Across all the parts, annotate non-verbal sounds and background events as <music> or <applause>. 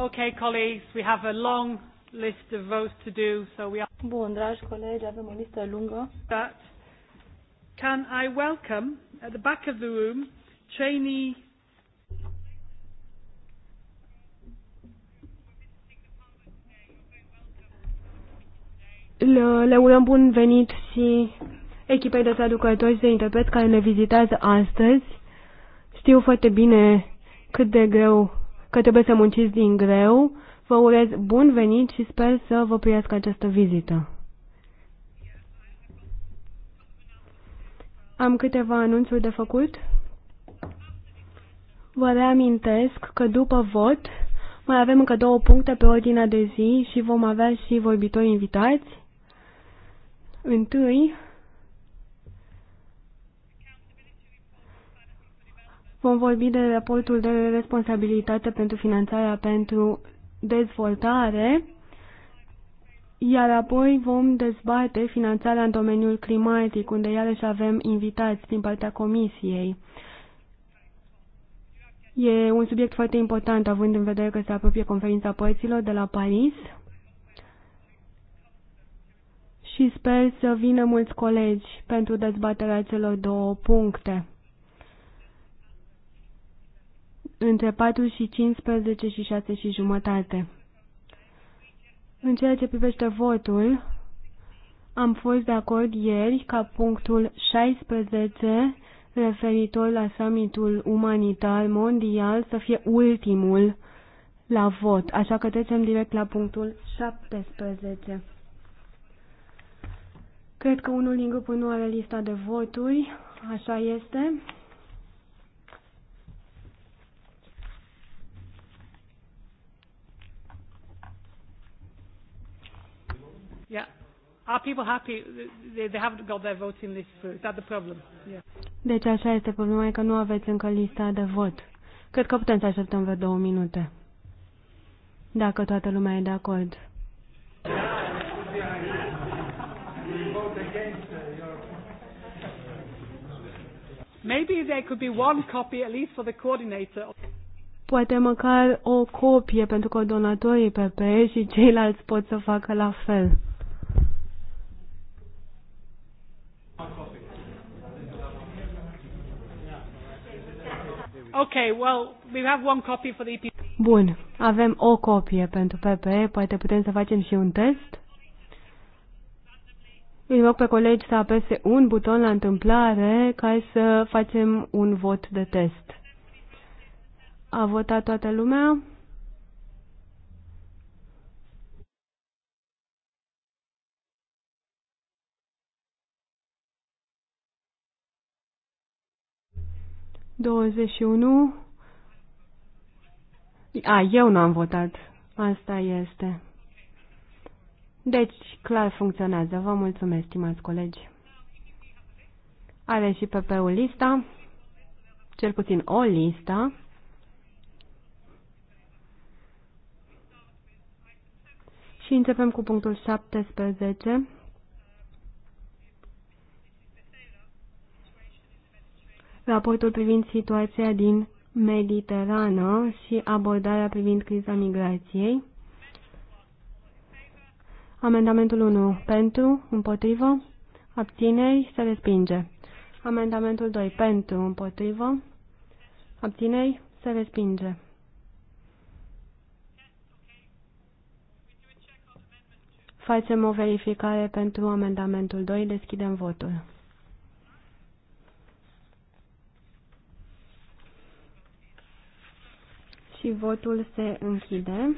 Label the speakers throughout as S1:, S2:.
S1: Okay, colleagues, we have a long list of votes to do, so we are... Bun, dragi colegi, avem o listă lungă. That can I welcome at the back of the room trainee
S2: Le, le urăm bun venit și echipei de traducători de interpreți care ne vizitează astăzi. Știu foarte bine cât de greu că trebuie să munciți din greu. Vă urez bun venit și sper să vă priască această vizită. Am câteva anunțuri de făcut. Vă reamintesc că după vot mai avem încă două puncte pe ordinea de zi și vom avea și vorbitori invitați. Întâi, Vom vorbi de raportul de responsabilitate pentru finanțarea pentru dezvoltare, iar apoi vom dezbate finanțarea în domeniul climatic, unde iarăși avem invitați din partea Comisiei. E un subiect foarte important, având în vedere că se apropie conferința părților de la Paris și sper să vină mulți colegi pentru dezbaterea celor două puncte între 4 și 15 și 6 și jumătate. În ceea ce privește votul, am fost de acord ieri ca punctul 16 referitor la summitul umanitar mondial să fie ultimul la vot, așa că trecem direct la punctul 17. Cred că unul din grupul nu are lista de voturi, așa este.
S1: Are people happy? They, they haven't got their voting list through. Is that the problem? Yeah.
S2: Deci așa este problema, e că nu aveți încă lista de vot. Cred că putem să așteptăm vreo două minute. Dacă toată lumea e de acord.
S1: Maybe there could be one copy at least for the coordinator.
S2: Poate măcar o copie pentru coordonatorii PP și ceilalți pot să facă la fel.
S3: Okay, well,
S1: we have one copy for the
S2: Bun, avem o copie pentru PPE, poate putem să facem și un test. Îi rog pe colegi să apese un buton la întâmplare ca să facem un vot de test. A votat toată lumea?
S4: 21.
S2: A, eu nu am votat. Asta este. Deci, clar funcționează. Vă mulțumesc, stimați colegi. Are și PP-ul lista, cel puțin o listă. Și începem cu punctul 17. raportul privind situația din Mediterană și abordarea privind criza migrației. Amendamentul 1. Pentru, împotrivă, abțineri, se respinge. Amendamentul 2. Pentru, împotrivă, abțineri, se respinge. Facem o verificare pentru amendamentul 2. Deschidem votul. și votul se închide.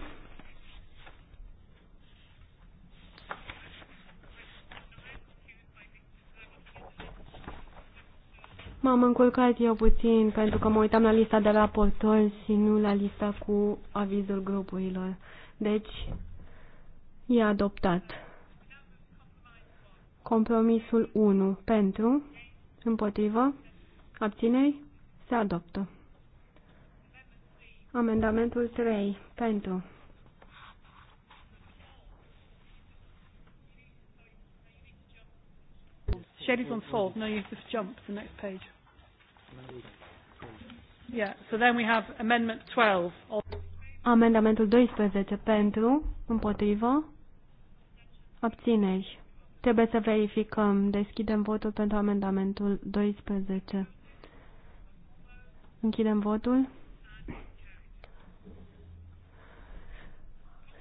S2: M-am înculcat eu puțin pentru că mă uitam la lista de raportori și nu la lista cu avizul grupurilor. Deci, e adoptat. Compromisul 1. Pentru, împotrivă, abțineri, se adoptă. Amendamentul 3. Pentru.
S1: Sherry's on fold. No, you just jump to the next page.
S3: Yeah, so then we have
S1: amendment 12.
S2: Amendamentul 12 pentru, împotrivă, abțineri. Trebuie să verificăm. Deschidem votul pentru amendamentul 12. Închidem votul.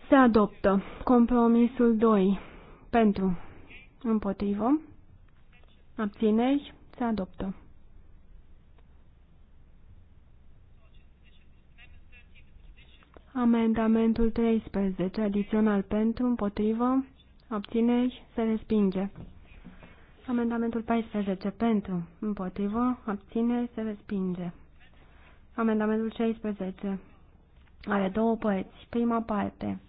S2: Se adoptă. Compromisul 2. Pentru. Împotrivă. Abțineri. Se adoptă. Amendamentul 13. Adițional pentru. Împotrivă. Abțineri. Se respinge. Amendamentul 14. Pentru. Împotrivă. Abțineri. Se respinge. Amendamentul 16. Are două părți. Prima parte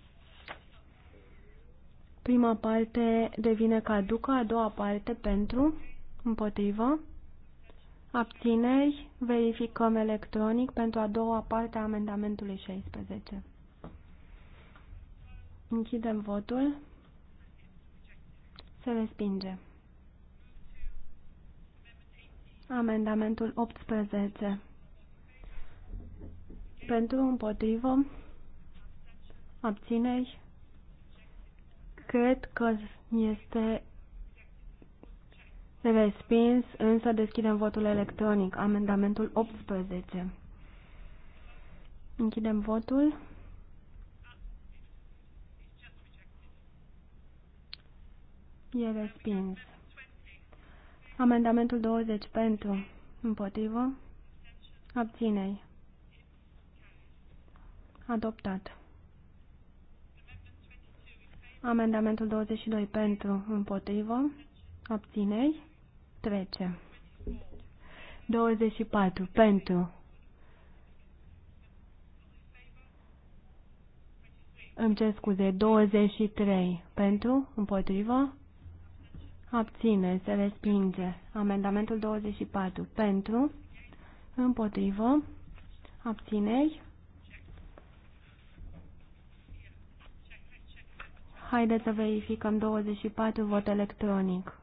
S2: Prima parte devine caducă, a doua parte pentru, împotrivă. Abțineri, verificăm electronic pentru a doua parte a amendamentului 16. Închidem votul. Se respinge. Amendamentul 18. Pentru, împotrivă, abțineri, Cred că este respins, însă deschidem votul electronic. Amendamentul 18. Închidem votul. E respins. Amendamentul 20 pentru, împotrivă, abținei. Adoptat. Amendamentul 22 pentru, împotrivă, abțineri, trece. 24 pentru, îmi cer scuze, 23 pentru, împotrivă, abține, se respinge. Amendamentul 24 pentru, împotrivă, abțineri, Haideți să verificăm 24 vot electronic.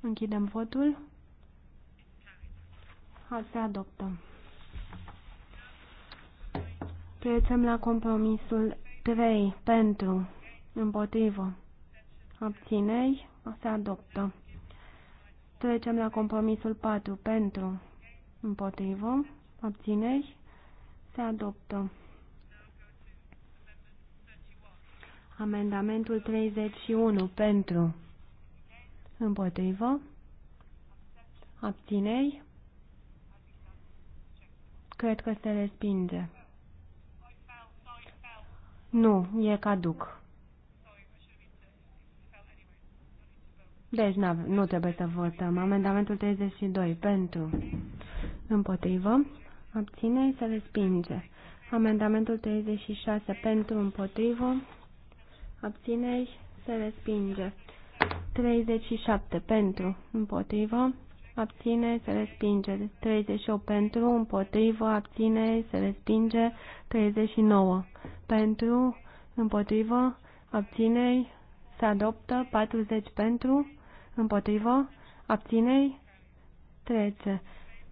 S2: Închidem votul. se adoptă. Trecem la compromisul 3. Pentru. Împotrivă. Abținei. Se adoptă. Trecem la compromisul 4. Pentru. Împotrivă. Abținei. Se adoptă. Amendamentul 31 pentru împotrivă Abținei. cred că se respinge. Nu, e caduc. Deci nu trebuie să votăm. Amendamentul 32 pentru împotrivă abținei se respinge. Amendamentul 36 pentru împotrivă abțineri, se respinge. 37 pentru, împotrivă, abține, se respinge. 38 pentru, împotrivă, abține, se respinge. 39 pentru, împotrivă, abținei, se adoptă. 40 pentru, împotrivă, abținei, trece.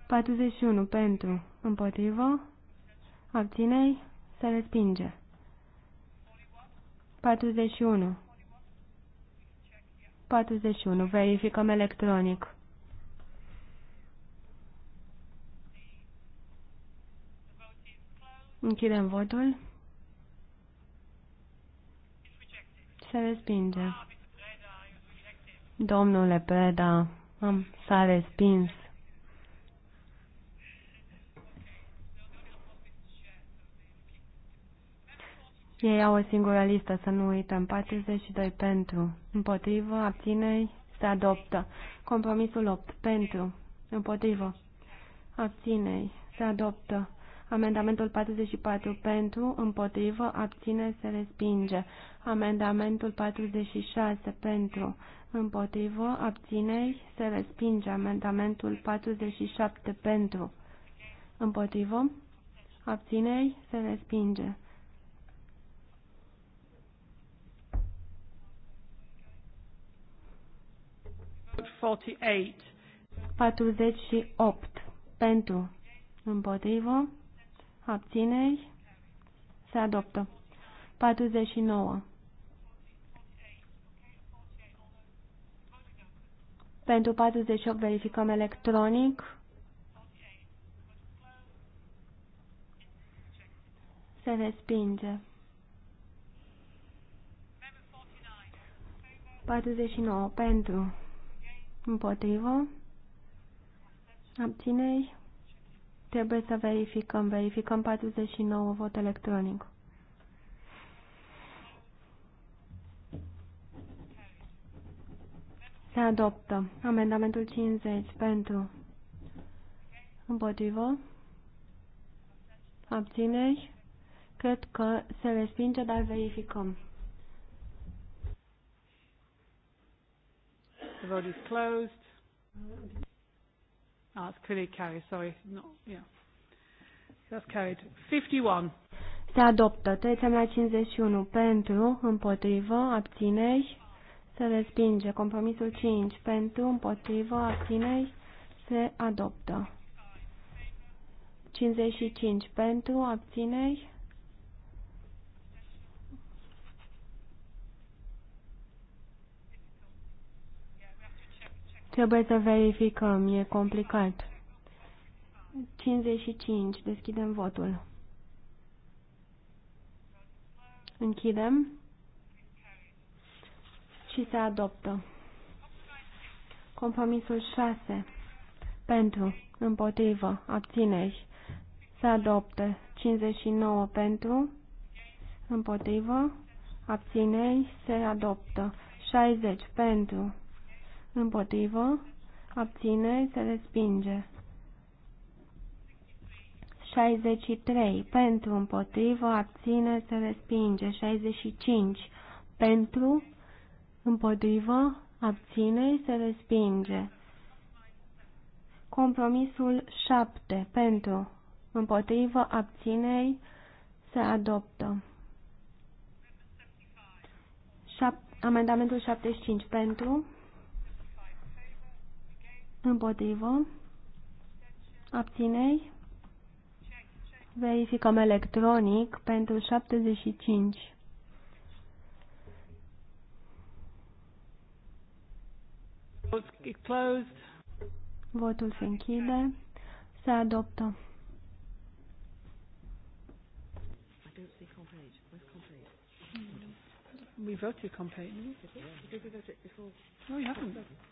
S2: 41 pentru, împotrivă, abținei, se respinge. 41. 41. Verificăm electronic. Închidem votul. Se respinge. Domnule Preda, am, s-a respins. Ei au o singură listă, să nu uităm. 42 pentru, împotrivă, abțineri, se adoptă. Compromisul 8 pentru, împotrivă, abțineri, se adoptă. Amendamentul 44 pentru, împotrivă, abține, se respinge. Amendamentul 46 pentru, împotrivă, abține, se respinge. Amendamentul 47 pentru, împotrivă, abține, se respinge.
S1: 48.
S2: Pentru. Împotrivă. Abțineri. Se adoptă. 49. Pentru 48 verificăm electronic. Se respinge. 49. Pentru. Împotrivă. Abțineri. Trebuie să verificăm. Verificăm 49 vot electronic. Se adoptă. Amendamentul 50. Pentru. Împotrivă. Abțineri. Cred că se respinge, dar verificăm.
S1: The vote is closed. Ah, it's clearly carried, sorry. not yeah. That's carried. 51.
S2: Se adoptă. Trecem la 51. Pentru, împotrivă, abțineri, se respinge. Compromisul 5. Pentru, împotrivă, abțineri, se adoptă. 55. Pentru, abțineri, Trebuie să verificăm, e complicat. 55. Deschidem votul. Închidem. Și se adoptă. Compromisul 6. Pentru. Împotrivă. Abțineri. Se adoptă. 59 pentru. Împotrivă. Abțineri. Se adoptă. 60 pentru împotrivă, abține, se respinge. 63. Pentru, împotrivă, abține, se respinge. 65. Pentru, împotrivă, abține, se respinge. Compromisul 7. Pentru, împotrivă, abține, se adoptă. amendamentul 75. Pentru, Împotrivă. Abținei. Verificăm electronic pentru 75. Votul se închide. Se adoptă.
S1: We voted complete.
S3: Did we vote it before? No, you haven't.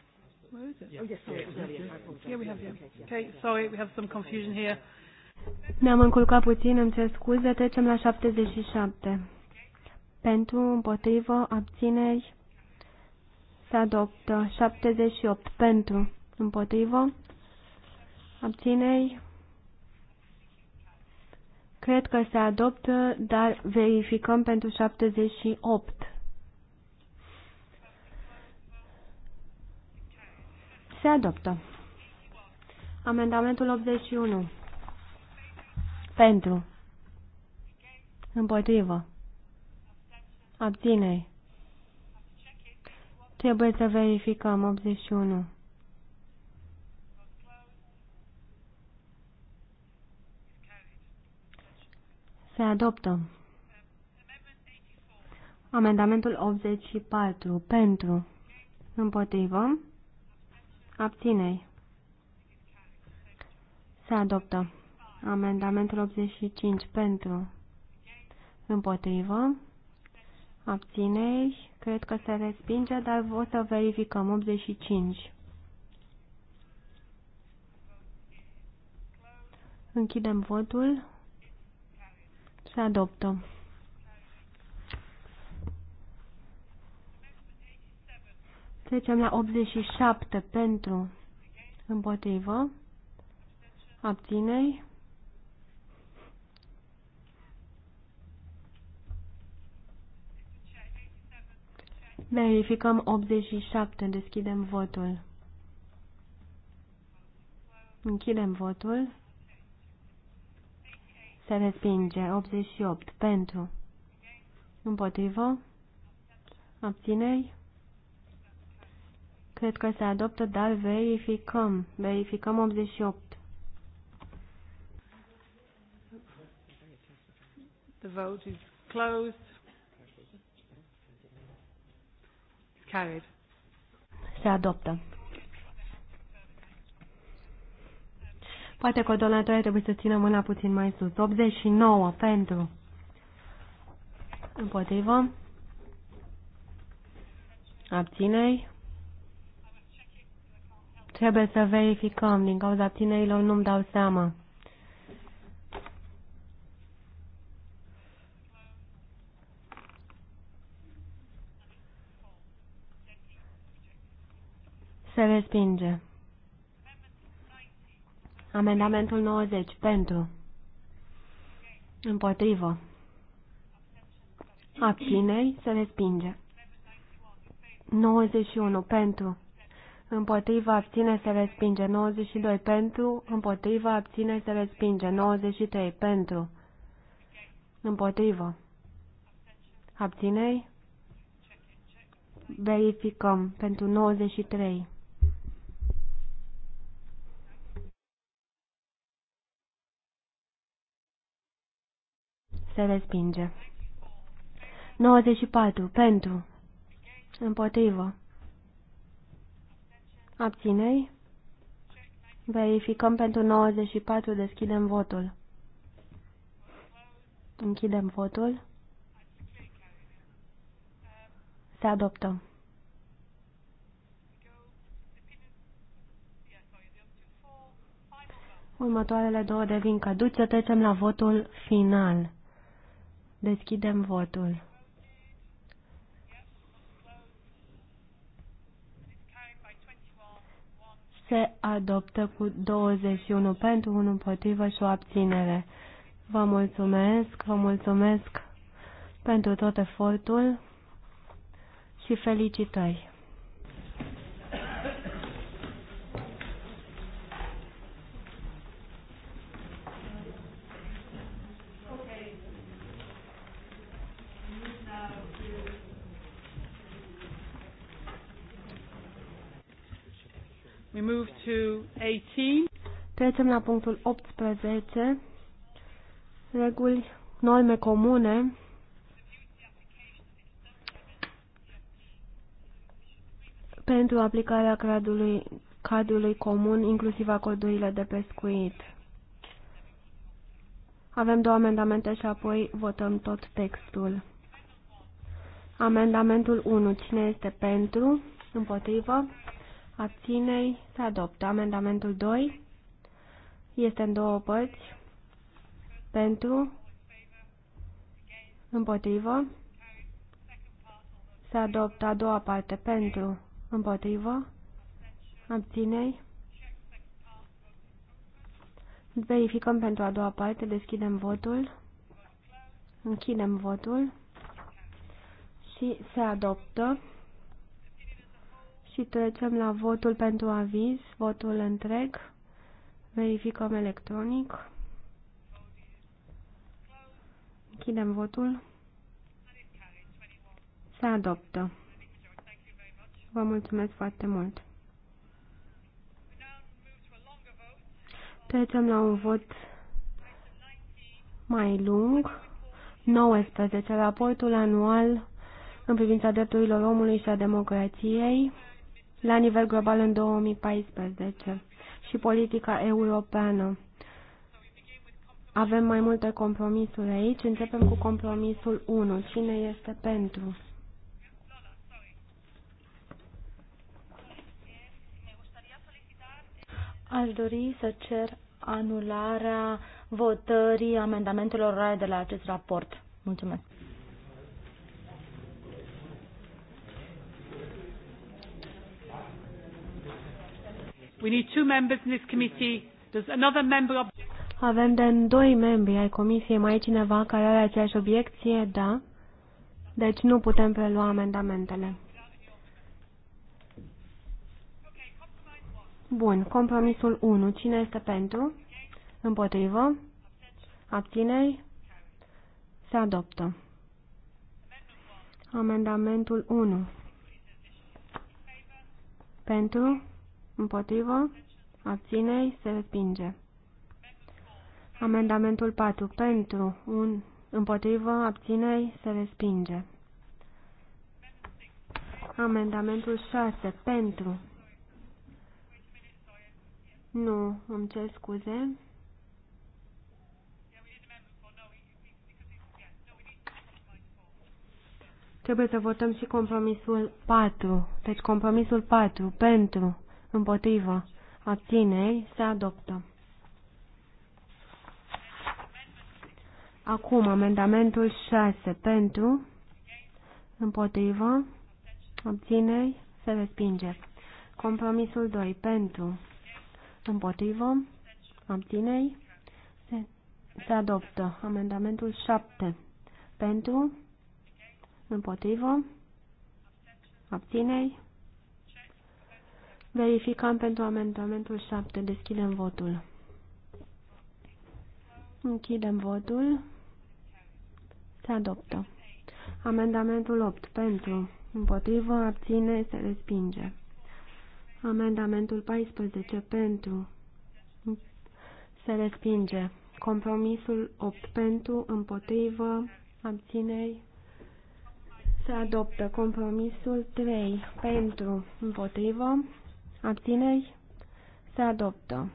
S1: Where is it? Yeah. Oh, yes, sorry, it was we have, Okay, sorry, we have some confusion here.
S2: Ne-am înculcat puțin, îmi cer scuze, trecem la 77. Pentru, împotrivă, abțineri, se adoptă 78. Pentru, împotrivă, abțineri, cred că se adoptă, dar verificăm pentru 78. Se adoptă. Amendamentul 81. Pentru. Împotrivă. Abținei. Trebuie să verificăm 81. Se adoptă. Amendamentul 84. Pentru. Împotrivă. Abținei. Se adoptă. Amendamentul 85 pentru. Împotrivă. Abținei. Cred că se respinge, dar o să verificăm. 85. Închidem votul. Se adoptă. Trecem la 87 pentru împotrivă, Abținei. Verificăm 87, deschidem votul. Închidem votul. Se respinge 88 pentru. Împotrivă. Abținei. Cred că se adoptă, dar verificăm. Verificăm 88.
S1: The vote is closed. It's carried.
S2: Se adoptă. Poate că coordonatorii trebuie să țină mâna puțin mai sus. 89 pentru. Împotrivă. Abținei. Trebuie să verificăm. Din cauza tinerilor nu-mi dau seama. Se respinge. Amendamentul 90. Pentru. Împotrivă. Abțineri. Se respinge. 91. Pentru împotriva abține se respinge 92 pentru, împotriva abține se respinge 93 pentru, împotrivă, abținei, verificăm pentru 93. Se respinge. 94 pentru, împotrivă. Abținei. Verificăm pentru 94, deschidem votul. Închidem votul. Se adoptă. Următoarele două devin Să trecem la votul final. Deschidem votul. se adoptă cu 21 pentru, 1 împotrivă și o abținere. Vă mulțumesc, vă mulțumesc pentru tot efortul și felicitări! Trecem la punctul 18. Reguli, norme comune. pentru aplicarea gradului cadrului comun, inclusiv acordurile de pescuit. Avem două amendamente și apoi votăm tot textul. Amendamentul 1. Cine este pentru? Împotrivă? Abținei? Se adoptă. Amendamentul 2. Este în două părți. Pentru, împotrivă, se adoptă a doua parte. Pentru, împotrivă, abținei. Verificăm pentru a doua parte, deschidem votul, închidem votul și se adoptă. Și trecem la votul pentru aviz, votul întreg. Verificăm electronic. Închidem votul. Se adoptă. Vă mulțumesc foarte mult. Trecem la un vot mai lung. 19. Raportul anual în privința drepturilor omului și a democrației la nivel global în 2014 și politica europeană. Avem mai multe compromisuri aici. Începem cu compromisul 1. Cine este pentru?
S4: Aș dori să cer anularea votării amendamentelor orale de la acest raport. Mulțumesc.
S1: We need two members in this committee. Does another member of...
S2: Avem de doi membri ai comisiei. Mai e cineva care are aceeași obiecție? Da. Deci nu putem prelua amendamentele. Bun. Compromisul 1. Cine este pentru? Împotrivă? Abținei? Se adoptă. Amendamentul 1. Pentru? Împotrivă. Abținei? Se respinge. Amendamentul 4. Pentru. Un, împotrivă. Abținei? Se respinge. Amendamentul 6. Pentru. Nu, îmi cer scuze. Trebuie să votăm și compromisul 4. Deci compromisul 4. Pentru împotrivă, abținei se adoptă. Acum, amendamentul 6 pentru, împotrivă, abținei se respinge. Compromisul 2 pentru, împotrivă, abțineri, se, se adoptă. Amendamentul 7 pentru, împotrivă, abținei. Verificăm pentru amendamentul 7. Deschidem votul. Închidem votul. Se adoptă. Amendamentul 8. Pentru. Împotrivă. Abține. Se respinge. Amendamentul 14. Pentru. Se respinge. Compromisul 8. Pentru. Împotrivă. Abținei. Se adoptă. Compromisul 3. Pentru. Împotrivă. Abțineri? Se adoptă.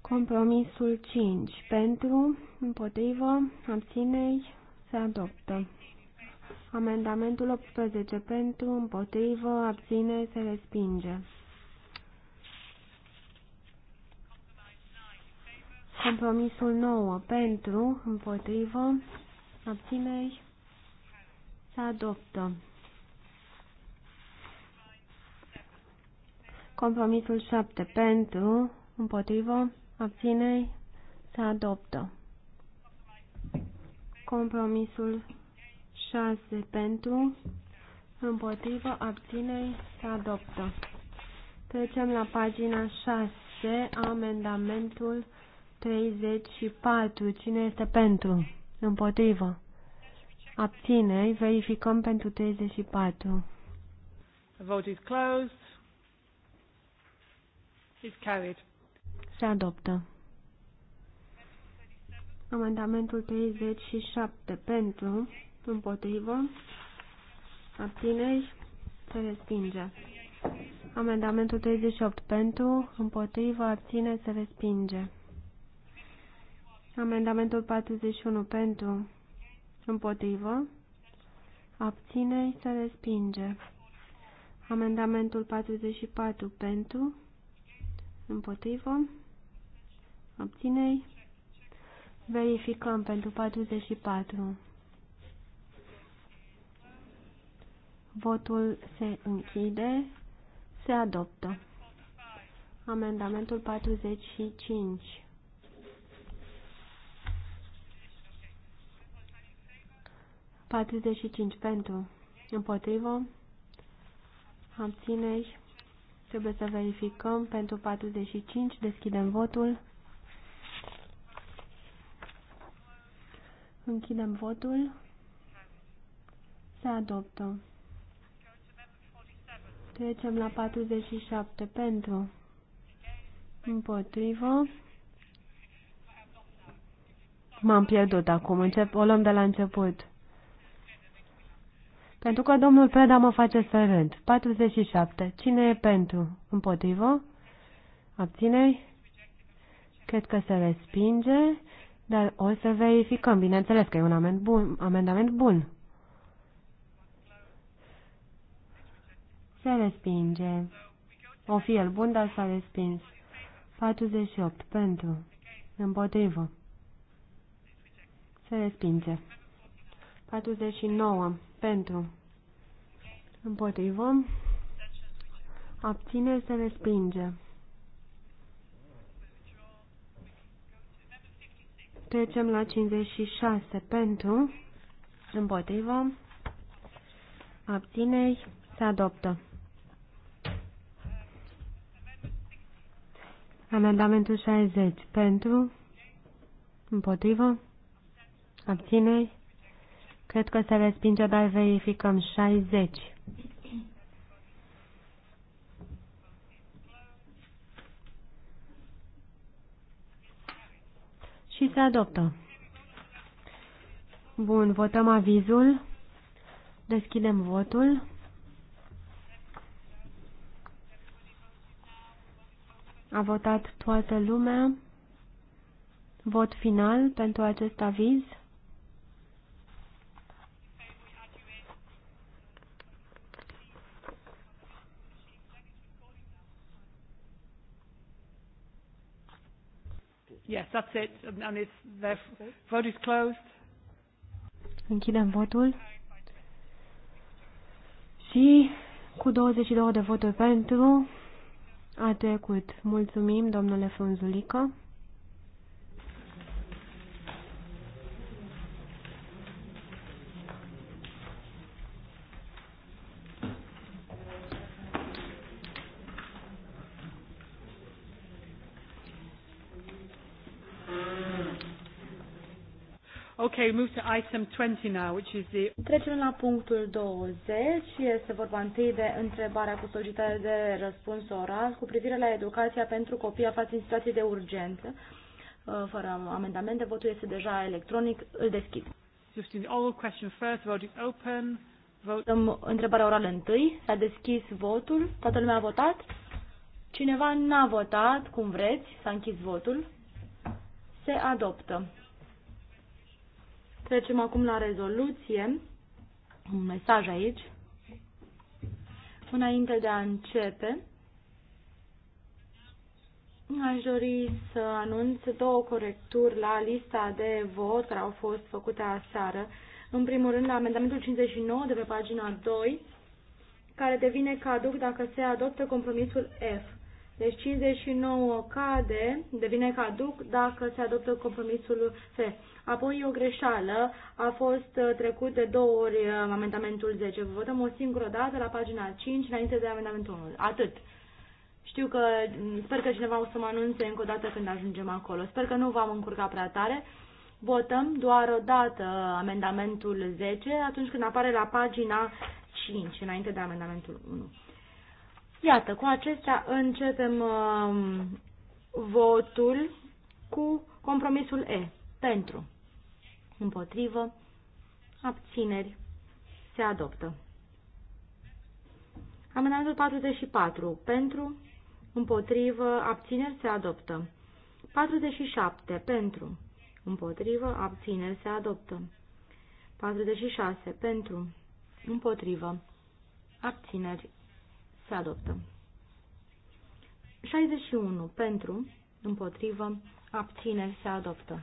S2: Compromisul 5. Pentru, împotrivă, abțineri, se adoptă. Amendamentul 18. Pentru, împotrivă, abține, se respinge. Compromisul 9. Pentru, împotrivă, abțineri, se adoptă. Compromisul 7 pentru, împotrivă, abținei, se adoptă. Compromisul 6 pentru, împotrivă, abținei, se adoptă. Trecem la pagina 6, amendamentul 34. Cine este pentru? Împotrivă. Abținei, verificăm pentru 34.
S1: The vote is closed.
S2: Se adoptă. Amendamentul 37 pentru, împotrivă, abțineri, se respinge. Amendamentul 38 pentru, împotrivă, abține, se respinge. Amendamentul 41 pentru, împotrivă, abține, se respinge. Amendamentul 44 pentru, Împotrivă. obținei, Verificăm pentru 44. Votul se închide. Se adoptă. Amendamentul 45. Patruzeci și cinci pentru, împotrivă, abținești. Trebuie să verificăm pentru 45. Deschidem votul. Închidem votul. Se adoptă. Trecem la 47. Pentru. Împotrivă. M-am pierdut acum. Încep, o luăm de la început. Pentru că domnul Preda mă face să râd. 47. Cine e pentru? Împotrivă? Abțineri? Cred că se respinge, dar o să verificăm. Bineînțeles că e un amend bun, amendament bun. Se respinge. O fi el bun, dar s-a respins. 48. Pentru. Împotrivă. Se respinge. 49 pentru. Împotrivă. Abține se respinge. Trecem la 56. Pentru. Împotrivă. Abținei se adoptă. Amendamentul 60. Pentru. Împotrivă. Abținei Cred că se respinge, dar verificăm. 60. Și se adoptă. Bun, votăm avizul. Deschidem votul. A votat toată lumea. Vot final pentru acest aviz.
S1: Yes, that's it. And it's, the vote is closed.
S2: Închidem votul. Și cu 22 de voturi pentru a trecut. Mulțumim, domnule Frunzulică.
S1: Okay, move to item 20 now, which is the...
S4: Trecem la punctul 20. Este vorba întâi de întrebarea cu solicitare de răspuns oral cu privire la educația pentru copii aflați în situații de urgență. Uh, fără amendamente, votul este deja electronic. Îl deschid. Just in the oral question first, vote is open. Vote... Dăm întrebarea orală întâi. S-a deschis votul. Toată lumea a votat? Cineva n-a votat, cum vreți. S-a închis votul. Se adoptă. Trecem acum la rezoluție. Un mesaj aici. Înainte de a începe, Aș dori să anunț două corecturi la lista de vot care au fost făcute aseară. În primul rând, la amendamentul 59 de pe pagina 2, care devine caduc dacă se adoptă compromisul F. Deci 59 cade, devine caduc dacă se adoptă compromisul F. Apoi e o greșeală, a fost uh, trecut de două ori uh, amendamentul 10. Votăm o singură dată la pagina 5 înainte de amendamentul 1. Atât. Știu că mm, sper că cineva o să mă anunțe încă o dată când ajungem acolo. Sper că nu v-am încurcat prea tare. Votăm doar o dată amendamentul 10 atunci când apare la pagina 5 înainte de amendamentul 1. Iată, cu acestea începem uh, votul cu compromisul E. Pentru. Împotrivă. Abțineri. Se adoptă. Amendamentul 44. Pentru. Împotrivă. Abțineri. Se adoptă. 47. Pentru. Împotrivă. Abțineri. Se adoptă. 46. Pentru. Împotrivă. Abțineri. Se adoptă. 61. Pentru, împotrivă, abțineri. Se adoptă.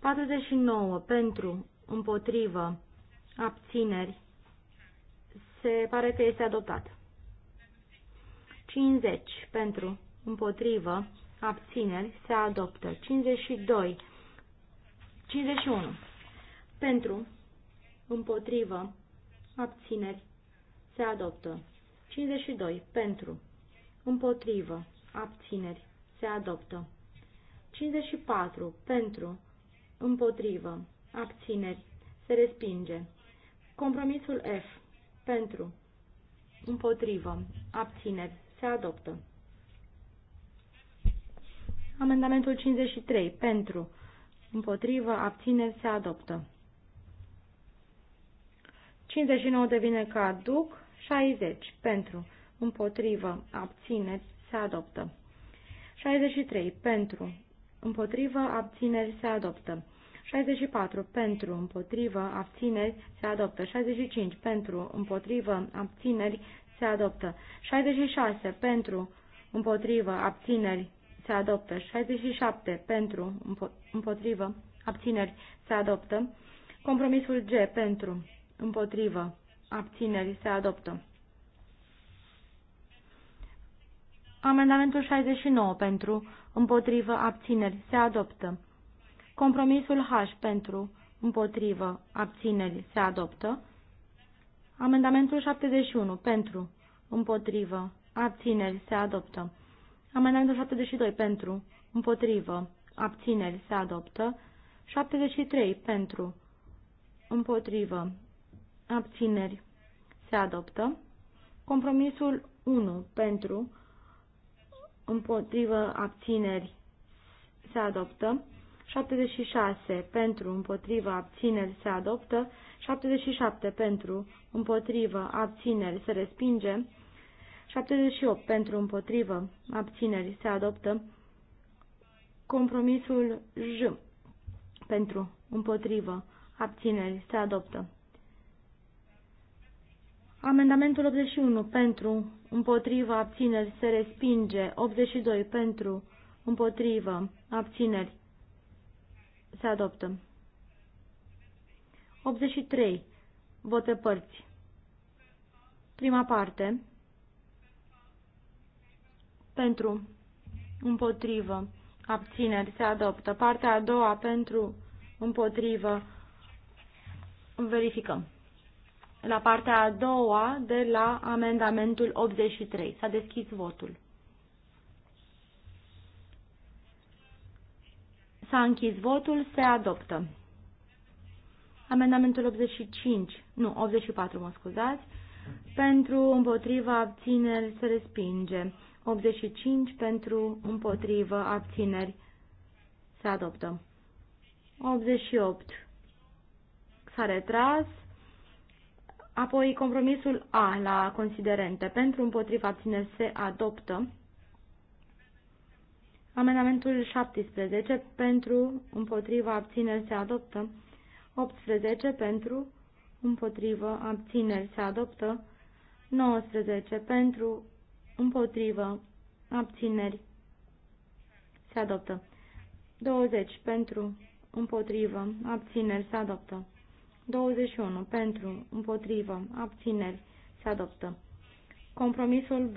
S4: 49. Pentru, împotrivă, abțineri. Se pare că este adoptat. 50. Pentru, împotrivă, abțineri. Se adoptă. 52. 51. Pentru, împotrivă, abțineri, se adoptă. 52. Pentru, împotrivă, abțineri, se adoptă. 54. Pentru, împotrivă, abțineri, se respinge. Compromisul F. Pentru, împotrivă, abțineri, se adoptă. Amendamentul 53. Pentru, împotrivă, abțineri, se adoptă. 59 devine duc, 60 pentru. Împotrivă. Abțineri. Se adoptă. 63 pentru. Împotrivă. Abțineri. Se adoptă. 64 pentru, împotrivă, abțineri, se adoptă. 65 pentru, împotrivă, abțineri, se adoptă. 66 pentru, împotrivă, abțineri, se adoptă. 67 pentru, împotrivă, abțineri, se adoptă. Compromisul G pentru, Împotrivă. Abțineri. Se adoptă. Amendamentul 69 pentru. Împotrivă. Abțineri. Se adoptă. Compromisul H pentru. Împotrivă. Abțineri. Se adoptă. Amendamentul 71 pentru. Împotrivă. Abțineri. Se adoptă. Amendamentul 72 pentru. Împotrivă. Abțineri. Se adoptă. 73 pentru. Împotrivă abțineri, se adoptă. Compromisul 1 pentru, împotrivă, abțineri, se adoptă. 76 pentru, împotrivă, abțineri, se adoptă. 77 pentru, împotrivă, abțineri, se respinge. 78 pentru, împotrivă, abțineri, se adoptă. Compromisul J pentru, împotrivă, abțineri, se adoptă. Amendamentul 81 pentru, împotriva, abțineri, se respinge. 82 pentru, împotriva, abțineri, se adoptă. 83. Vote părți. Prima parte. Pentru, împotrivă, abțineri, se adoptă. Partea a doua pentru, împotrivă, verificăm la partea a doua de la amendamentul 83. S-a deschis votul. S-a închis votul, se adoptă. Amendamentul 85, nu, 84, mă scuzați, pentru împotriva abțineri se respinge. 85 pentru împotrivă abțineri se adoptă. 88 s-a retras, Apoi compromisul A la considerente. Pentru împotriva abțineri se adoptă. Amendamentul 17 pentru împotriva abțineri se adoptă. 18 pentru împotriva abțineri se adoptă. 19 pentru împotriva abțineri se adoptă. 20 pentru împotriva abțineri se adoptă. 21. Pentru, împotrivă, abțineri, se adoptă. Compromisul B.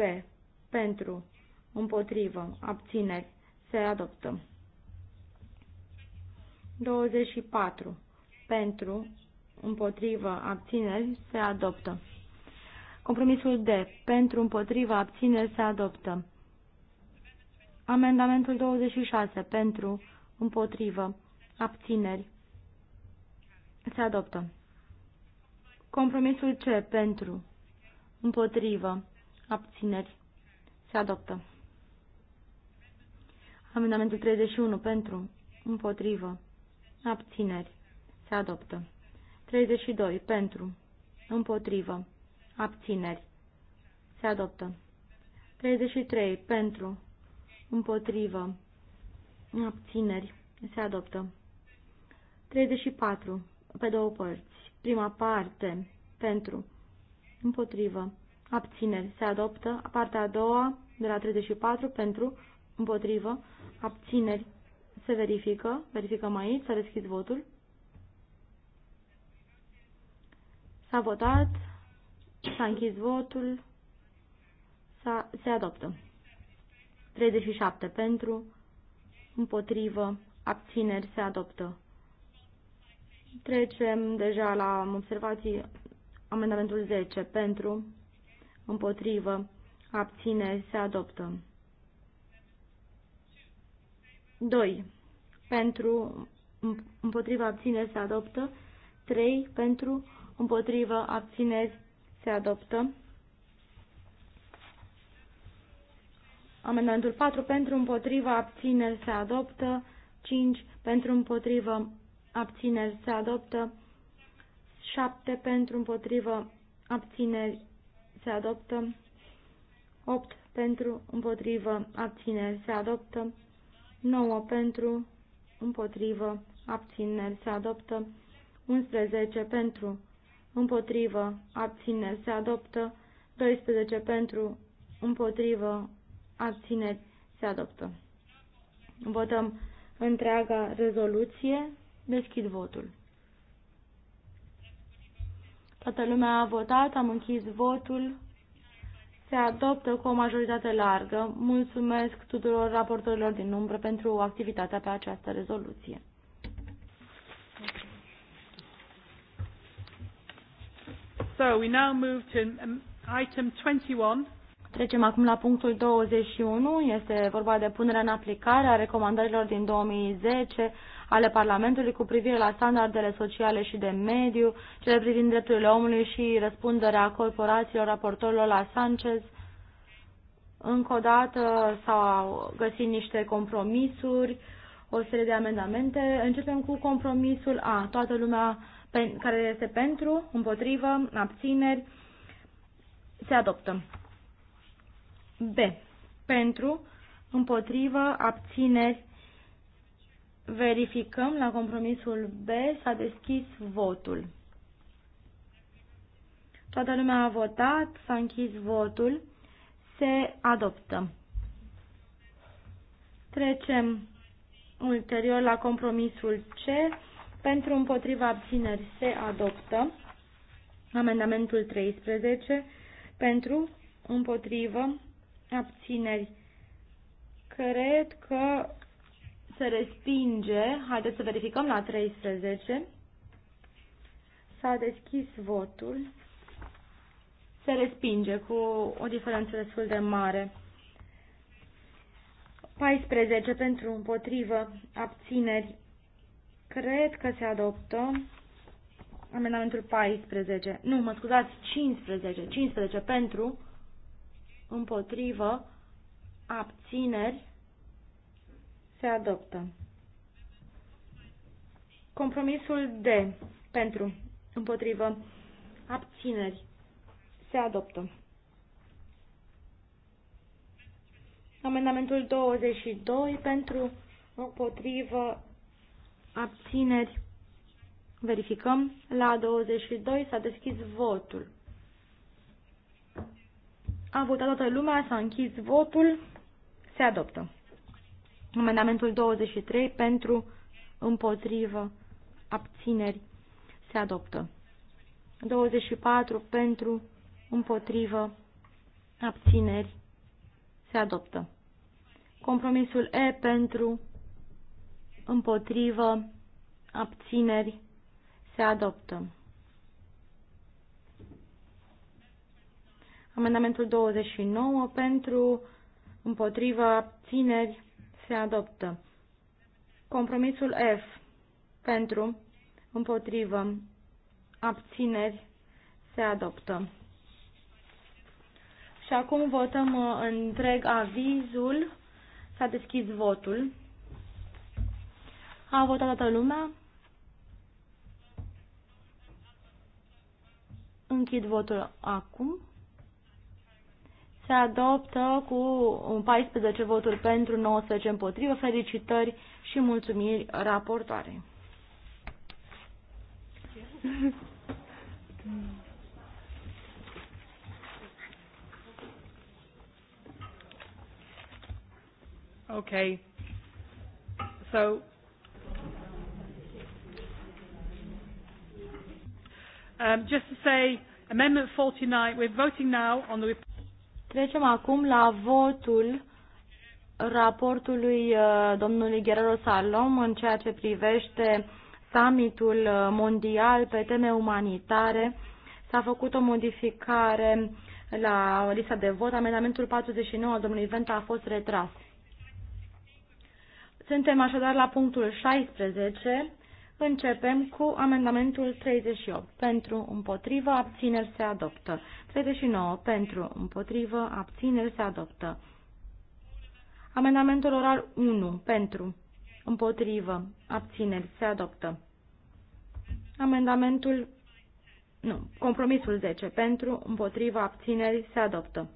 S4: Pentru, împotrivă, abțineri, se adoptă. 24. Pentru, împotrivă, abțineri, se adoptă. Compromisul D. Pentru, împotrivă, abțineri, se adoptă. Amendamentul 26. Pentru, împotrivă, abțineri, se adoptă. Compromisul C. Pentru. Împotrivă. Abțineri. Se adoptă. Amendamentul 31. Pentru. Împotrivă. Abțineri. Se adoptă. 32. Pentru. Împotrivă. Abțineri. Se adoptă. 33. Pentru. Împotrivă. Abțineri. Se adoptă. 34 pe două părți. Prima parte, pentru, împotrivă, abțineri, se adoptă. Partea a doua, de la 34, pentru, împotrivă, abțineri, se verifică. Verificăm aici, s-a deschis votul. S-a votat, s-a închis votul, se adoptă. 37 pentru, împotrivă, abțineri se adoptă. Trecem deja la observații amendamentul 10 pentru, împotrivă, abține, se adoptă. 2. Pentru, împotrivă, abține, se adoptă. 3. Pentru, împotrivă, abține, se adoptă. Amendamentul 4. Pentru, împotrivă, abține, se adoptă. 5. Pentru, împotrivă, abțineri se adoptă, 7 pentru împotrivă, abțineri se adoptă, 8 pentru împotrivă, abțineri se adoptă, 9 pentru împotrivă, abțineri se adoptă, 11 pentru împotrivă, abțineri se adoptă, 12 pentru împotrivă, abțineri se adoptă. Votăm întreaga rezoluție Deschid votul. Toată lumea a votat, am închis votul. Se adoptă cu o majoritate largă. Mulțumesc tuturor raportorilor din umbră pentru activitatea pe această rezoluție. So we
S1: now move to um, item 21.
S4: Trecem acum la punctul 21. Este vorba de punerea în aplicare a recomandărilor din 2010 ale Parlamentului cu privire la standardele sociale și de mediu, cele privind drepturile omului și răspunderea corporațiilor raportorilor la Sanchez. Încă o dată s-au găsit niște compromisuri, o serie de amendamente. Începem cu compromisul A. Toată lumea care este pentru, împotrivă, abțineri, se adoptă. B. Pentru, împotrivă, abțineri, Verificăm la compromisul B, s-a deschis votul. Toată lumea a votat, s-a închis votul, se adoptă. Trecem ulterior la compromisul C. Pentru împotriva abțineri se adoptă amendamentul 13. Pentru împotrivă abțineri. Cred că se respinge. Haideți să verificăm la 13. S-a deschis votul. Se respinge cu o diferență destul de mare. 14 pentru împotrivă abțineri. Cred că se adoptă amendamentul 14. Nu, mă scuzați, 15. 15 pentru împotrivă abțineri se adoptă. Compromisul D. Pentru. Împotrivă. Abțineri. Se adoptă. Amendamentul 22 pentru împotrivă abțineri. Verificăm. La 22 s-a deschis votul. A votat toată lumea, s-a închis votul, se adoptă. Amendamentul 23 pentru, împotrivă, abțineri, se adoptă. 24 pentru, împotrivă, abțineri, se adoptă. Compromisul E pentru, împotrivă, abțineri, se adoptă. Amendamentul 29 pentru, împotrivă, abțineri, se adoptă. Compromisul F pentru, împotrivă, abțineri se adoptă. Și acum votăm uh, întreg avizul. S-a deschis votul. A votat toată lumea. Închid votul acum se adoptă cu 14 um, voturi pentru, 19 împotrivă. Felicitări și mulțumiri raportoare.
S1: Ok. So um, just to say, Amendment 49, we're voting now on the report.
S4: Trecem acum la votul raportului uh, domnului Guerrero Salom în ceea ce privește summitul uh, mondial pe teme umanitare. S-a făcut o modificare la lista de vot. Amendamentul 49 al domnului Venta a fost retras. Suntem așadar la punctul 16 Începem cu amendamentul 38. Pentru, împotrivă, abțineri se adoptă. 39. Pentru, împotrivă, abțineri se adoptă. Amendamentul oral 1. Pentru, împotrivă, abțineri se adoptă. Amendamentul, nu, compromisul 10. Pentru, împotrivă, abțineri se adoptă.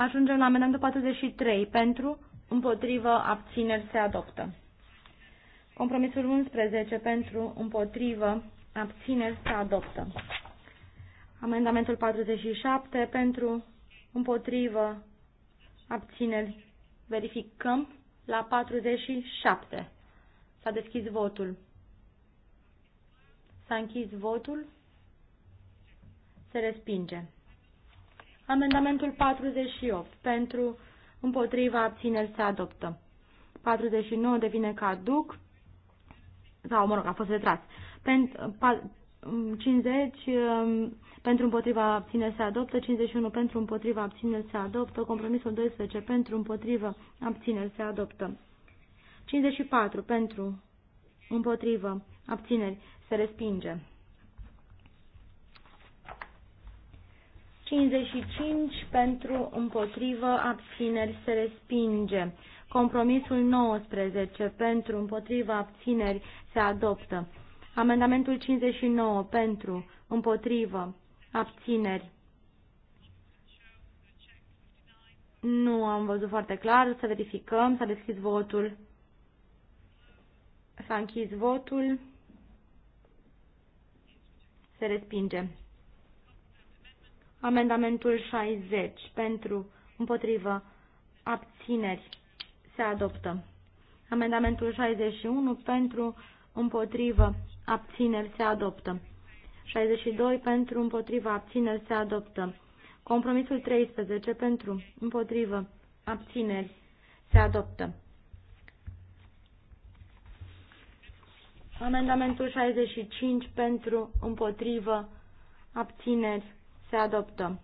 S4: Ajungem la amendamentul 43. Pentru, împotrivă, abțineri se adoptă. Compromisul 11 pentru, împotrivă, abțineri se adoptă. Amendamentul 47 pentru, împotrivă, abțineri. Verificăm la 47. S-a deschis votul. S-a închis votul. Se respinge. Amendamentul 48 pentru împotriva abțineri se adoptă. 49 devine caduc sau, mă rog, a fost retras. Pentru, um, 50 pentru împotriva abțineri se adoptă, 51 pentru împotriva abțineri se adoptă, compromisul 12 pentru împotriva abțineri se adoptă. 54 pentru împotriva abțineri se respinge. 55 pentru împotrivă abțineri se respinge. Compromisul 19 pentru împotrivă abțineri se adoptă. Amendamentul 59 pentru împotrivă abțineri. Nu am văzut foarte clar. Să verificăm. S-a deschis votul. S-a închis votul. Se respinge. Amendamentul 60 pentru, împotrivă, abțineri se adoptă. Amendamentul 61 pentru, împotrivă, abțineri se adoptă. 62 pentru, împotrivă, abțineri se adoptă. Compromisul 13 pentru, împotrivă, abțineri se adoptă. Amendamentul 65 pentru, împotrivă, abțineri se adoptă.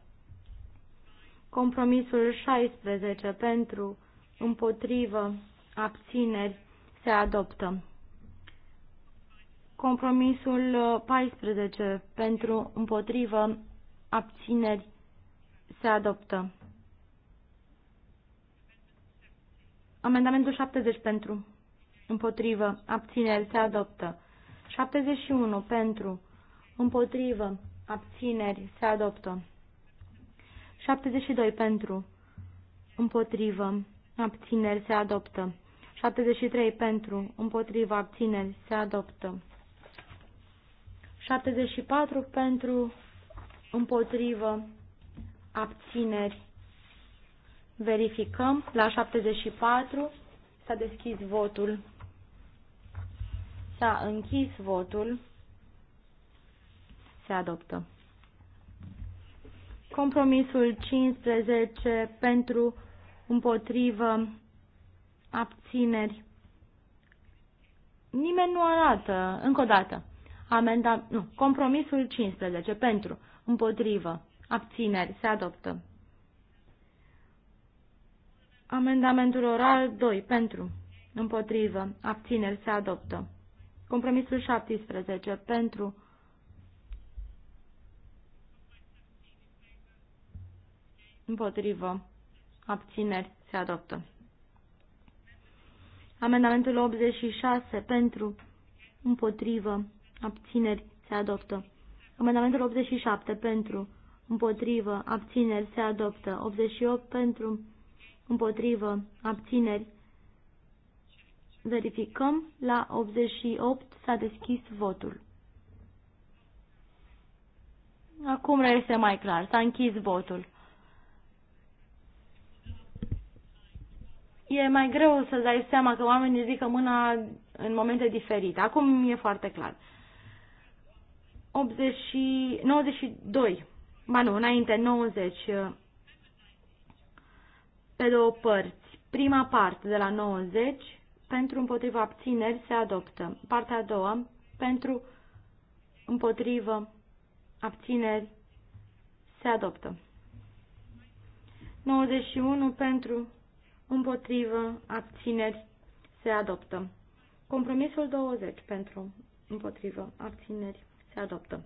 S4: Compromisul 16 pentru, împotrivă, abțineri, se adoptă. Compromisul 14 pentru, împotrivă, abțineri, se adoptă. Amendamentul 70 pentru, împotrivă, abțineri, se adoptă. 71 pentru, împotrivă, abțineri, se adoptă. 72 pentru, împotrivă, abțineri, se adoptă. 73 pentru, împotrivă, abțineri, se adoptă. 74 pentru, împotrivă, abțineri. Verificăm. La 74 s-a deschis votul. S-a închis votul se adoptă. Compromisul 15 pentru împotrivă abțineri. Nimeni nu arată. Încă o dată. Amenda, nu, compromisul 15 pentru împotrivă abțineri se adoptă. Amendamentul oral 2 pentru împotrivă abțineri se adoptă. Compromisul 17 pentru Împotrivă. Abțineri. Se adoptă. Amendamentul 86 pentru. Împotrivă. Abțineri. Se adoptă. Amendamentul 87 pentru. Împotrivă. Abțineri. Se adoptă. 88 pentru. Împotrivă. Abțineri. Verificăm. La 88 s-a deschis votul. Acum este mai clar. S-a închis votul. e mai greu să dai seama că oamenii ridică mâna în momente diferite. Acum e foarte clar. 80, 92, ba nu, înainte, 90, pe două părți. Prima parte de la 90, pentru împotriva abțineri, se adoptă. Partea a doua, pentru împotrivă abțineri, se adoptă. 91 pentru împotrivă, abțineri, se adoptă. Compromisul 20 pentru, împotrivă, abțineri, se adoptă.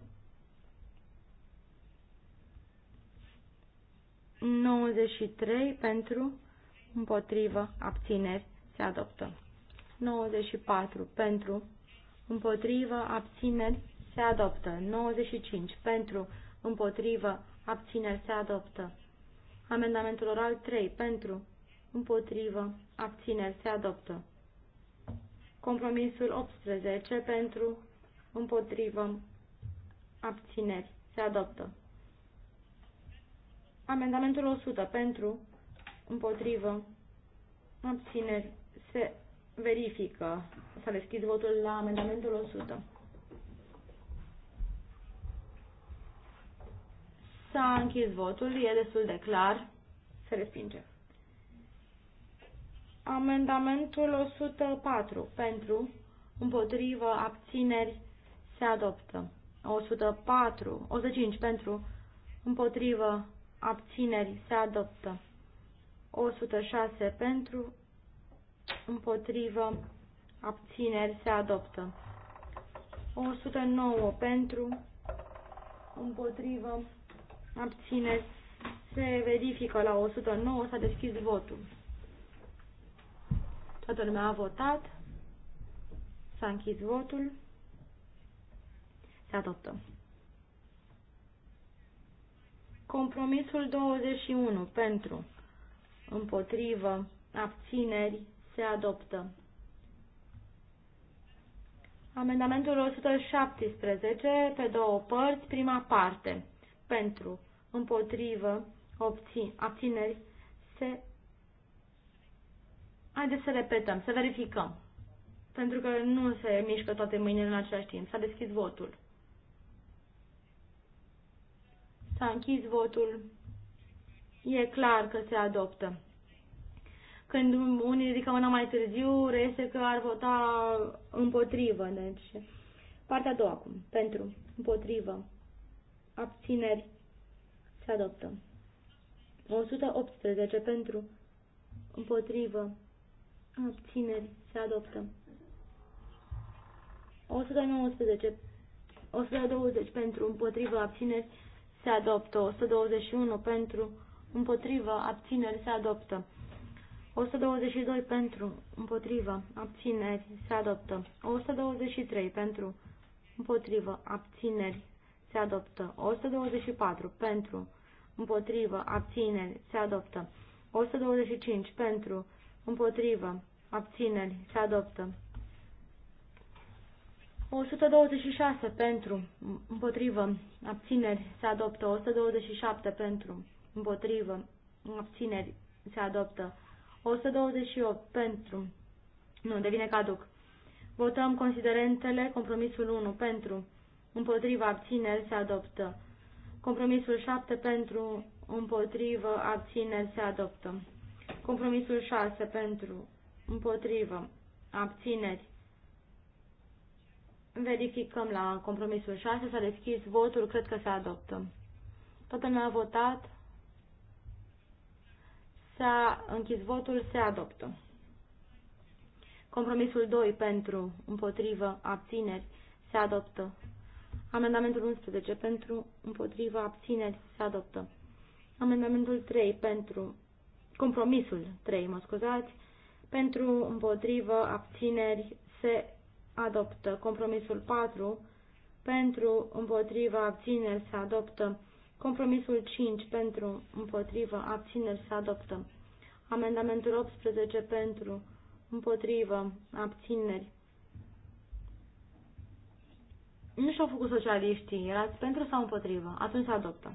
S4: 93 pentru, împotrivă, abțineri, se adoptă. 94 pentru, împotrivă, abțineri, se adoptă. 95 pentru, împotrivă, abțineri, se adoptă. Amendamentul oral 3 pentru, împotrivă, abțineri, se adoptă. Compromisul 18 pentru, împotrivă, abțineri, se adoptă. Amendamentul 100 pentru, împotrivă, abțineri, se verifică. S-a deschis votul la amendamentul 100. S-a închis votul, e destul de clar, se respinge. Amendamentul 104 pentru, împotrivă, abțineri se adoptă. 104, 105 pentru, împotrivă, abțineri se adoptă. 106 pentru, împotrivă, abțineri se adoptă. 109 pentru, împotrivă, abțineri se verifică la 109, s-a deschis votul. Toată lumea a votat. S-a închis votul. Se adoptă. Compromisul 21 pentru, împotrivă, abțineri, se adoptă. Amendamentul 117 pe două părți, prima parte, pentru, împotrivă, obțin, abțineri, se Haideți să repetăm, să verificăm. Pentru că nu se mișcă toate mâinile în același timp. S-a deschis votul. S-a închis votul. E clar că se adoptă. Când unii ridică mâna mai târziu, reiese că ar vota împotrivă. Deci, partea a doua acum. Pentru, împotrivă, abțineri, se adoptă. 118 pentru, împotrivă, Abțineri. Se adoptă. 119. 120 pentru împotriva abțineri se adoptă. 121 pentru împotriva abțineri se adoptă. 122 pentru împotriva abțineri se adoptă. 123 pentru împotriva abțineri se adoptă. 124 pentru împotriva abțineri se adoptă. 125 pentru împotriva Abțineri. Se adoptă. 126 pentru, împotrivă, abțineri, se adoptă. 127 pentru, împotrivă, abțineri, se adoptă. 128 pentru, nu, devine caduc. Votăm considerentele, compromisul 1 pentru, împotrivă, abțineri, se adoptă. Compromisul 7 pentru, împotrivă, abțineri, se adoptă. Compromisul 6 pentru, împotrivă, abțineri. Verificăm la compromisul 6, s-a deschis votul, cred că se adoptă. Toată lumea a votat, s-a închis votul, se adoptă. Compromisul 2 pentru, împotrivă, abțineri, se adoptă. Amendamentul 11 pentru, împotrivă, abțineri, se adoptă. Amendamentul 3 pentru, compromisul 3, mă scuzați, pentru, împotrivă, abțineri, se adoptă. Compromisul 4, pentru, împotrivă, abțineri, se adoptă. Compromisul 5, pentru, împotrivă, abțineri, se adoptă. Amendamentul 18, pentru, împotrivă, abțineri. Nu și-au făcut socialiștii, erați pentru sau împotrivă? Atunci se adoptă.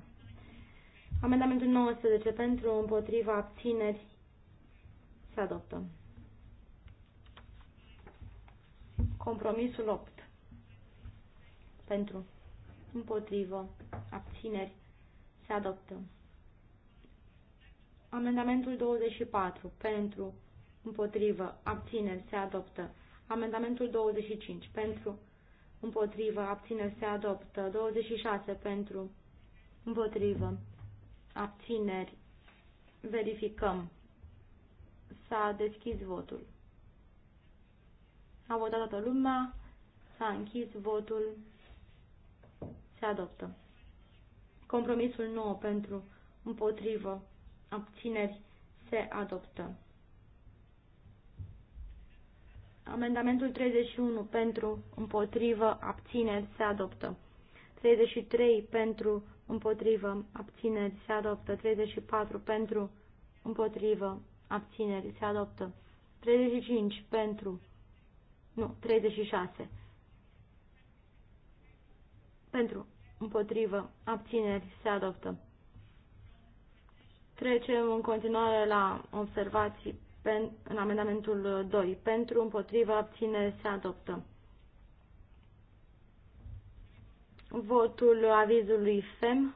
S4: Amendamentul 19, pentru, împotriva, abțineri, se adoptă. Compromisul 8. Pentru. Împotrivă. Abțineri. Se adoptă. Amendamentul 24. Pentru. Împotrivă. Abțineri. Se adoptă. Amendamentul 25. Pentru. Împotrivă. Abțineri. Se adoptă. 26. Pentru. Împotrivă. Abțineri. Verificăm. S-a deschis votul. A votat toată lumea. S-a închis votul. Se adoptă. Compromisul 9 pentru împotrivă abțineri se adoptă. Amendamentul 31 pentru împotrivă abțineri se adoptă. 33 pentru împotrivă abțineri se adoptă. 34 pentru împotrivă abțineri se adoptă. 35 pentru nu, 36. Pentru, împotrivă, abțineri se adoptă. Trecem în continuare la observații pen, în amendamentul 2. Pentru, împotrivă, abțineri se adoptă. Votul avizului FEM.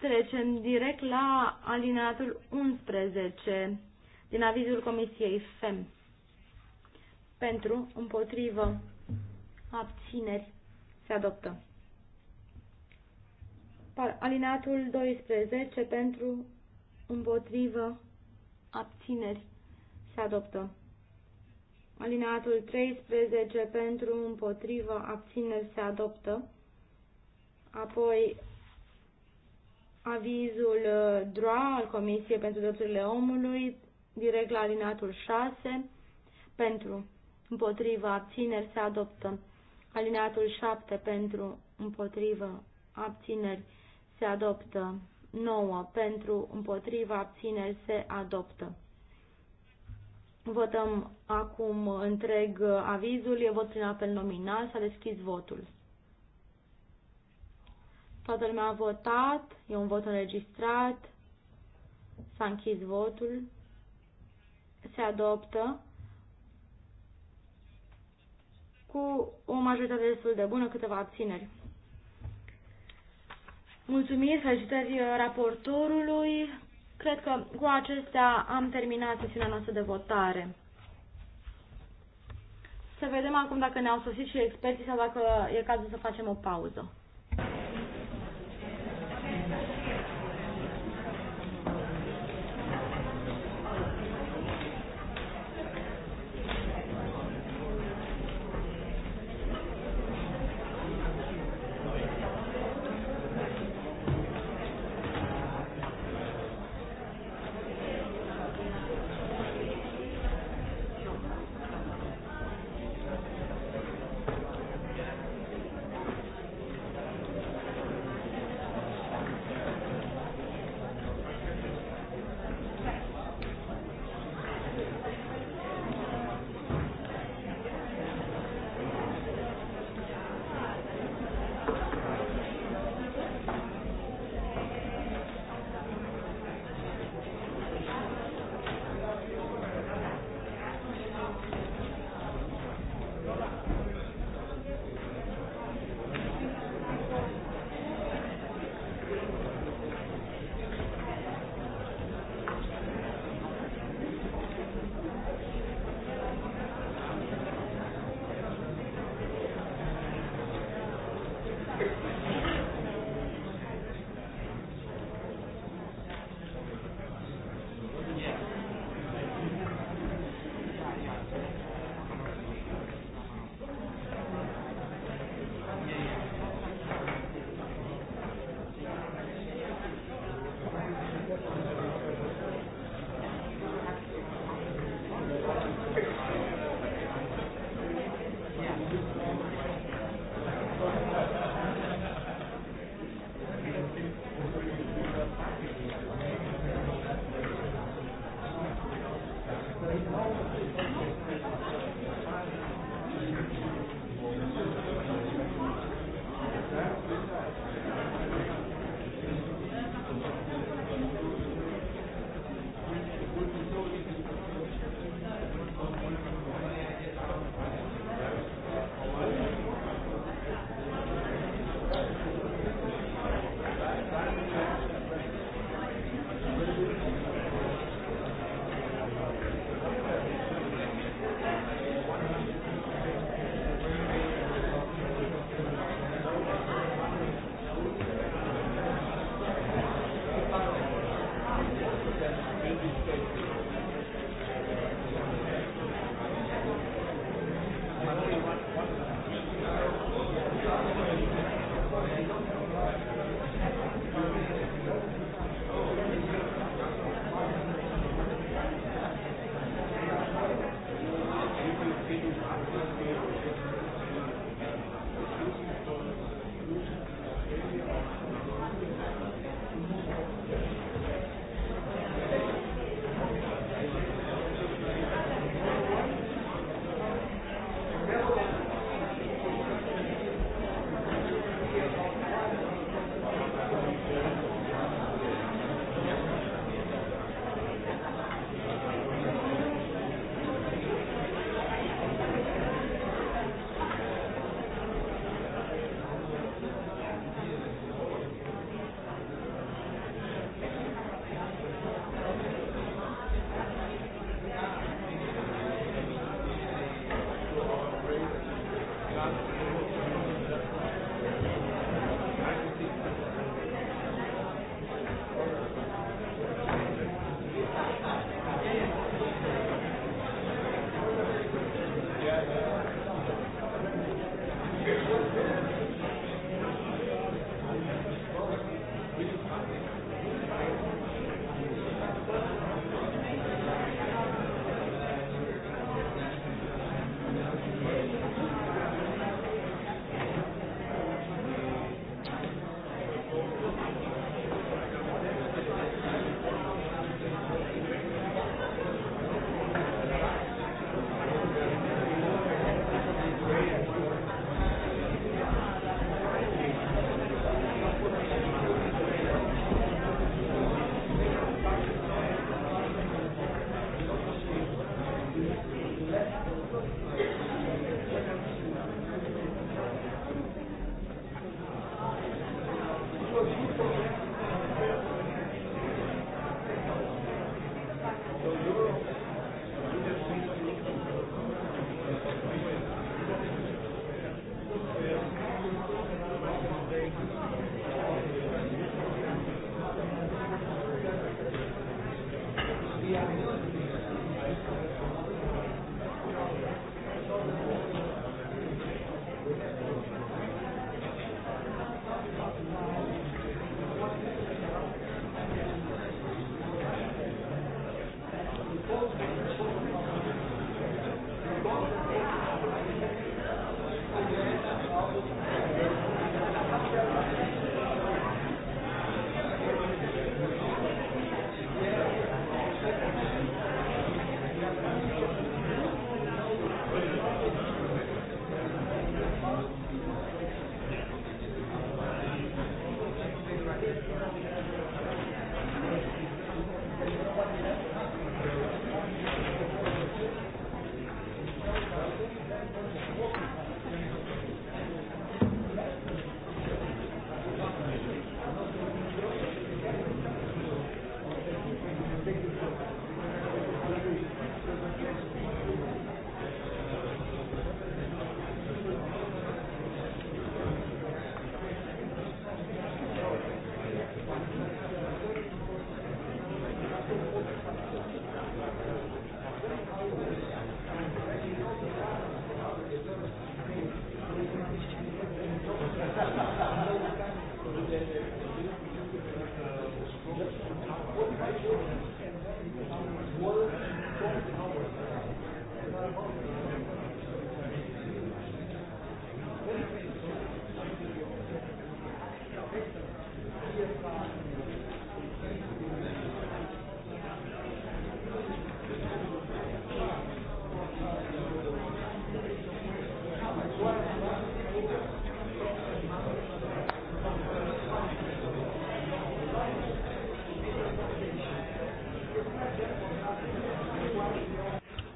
S4: Trecem direct la alineatul 11 din avizul Comisiei FEM. Pentru, împotrivă, abțineri, se adoptă. Alineatul 12 pentru, împotrivă, abțineri, se adoptă. Alineatul 13 pentru, împotrivă, abțineri, se adoptă. Apoi, avizul uh, DRA al Comisiei pentru Drepturile Omului direct la alinatul 6 pentru împotriva abțineri se adoptă. Alineatul 7 pentru împotriva abțineri se adoptă. 9 pentru împotriva abțineri se adoptă. Votăm acum întreg avizul. E vot prin apel nominal. S-a deschis votul. Toată lumea a votat. E un vot înregistrat. S-a închis votul se adoptă cu o majoritate destul de bună, câteva abțineri. Mulțumiri, felicitări raportorului. Cred că cu acestea am terminat sesiunea noastră de votare. Să vedem acum dacă ne-au sosit și experții sau dacă e cazul să facem o pauză.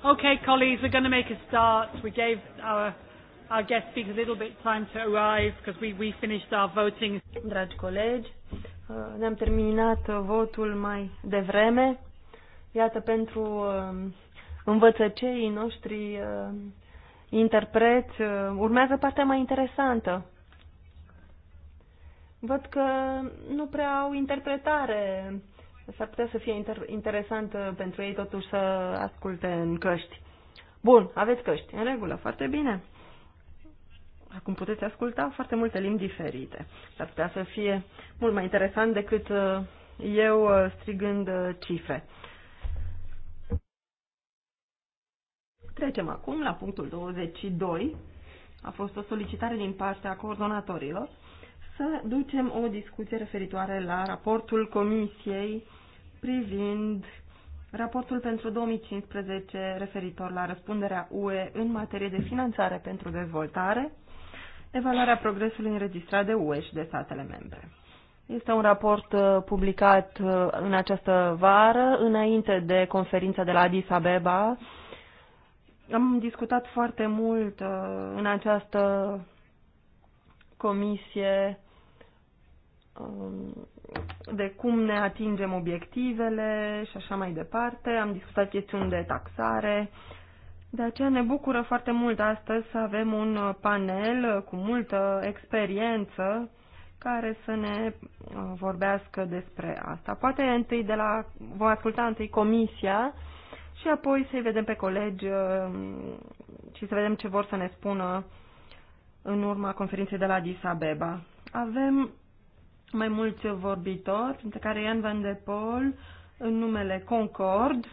S1: Okay, colleagues, we're going to make a start. We gave our, our guest speakers a little bit time to arrive because we, we finished our voting. Dragi colegi,
S5: uh, ne-am terminat votul mai devreme. Iată, pentru um, învățăceii noștri um, interpret um, urmează partea mai interesantă. Văd că nu prea au interpretare S-ar putea să fie inter- interesant uh, pentru ei totuși să asculte în căști. Bun, aveți căști. În regulă, foarte bine. Acum puteți asculta foarte multe limbi diferite. S-ar putea să fie mult mai interesant decât uh, eu uh, strigând cifre. Trecem acum la punctul 22. A fost o solicitare din partea coordonatorilor să ducem o discuție referitoare la raportul Comisiei privind raportul pentru 2015 referitor la răspunderea UE în materie de finanțare pentru dezvoltare, evaluarea progresului înregistrat de UE și de statele membre. Este un raport uh, publicat uh, în această vară, înainte de conferința de la Addis Abeba. Am discutat foarte mult uh, în această comisie Um, de cum ne atingem obiectivele și așa mai departe. Am discutat chestiuni de taxare. De aceea ne bucură foarte mult astăzi să avem un panel cu multă experiență care să ne uh, vorbească despre asta. Poate întâi de la, vom asculta întâi comisia și apoi să-i vedem pe colegi uh, și să vedem ce vor să ne spună în urma conferinței de la Disabeba. Abeba. Avem mai mulți vorbitori, între care Ian Van de Pol, în numele Concord.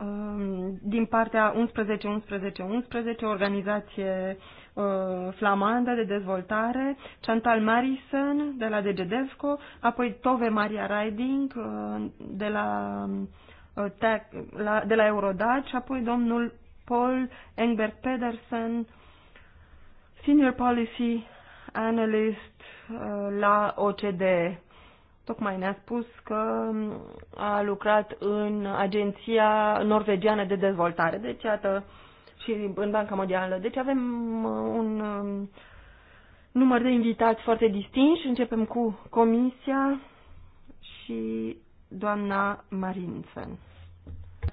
S5: Um, din partea 11-11-11, organizație uh, flamandă de dezvoltare, Chantal Marison de la DGDEFCO, apoi Tove Maria Riding uh, de uh, la, de la Eurodat apoi domnul Paul Engbert Pedersen Senior Policy Analyst uh, la OCDE. Tocmai ne-a spus că um, a lucrat în Agenția Norvegiană de Dezvoltare. Deci, iată, și în Banca Mondială. Deci avem uh, un um, număr de invitați foarte distinși. Începem cu comisia și doamna Marinsen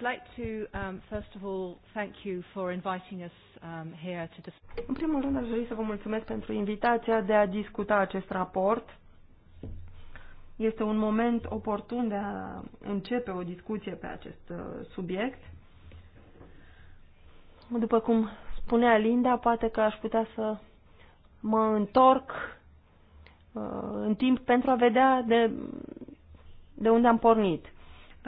S1: like to, um, first of all, thank you for inviting us
S5: um, here to În primul rând, aș dori să vă mulțumesc pentru invitația de a discuta acest raport. Este un moment oportun de a începe o discuție pe acest uh, subiect. După cum spunea Linda, poate că aș putea să mă întorc uh, în timp pentru a vedea de, de unde am pornit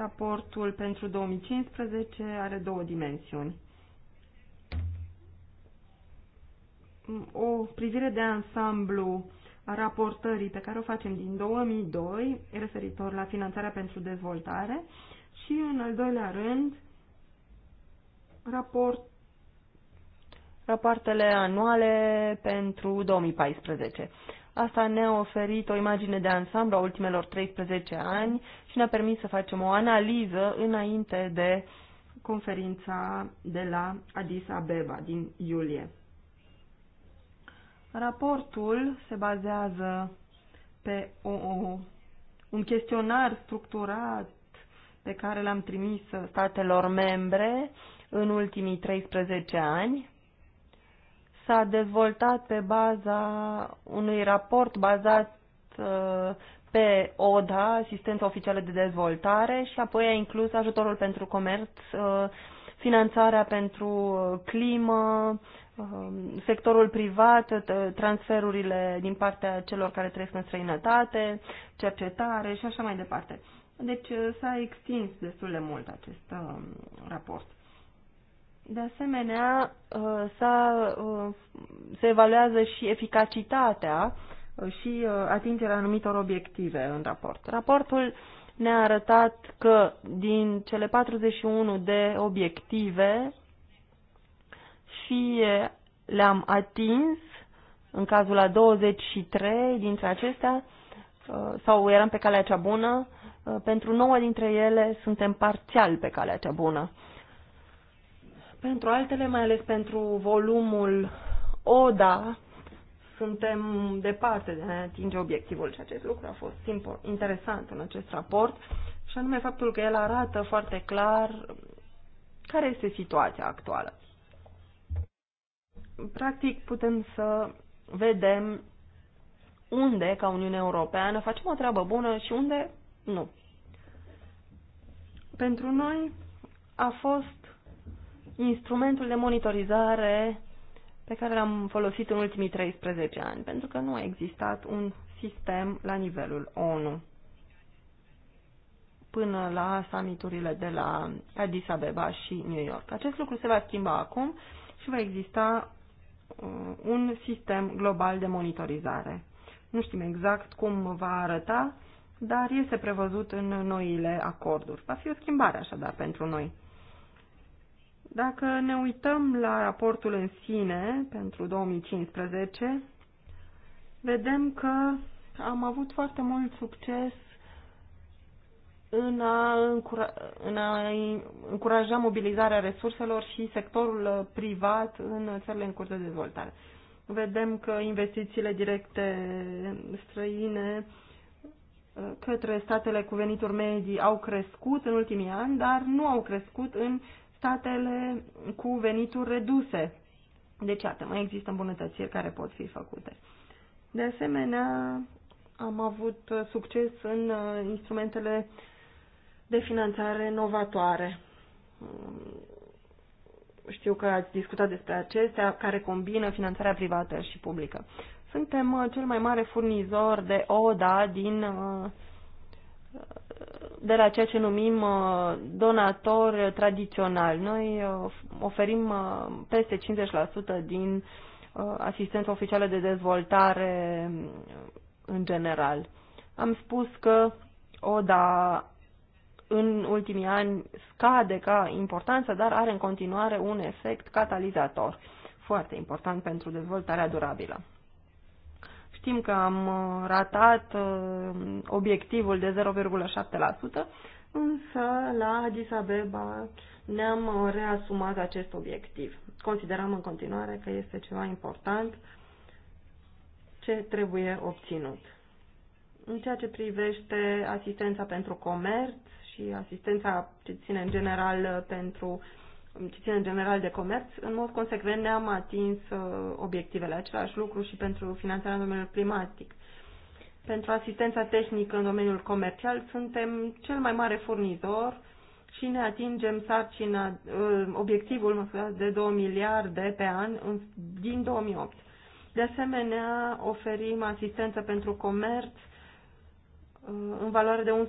S5: Raportul pentru 2015 are două dimensiuni. O privire de ansamblu a raportării pe care o facem din 2002 referitor la finanțarea pentru dezvoltare și, în al doilea rând, raport rapoartele anuale pentru 2014. Asta ne-a oferit o imagine de ansamblu a ultimelor 13 ani și ne-a permis să facem o analiză înainte de conferința de la Addis Abeba din iulie. Raportul se bazează pe o, o, un chestionar structurat pe care l-am trimis statelor membre în ultimii 13 ani s-a dezvoltat pe baza unui raport bazat uh, pe ODA, Asistența Oficială de Dezvoltare, și apoi a inclus ajutorul pentru comerț, uh, finanțarea pentru uh, climă, sectorul privat, transferurile din partea celor care trăiesc în străinătate, cercetare și așa mai departe. Deci s-a extins destul de mult acest raport. De asemenea, uh, s-a, uh, se evaluează și eficacitatea uh, și atingerea anumitor obiective în raport. Raportul ne-a arătat că din cele 41 de obiective, fie le-am atins, în cazul a 23 dintre acestea, sau eram pe calea cea bună, pentru 9 dintre ele suntem parțial pe calea cea bună. Pentru altele, mai ales pentru volumul ODA, suntem departe de a atinge obiectivul și acest lucru a fost simplu, interesant în acest raport și anume faptul că el arată foarte clar care este situația actuală. Practic putem să vedem unde, ca Uniunea Europeană, facem o treabă bună și unde nu. Pentru noi a fost instrumentul de monitorizare pe care l-am folosit în ultimii 13 ani, pentru că nu a existat un sistem la nivelul ONU până la summiturile de la Addis Abeba și New York. Acest lucru se va schimba acum și va exista uh, un sistem global de monitorizare. Nu știm exact cum va arăta, dar este prevăzut în noile acorduri. Va fi o schimbare așadar pentru noi. Dacă ne uităm la raportul în sine pentru 2015, vedem că am avut foarte mult succes în a, încura în a încuraja mobilizarea resurselor și sectorul privat în țările în curs de dezvoltare. Vedem că investițiile directe străine uh, către statele cu venituri medii au crescut în ultimii ani, dar nu au crescut în statele cu venituri reduse. Deci, atât mai există îmbunătățiri care pot fi făcute. De asemenea, am avut succes în uh, instrumentele de finanțare novatoare. Um, știu că ați discutat despre acestea, care combină finanțarea privată și publică. Suntem uh, cel mai mare furnizor de ODA din uh, de la ceea ce numim uh, donator tradițional. Noi uh, oferim uh, peste 50% din asistența oficială de dezvoltare în general. Am spus că ODA în ultimii ani scade ca importanță, dar are în continuare un efect catalizator foarte important pentru dezvoltarea durabilă. Știm că am uh, ratat uh, obiectivul de 0,7%, însă la Addis Abeba ne-am uh, reasumat acest obiectiv. Considerăm în continuare că este ceva important ce trebuie obținut. În ceea ce privește asistența pentru comerț și asistența ce ține în general pentru ce ține în general de comerț, în mod consecvent ne-am atins uh, obiectivele. Același lucru și pentru finanțarea în domeniul climatic. Pentru asistența tehnică în domeniul comercial suntem cel mai mare furnizor și ne atingem sarcina, uh, obiectivul mă de 2 miliarde pe an din 2008. De asemenea, oferim asistență pentru comerț uh, în valoare de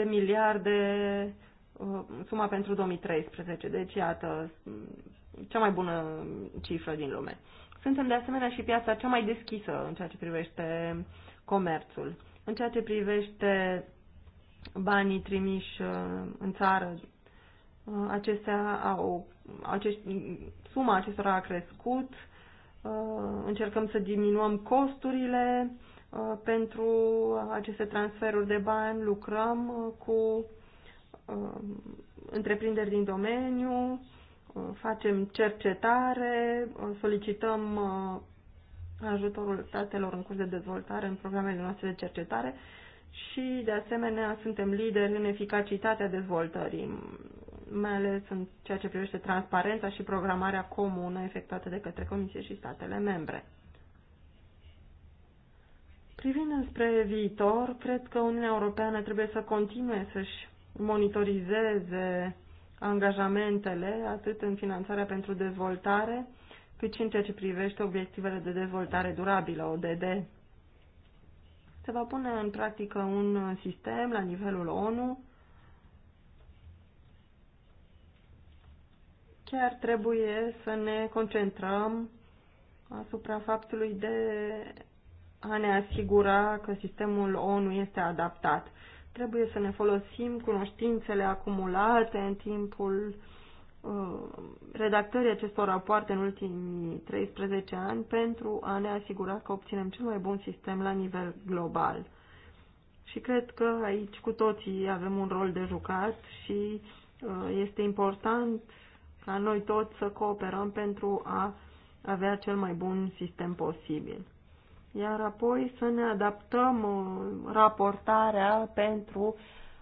S5: 11,7 miliarde Uh, suma pentru 2013. Deci, iată, mm, cea mai bună cifră din lume. Suntem de asemenea și piața cea mai deschisă în ceea ce privește comerțul. În ceea ce privește banii trimiși uh, în țară, uh, acestea au, acești, suma acestora a crescut, încercăm să diminuăm costurile pentru aceste transferuri de bani, lucrăm cu Um, întreprinderi din domeniu, uh, facem cercetare, uh, solicităm uh, ajutorul statelor în curs de dezvoltare în programele noastre de cercetare și, de asemenea, suntem lideri în eficacitatea dezvoltării, mai ales în ceea ce privește transparența și programarea comună efectuată de către Comisie și statele membre. Privind spre viitor, cred că Uniunea Europeană trebuie să continue să-și monitorizeze angajamentele atât în finanțarea pentru dezvoltare, cât și în ceea ce privește obiectivele de dezvoltare durabilă, ODD. Se va pune în practică un sistem la nivelul ONU. Chiar trebuie să ne concentrăm asupra faptului de a ne asigura că sistemul ONU este adaptat. Trebuie să ne folosim cunoștințele acumulate în timpul uh, redactării acestor rapoarte în ultimii 13 ani pentru a ne asigura că obținem cel mai bun sistem la nivel global. Și cred că aici cu toții avem un rol de jucat și uh, este important ca noi toți să cooperăm pentru a avea cel mai bun sistem posibil iar apoi să ne adaptăm uh, raportarea pentru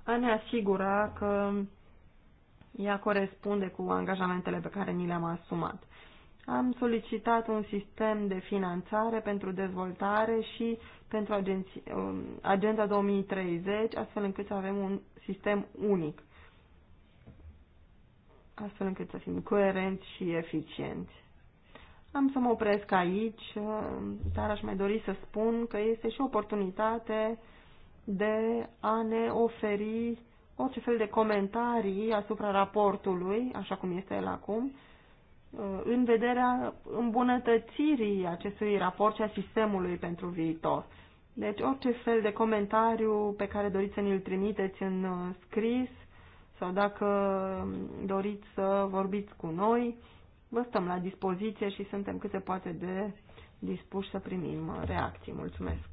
S5: a ne asigura că ea corespunde cu angajamentele pe care ni le-am asumat. Am solicitat un sistem de finanțare pentru dezvoltare și pentru agenția um, Agenda 2030, astfel încât să avem un sistem unic, astfel încât să fim coerenți și eficienți. Am să mă opresc aici, uh, dar aș mai dori să spun că este și o oportunitate de a ne oferi orice fel de comentarii asupra raportului, așa cum este el acum, uh, în vederea îmbunătățirii acestui raport și a sistemului pentru viitor. Deci orice fel de comentariu pe care doriți să ne-l trimiteți în uh, scris sau dacă doriți să vorbiți cu noi, Vă stăm la dispoziție și suntem cât se poate de dispuși să primim reacții. Mulțumesc!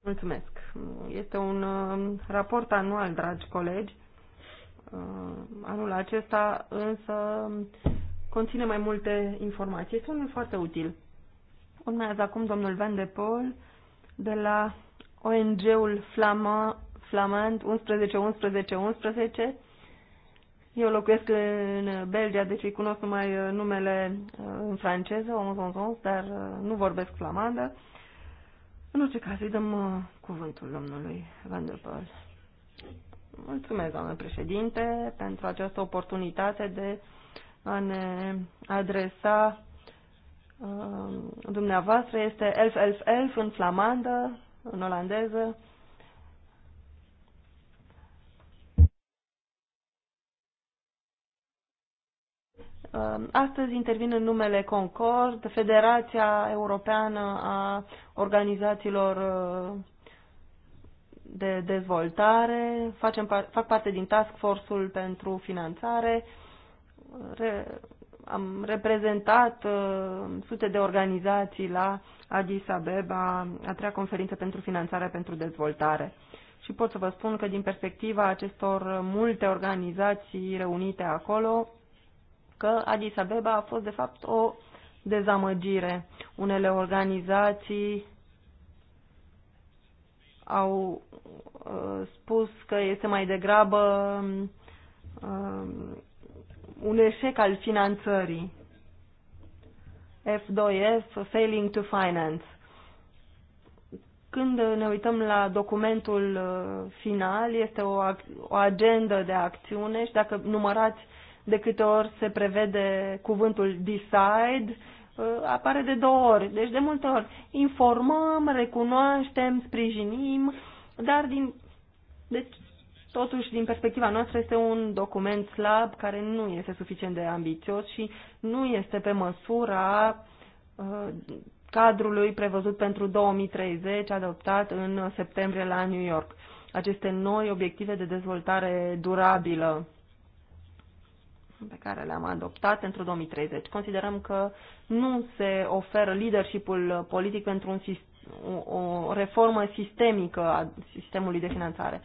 S5: Mulțumesc. Este un um, raport anual, dragi colegi. Uh, anul acesta însă conține mai multe informații. Este unul foarte util. Urmează acum domnul Van de Pol de la ONG-ul Flama, Flamand 11. Eu locuiesc în Belgia, deci îi cunosc numai uh, numele uh, în franceză, 1111, dar uh, nu vorbesc flamandă. În orice caz, îi dăm cuvântul domnului Van der Poel. Mulțumesc, doamnă președinte, pentru această oportunitate de a ne adresa Ehm, dumneavoastră este Elf Elf Elf în flamandă, în olandeză. Ehm, astăzi intervin în numele Concord, Federația Europeană a Organizațiilor ehm, de Dezvoltare. Facem, fac parte din Task Force-ul pentru Finanțare. Re, am reprezentat uh, sute de organizații la Addis Abeba, a treia conferință pentru finanțare pentru dezvoltare. Și pot să vă spun că din perspectiva acestor multe organizații reunite acolo, că Addis Abeba a fost de fapt o dezamăgire. Unele organizații au uh, spus că este mai degrabă uh, un eșec al finanțării. F2F, Failing to Finance. Când ne uităm la documentul uh, final, este o, o agendă de acțiune și dacă numărați de câte ori se prevede cuvântul decide, uh, apare de două ori. Deci de multe ori informăm, recunoaștem, sprijinim, dar din... Deci Totuși, din perspectiva noastră, este un document slab care nu este suficient de ambițios și nu este pe măsura uh, cadrului prevăzut pentru 2030, adoptat în septembrie la New York. Aceste noi obiective de dezvoltare durabilă pe care le-am adoptat pentru 2030. Considerăm că nu se oferă leadership-ul politic pentru un, o, o reformă sistemică a sistemului de finanțare.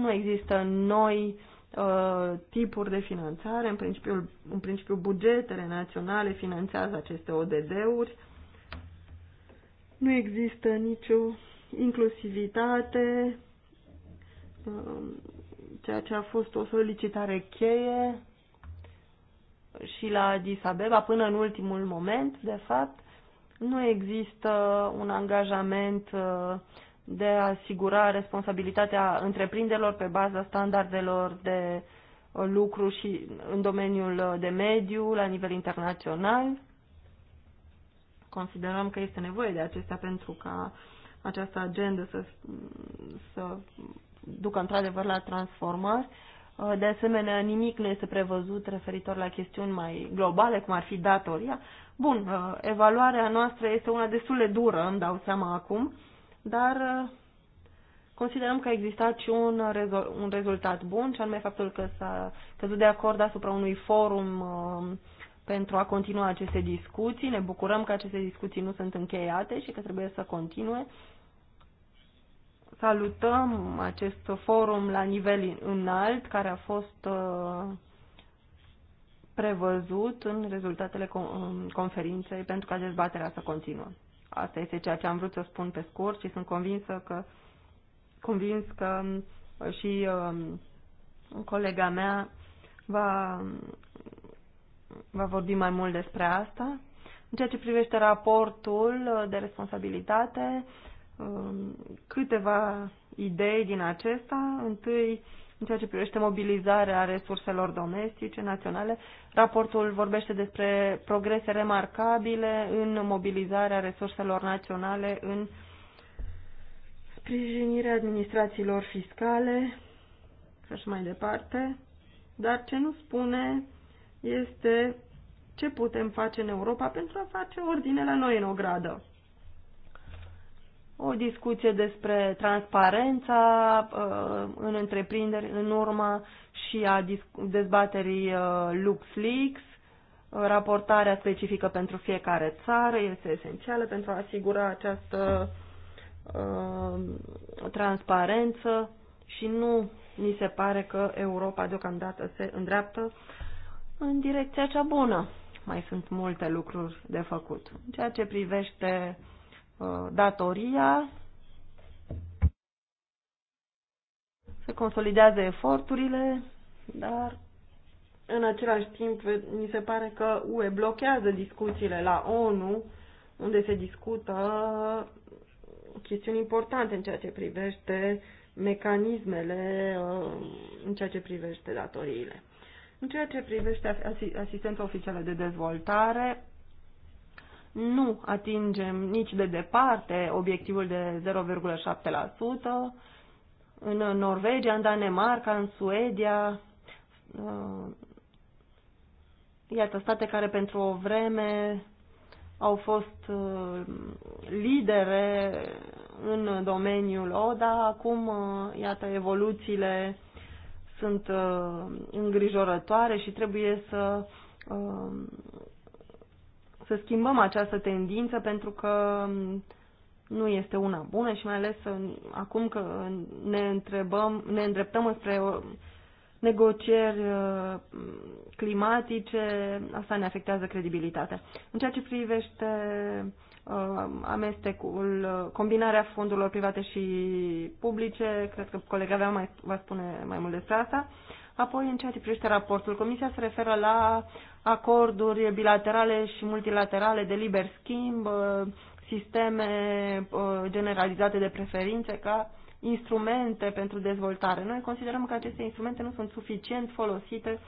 S5: Nu există noi uh, tipuri de finanțare, în principiu, în principiu bugetele naționale finanțează aceste ODD-uri. Nu există nicio inclusivitate, uh, ceea ce a fost o solicitare cheie și la Addis Abeba până în ultimul moment, de fapt, nu există un angajament uh, de a asigura responsabilitatea întreprinderilor pe baza standardelor de lucru și în domeniul de mediu la nivel internațional. Considerăm că este nevoie de acestea pentru ca această agendă să, să ducă într-adevăr la transformări. De asemenea, nimic nu este prevăzut referitor la chestiuni mai globale, cum ar fi datoria. Bun, evaluarea noastră este una destul de dură, îmi dau seama acum, dar uh, considerăm că a existat și un, rezol un rezultat bun, și anume faptul că s-a căzut de acord asupra unui forum uh, pentru a continua aceste discuții. Ne bucurăm că aceste discuții nu sunt încheiate și că trebuie să continue. Salutăm acest forum la nivel înalt care a fost uh, prevăzut în rezultatele conferinței pentru ca dezbaterea să continue. Asta este ceea ce am vrut să spun pe scurt și sunt convinsă că, convins că um, și um, colega mea va, va vorbi mai mult despre asta. În ceea ce privește raportul de responsabilitate, um, câteva idei din acesta. Întâi, în ceea ce privește mobilizarea resurselor domestice naționale, raportul vorbește despre progrese remarcabile în mobilizarea resurselor naționale în sprijinirea administrațiilor fiscale și așa mai departe. Dar ce nu spune este ce putem face în Europa pentru a face ordine la noi în ogradă o discuție despre transparența uh, în întreprinderi în urma și a dezbaterii uh, LuxLeaks. Raportarea specifică pentru fiecare țară este esențială pentru a asigura această uh, transparență și nu mi se pare că Europa deocamdată se îndreaptă în direcția cea bună. Mai sunt multe lucruri de făcut. În ceea ce privește Uh, datoria, se consolidează eforturile, dar în același timp mi se pare că UE blochează discuțiile la ONU, unde se discută chestiuni importante în ceea ce privește mecanismele, uh, în ceea ce privește datoriile. În ceea ce privește asistența oficială de dezvoltare, nu atingem nici de departe obiectivul de 0,7%. În Norvegia, în Danemarca, în Suedia, uh, iată, state care pentru o vreme au fost uh, lidere în domeniul ODA, acum, uh, iată, evoluțiile sunt îngrijorătoare și trebuie să să schimbăm această tendință pentru că mm, nu este una bună și mai ales acum că ne, întrebăm, ne îndreptăm o uh, negocieri uh, climatice, asta ne afectează credibilitatea. În ceea ce privește uh, amestecul, combinarea fondurilor private și publice, cred că colega mea mai, va spune mai mult despre asta. Apoi, în ceea ce privește raportul, Comisia se referă la acorduri bilaterale și multilaterale de liber schimb, uh, sisteme uh, generalizate de preferințe ca instrumente pentru dezvoltare. Noi considerăm că aceste instrumente nu sunt suficient folosite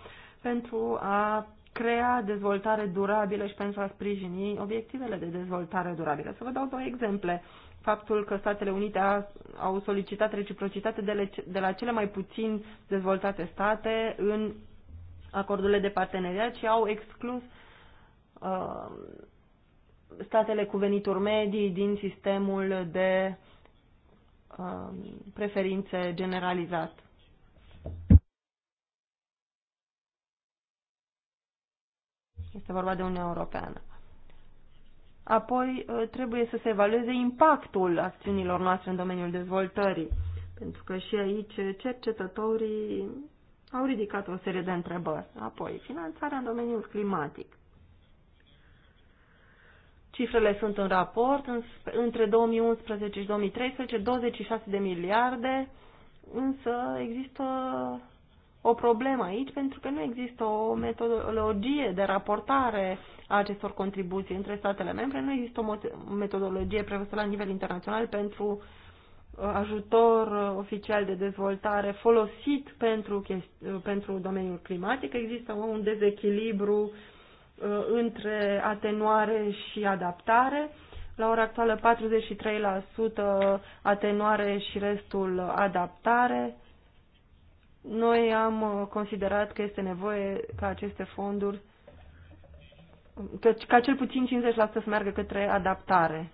S5: pentru a crea dezvoltare durabilă și pentru a sprijini obiectivele de dezvoltare durabilă. Să vă dau două exemple. Faptul că Statele Unite a, au solicitat reciprocitate de, le, de la cele mai puțin dezvoltate state în acordurile de parteneriat și au exclus uh, statele cu venituri medii din sistemul de uh, preferințe generalizat. Este vorba de Uniunea Europeană. Apoi uh, trebuie să se evalueze impactul acțiunilor noastre în domeniul dezvoltării, pentru că și aici cercetătorii au ridicat o serie de întrebări. Apoi, finanțarea în domeniul climatic. Cifrele sunt în raport. Între 2011 și 2013, 26 de miliarde, însă există o problemă aici pentru că nu există o metodologie de raportare a acestor contribuții între statele membre, nu există o metodologie prevăzută la nivel internațional pentru uh, ajutor uh, oficial de dezvoltare folosit pentru, uh, pentru domeniul climatic. Există un dezechilibru uh, între atenuare și adaptare. La ora actuală 43% atenuare și restul adaptare. Noi am considerat că este nevoie ca aceste fonduri, că, ca cel puțin 50% să meargă către adaptare.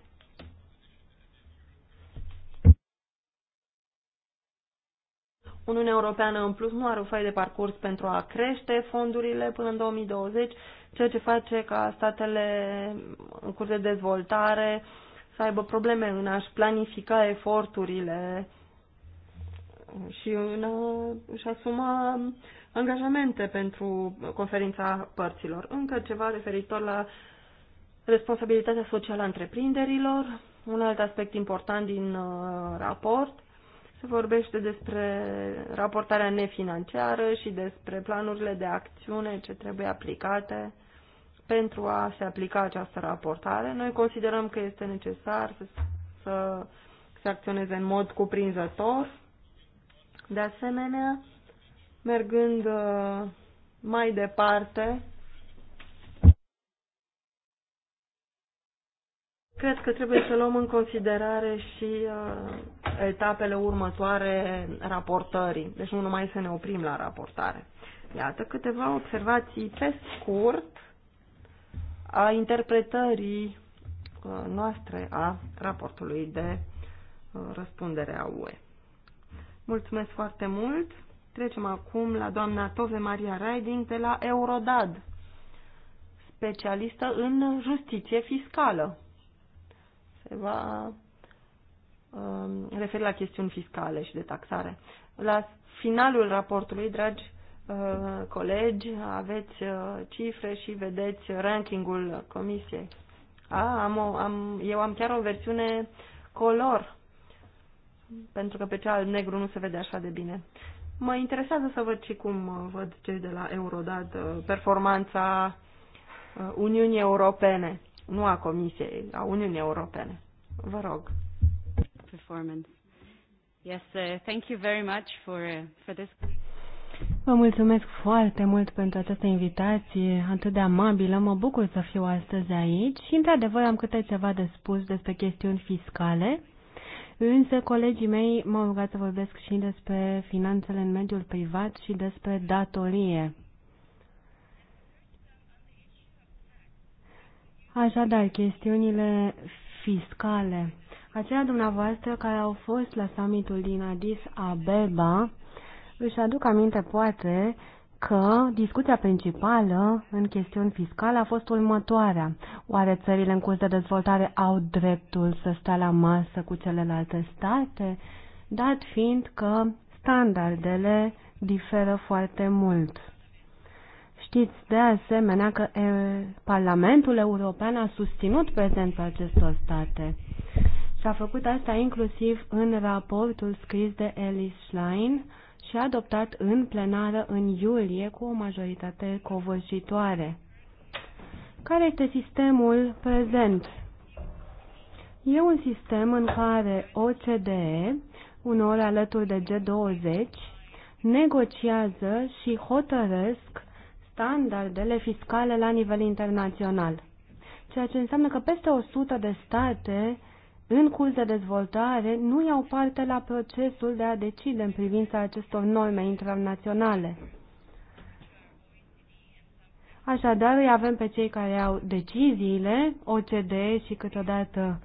S5: Uniunea Europeană în plus nu are o foaie de parcurs pentru a crește fondurile până în 2020, ceea ce face ca statele în curs de dezvoltare să aibă probleme în a-și planifica eforturile și în a-și asuma angajamente pentru conferința părților. Încă ceva referitor la responsabilitatea socială a întreprinderilor, un alt aspect important din uh, raport se vorbește despre raportarea nefinanciară și despre planurile de acțiune ce trebuie aplicate pentru a se aplica această raportare. Noi considerăm că este necesar să, să se acționeze în mod cuprinzător. De asemenea, mergând uh, mai departe, cred că trebuie să luăm în considerare și uh, etapele următoare raportării. Deci nu numai să ne oprim la raportare. Iată câteva observații pe scurt a interpretării uh, noastre a raportului de uh, răspundere a UE. Mulțumesc foarte mult! Trecem acum la doamna Tove Maria Riding de la Eurodad, specialistă în justiție fiscală. Se va Um, refer la chestiuni fiscale și de taxare. La finalul raportului, dragi uh, colegi, aveți uh, cifre și vedeți rankingul comisiei. A, am o, am, eu am chiar o versiune color, pentru că pe cea al negru nu se vede așa de bine. Mă interesează să văd și cum uh, văd cei de la Eurodat performanța Uniunii Europene, nu a Comisiei, a Uniunii Europene. Vă rog
S3: performance.
S2: Yes, uh, thank you very much for, uh, for this. Vă mulțumesc foarte mult pentru această invitație atât de amabilă. Mă bucur să fiu astăzi aici și, într-adevăr, am câte ceva de spus despre chestiuni fiscale, însă colegii mei m-au rugat să vorbesc și despre finanțele în mediul privat și despre datorie. Așadar, chestiunile fiscale. Aceia dumneavoastră care au fost la summitul din Addis Abeba își aduc aminte poate că discuția principală în chestiuni fiscale a fost următoarea. Oare țările în curs de dezvoltare au dreptul să stea la masă cu celelalte state, dat fiind că standardele diferă foarte mult? Știți de asemenea că Parlamentul European a susținut prezența acestor state. Și a făcut asta inclusiv în raportul scris de Ellis Schlein și adoptat în plenară în iulie cu o majoritate covârșitoare. Care este sistemul prezent? E un sistem în care OCDE, uneori alături de G20, negociază și hotărăsc standardele fiscale la nivel internațional, ceea ce înseamnă că peste 100 de state în curs de dezvoltare nu iau parte la procesul de a decide în privința acestor norme internaționale. Așadar, îi avem pe cei care au deciziile, OCD și câteodată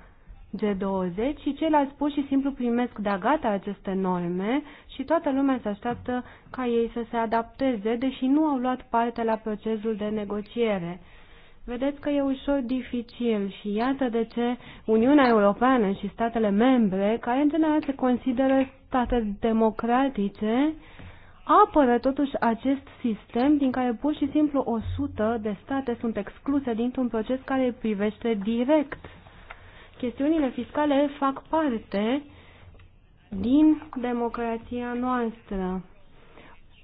S2: G20 și ceilalți pur și simplu primesc de gata aceste norme și toată lumea se așteaptă ca ei să se adapteze, deși nu au luat parte la procesul de negociere. Vedeți că e ușor dificil și iată de ce Uniunea Europeană și statele membre, care în general se consideră state democratice, apără totuși acest sistem din care pur și simplu 100 de state sunt excluse dintr-un proces care îi privește direct. Chestiunile fiscale fac parte din democrația noastră.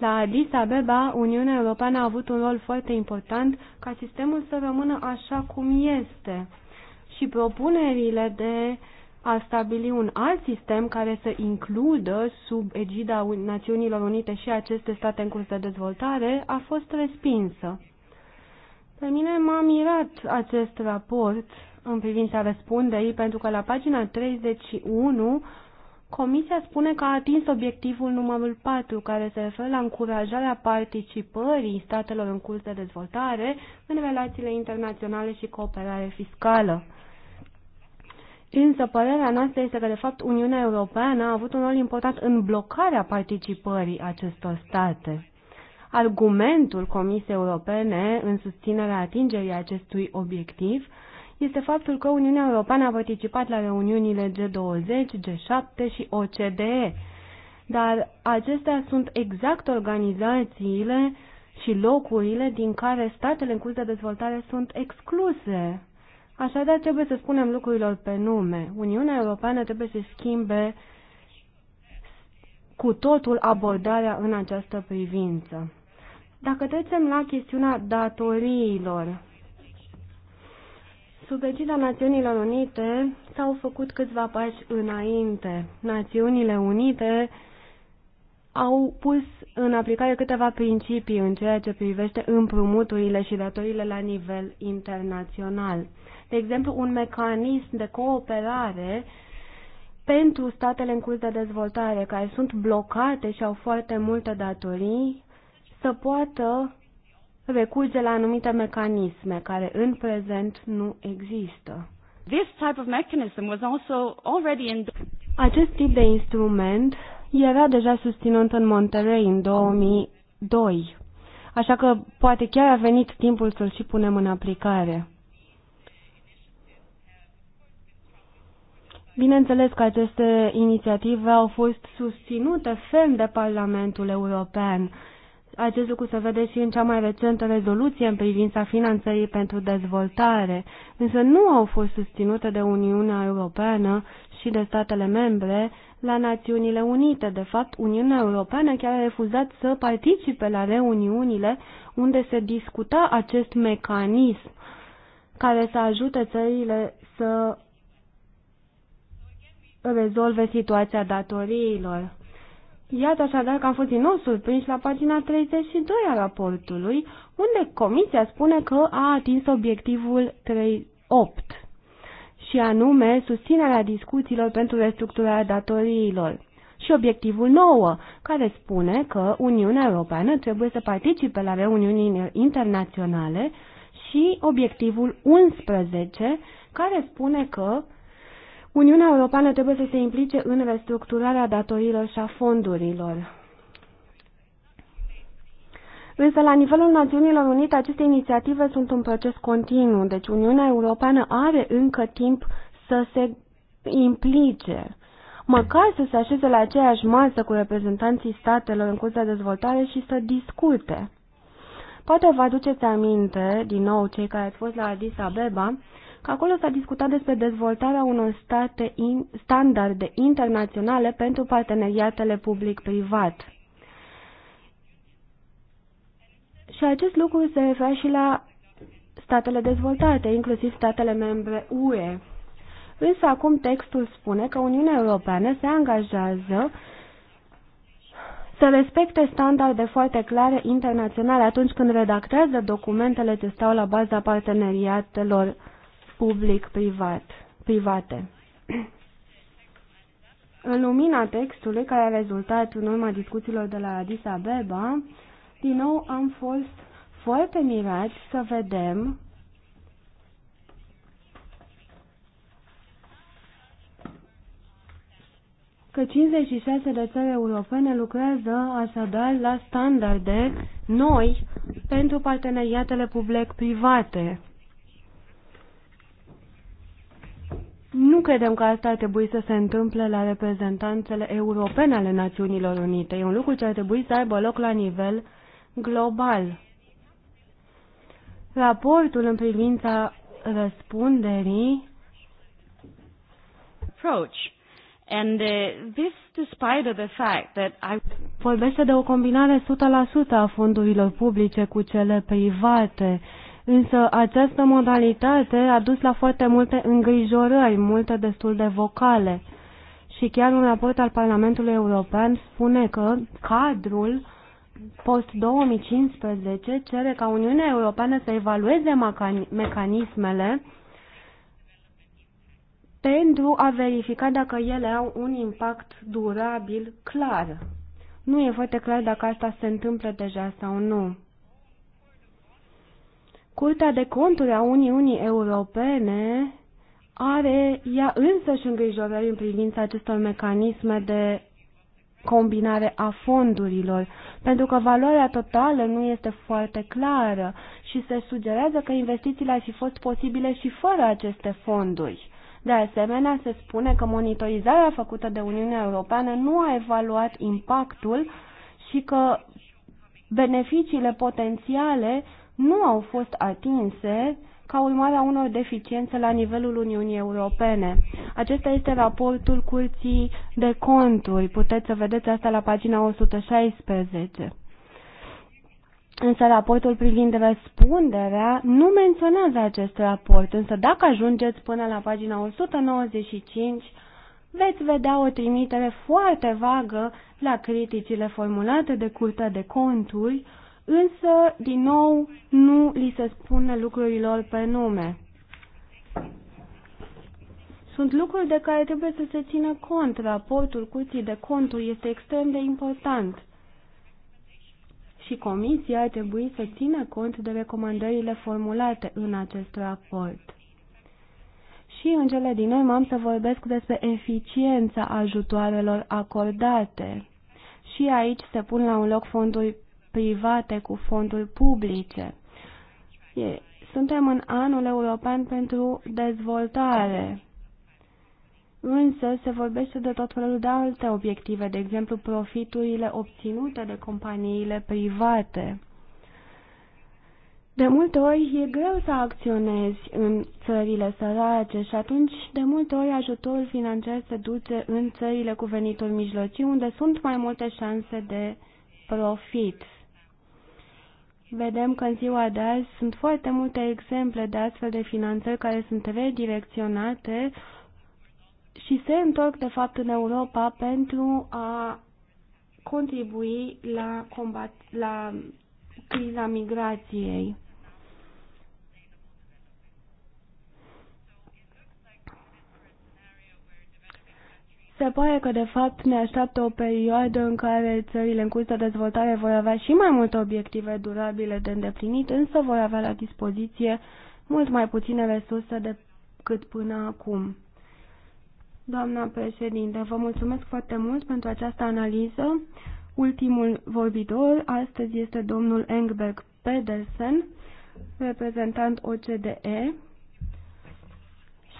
S2: La Addis Abeba, Uniunea Europeană a avut un rol foarte important ca sistemul să rămână așa cum este și propunerile de a stabili un alt sistem care să includă sub egida Națiunilor Unite și aceste state în curs de dezvoltare a fost respinsă. Pe mine m-a mirat acest raport în privința răspunderii, pentru că la pagina 31 Comisia spune că a atins obiectivul numărul 4, care se referă la încurajarea participării statelor în curs de dezvoltare în relațiile internaționale și cooperare fiscală. Însă părerea noastră este că, de fapt, Uniunea Europeană a avut un rol important în blocarea participării acestor state. Argumentul Comisiei Europene în susținerea atingerii acestui obiectiv este faptul că Uniunea Europeană a participat la reuniunile G20, G7 și OCDE, dar acestea sunt exact organizațiile și locurile din care statele în curs de dezvoltare sunt excluse. Așadar, trebuie să spunem lucrurilor pe nume. Uniunea Europeană trebuie să schimbe cu totul abordarea în această privință. Dacă trecem la chestiunea datoriilor, Sub egida Națiunilor Unite s-au făcut câțiva pași înainte. Națiunile Unite au pus în aplicare câteva principii în ceea ce privește împrumuturile și datorile la nivel internațional. De exemplu, un mecanism de cooperare pentru statele în curs de dezvoltare care sunt blocate și au foarte multe datorii să poată recurge la anumite mecanisme care în prezent nu există. This type of mechanism was also already in Acest tip de instrument era deja susținut în Monterey în 2002, așa că poate chiar a venit timpul să-l și punem în aplicare. Bineînțeles că aceste inițiative au fost susținute ferm de Parlamentul European, acest lucru se vede și în cea mai recentă rezoluție în privința finanțării pentru dezvoltare, însă nu au fost susținute de Uniunea Europeană și de statele membre la Națiunile Unite. De fapt, Uniunea Europeană chiar a refuzat să participe la reuniunile unde se discuta acest mecanism care să ajute țările să rezolve situația datoriilor. Iată așadar că am fost din nou surprins la pagina 32 a raportului, unde comisia spune că a atins obiectivul 3.8 și anume susținerea discuțiilor pentru restructurarea datoriilor și obiectivul 9, care spune că Uniunea Europeană trebuie să participe la reuniuni internaționale și obiectivul 11, care spune că Uniunea Europeană trebuie să se implice în restructurarea datorilor și a fondurilor. Însă, la nivelul Națiunilor Unite, aceste inițiative sunt un proces continuu, deci Uniunea Europeană are încă timp să se implice, măcar să se așeze la aceeași masă cu reprezentanții statelor în curs de dezvoltare și să discute. Poate vă aduceți aminte, din nou cei care ați fost la Addis Abeba, că acolo s-a discutat despre dezvoltarea unor state in, standarde internaționale pentru parteneriatele public-privat. Și acest lucru se referă și la statele dezvoltate, inclusiv statele membre UE. Însă acum textul spune că Uniunea Europeană se angajează să respecte standarde foarte clare internaționale atunci când redactează documentele ce stau la baza parteneriatelor public-privat, private. <clears throat> În lumina textului care a rezultat în urma discuțiilor de la Addis Abeba, din nou am fost foarte mirați să vedem că 56 de țări europene lucrează așadar la standarde noi pentru parteneriatele public-private. Nu credem că asta ar trebui să se întâmple la reprezentanțele europene ale Națiunilor Unite. E un lucru ce ar trebui să aibă loc la nivel global. Raportul în privința răspunderii
S4: approach. And uh, this despite
S2: the fact that I vorbește de o combinare 100% a fondurilor publice cu cele private Însă această modalitate a dus la foarte multe îngrijorări, multe destul de vocale. Și chiar un raport al Parlamentului European spune că cadrul post-2015 cere ca Uniunea Europeană să evalueze mecanismele pentru a verifica dacă ele au un impact durabil clar. Nu e foarte clar dacă asta se întâmplă deja sau nu. Curtea de Conturi a Uniunii Europene are ea însăși îngrijorări în privința acestor mecanisme de combinare a fondurilor, pentru că valoarea totală nu este foarte clară și se sugerează că investițiile ar fi fost posibile și fără aceste fonduri. De asemenea, se spune că monitorizarea făcută de Uniunea Europeană nu a evaluat impactul și că beneficiile potențiale nu au fost atinse ca urmare a unor deficiențe la nivelul Uniunii Europene. Acesta este raportul Curții de Conturi. Puteți să vedeți asta la pagina 116. Însă raportul privind răspunderea nu menționează acest raport, însă dacă ajungeți până la pagina 195, veți vedea o trimitere foarte vagă la criticile formulate de Curtea de Conturi însă, din nou, nu li se spune lucrurilor pe nume. Sunt lucruri de care trebuie să se țină cont. Raportul curții de conturi este extrem de important. Și comisia ar trebui să țină cont de recomandările formulate în acest raport. Și în cele din urmă am să vorbesc despre eficiența ajutoarelor acordate. Și aici se pun la un loc fonduri private cu fonduri publice. E, suntem în anul european pentru dezvoltare, însă se vorbește de tot felul de alte obiective, de exemplu profiturile obținute de companiile private. De multe ori e greu să acționezi în țările sărace și atunci de multe ori ajutorul financiar se duce în țările cu venituri mijlocii unde sunt mai multe șanse de profit. Vedem că în ziua de azi sunt foarte multe exemple de astfel de finanțări care sunt redirecționate și se întorc de fapt în Europa pentru a contribui la, combat, la criza migrației. Se pare că, de fapt, ne așteaptă o perioadă în care țările în curs de dezvoltare vor avea și mai multe obiective durabile de îndeplinit, însă vor avea la dispoziție mult mai puține resurse decât până acum. Doamna președinte, vă mulțumesc foarte mult pentru această analiză. Ultimul vorbitor astăzi este domnul Engberg Pedersen, reprezentant OCDE,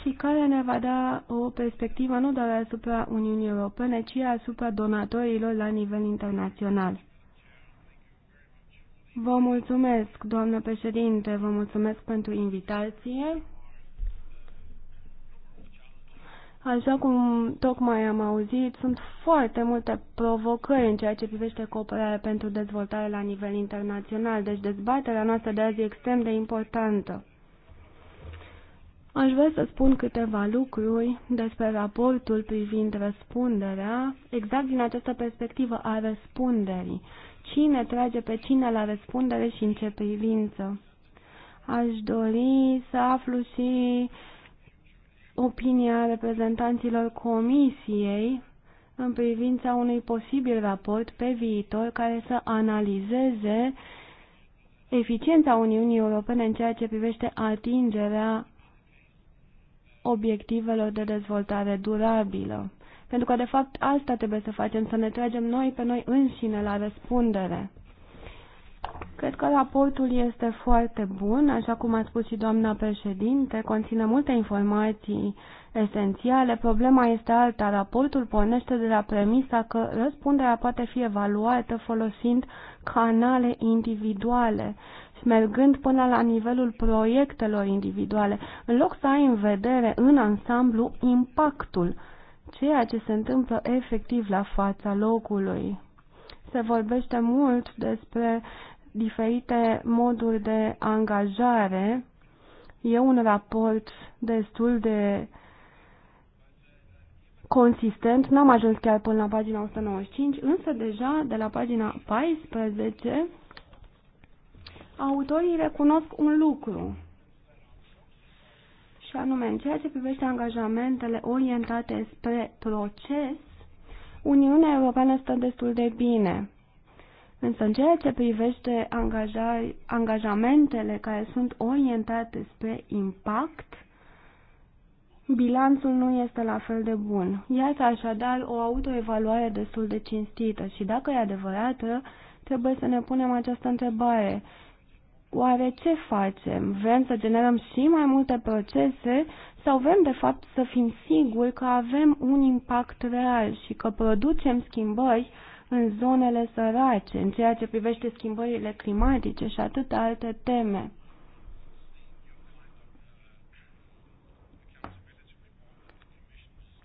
S2: și care ne va da o perspectivă nu doar asupra Uniunii Europene, ci asupra donatorilor la nivel internațional. Vă mulțumesc, doamnă președinte, vă mulțumesc pentru invitație. Așa cum tocmai am auzit, sunt foarte multe provocări în ceea ce privește cooperarea pentru dezvoltare la nivel internațional, deci dezbaterea noastră de azi e extrem de importantă. Aș vrea să spun câteva lucruri despre raportul privind răspunderea, exact din această perspectivă a răspunderii. Cine trage pe cine la răspundere și în ce privință? Aș dori să aflu și opinia reprezentanților comisiei în privința unui posibil raport pe viitor care să analizeze eficiența Uniunii Europene în ceea ce privește atingerea obiectivelor de dezvoltare durabilă. Pentru că, de fapt, asta trebuie să facem, să ne tragem noi pe noi înșine la răspundere. Cred că raportul este foarte bun, așa cum a spus și doamna președinte, conține multe informații esențiale. Problema este alta. Raportul pornește de la premisa că răspunderea poate fi evaluată folosind canale individuale mergând până la nivelul proiectelor individuale, în loc să ai în vedere în ansamblu impactul, ceea ce se întâmplă efectiv la fața locului. Se vorbește mult despre diferite moduri de angajare. E un raport destul de consistent, n-am ajuns chiar până la pagina 195, însă deja de la pagina 14 autorii recunosc un lucru, și anume, în ceea ce privește angajamentele orientate spre proces, Uniunea Europeană stă destul de bine. Însă în ceea ce privește angaja, angajamentele care sunt orientate spre impact, bilanțul nu este la fel de bun. Iată așadar o autoevaluare destul de cinstită și dacă e adevărată, trebuie să ne punem această întrebare. Oare ce facem? Vrem să generăm și mai multe procese sau vrem de fapt să fim siguri că avem un impact real și că producem schimbări în zonele sărace, în ceea ce privește schimbările climatice și atâtea alte teme?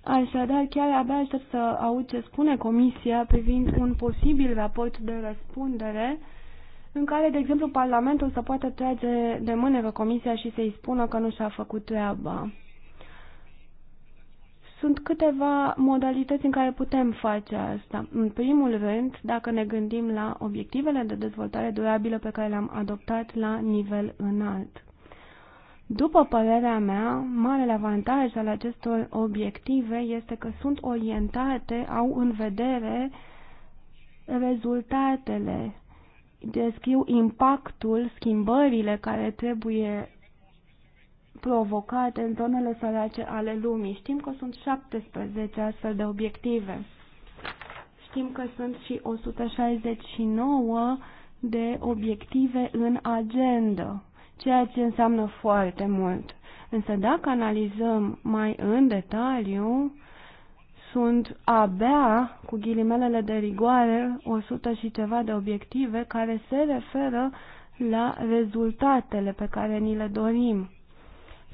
S2: Așadar, chiar abia aștept să aud ce spune Comisia privind un posibil raport de răspundere în care, de exemplu, Parlamentul să poată trage de mânecă Comisia și să-i spună că nu și-a făcut treaba. Sunt câteva modalități în care putem face asta. În primul rând, dacă ne gândim la obiectivele de dezvoltare durabilă pe care le-am adoptat la nivel înalt. După părerea mea, marele avantaj al acestor obiective este că sunt orientate, au în vedere rezultatele descriu impactul, schimbările care trebuie provocate în zonele sărace ale lumii. Știm că sunt 17 astfel de obiective. Știm că sunt și 169 de obiective în agenda, ceea ce înseamnă foarte mult. Însă dacă analizăm mai în detaliu, sunt abia, ghilimelele de rigoare, 100 și ceva de obiective care se referă la rezultatele pe care ni le dorim.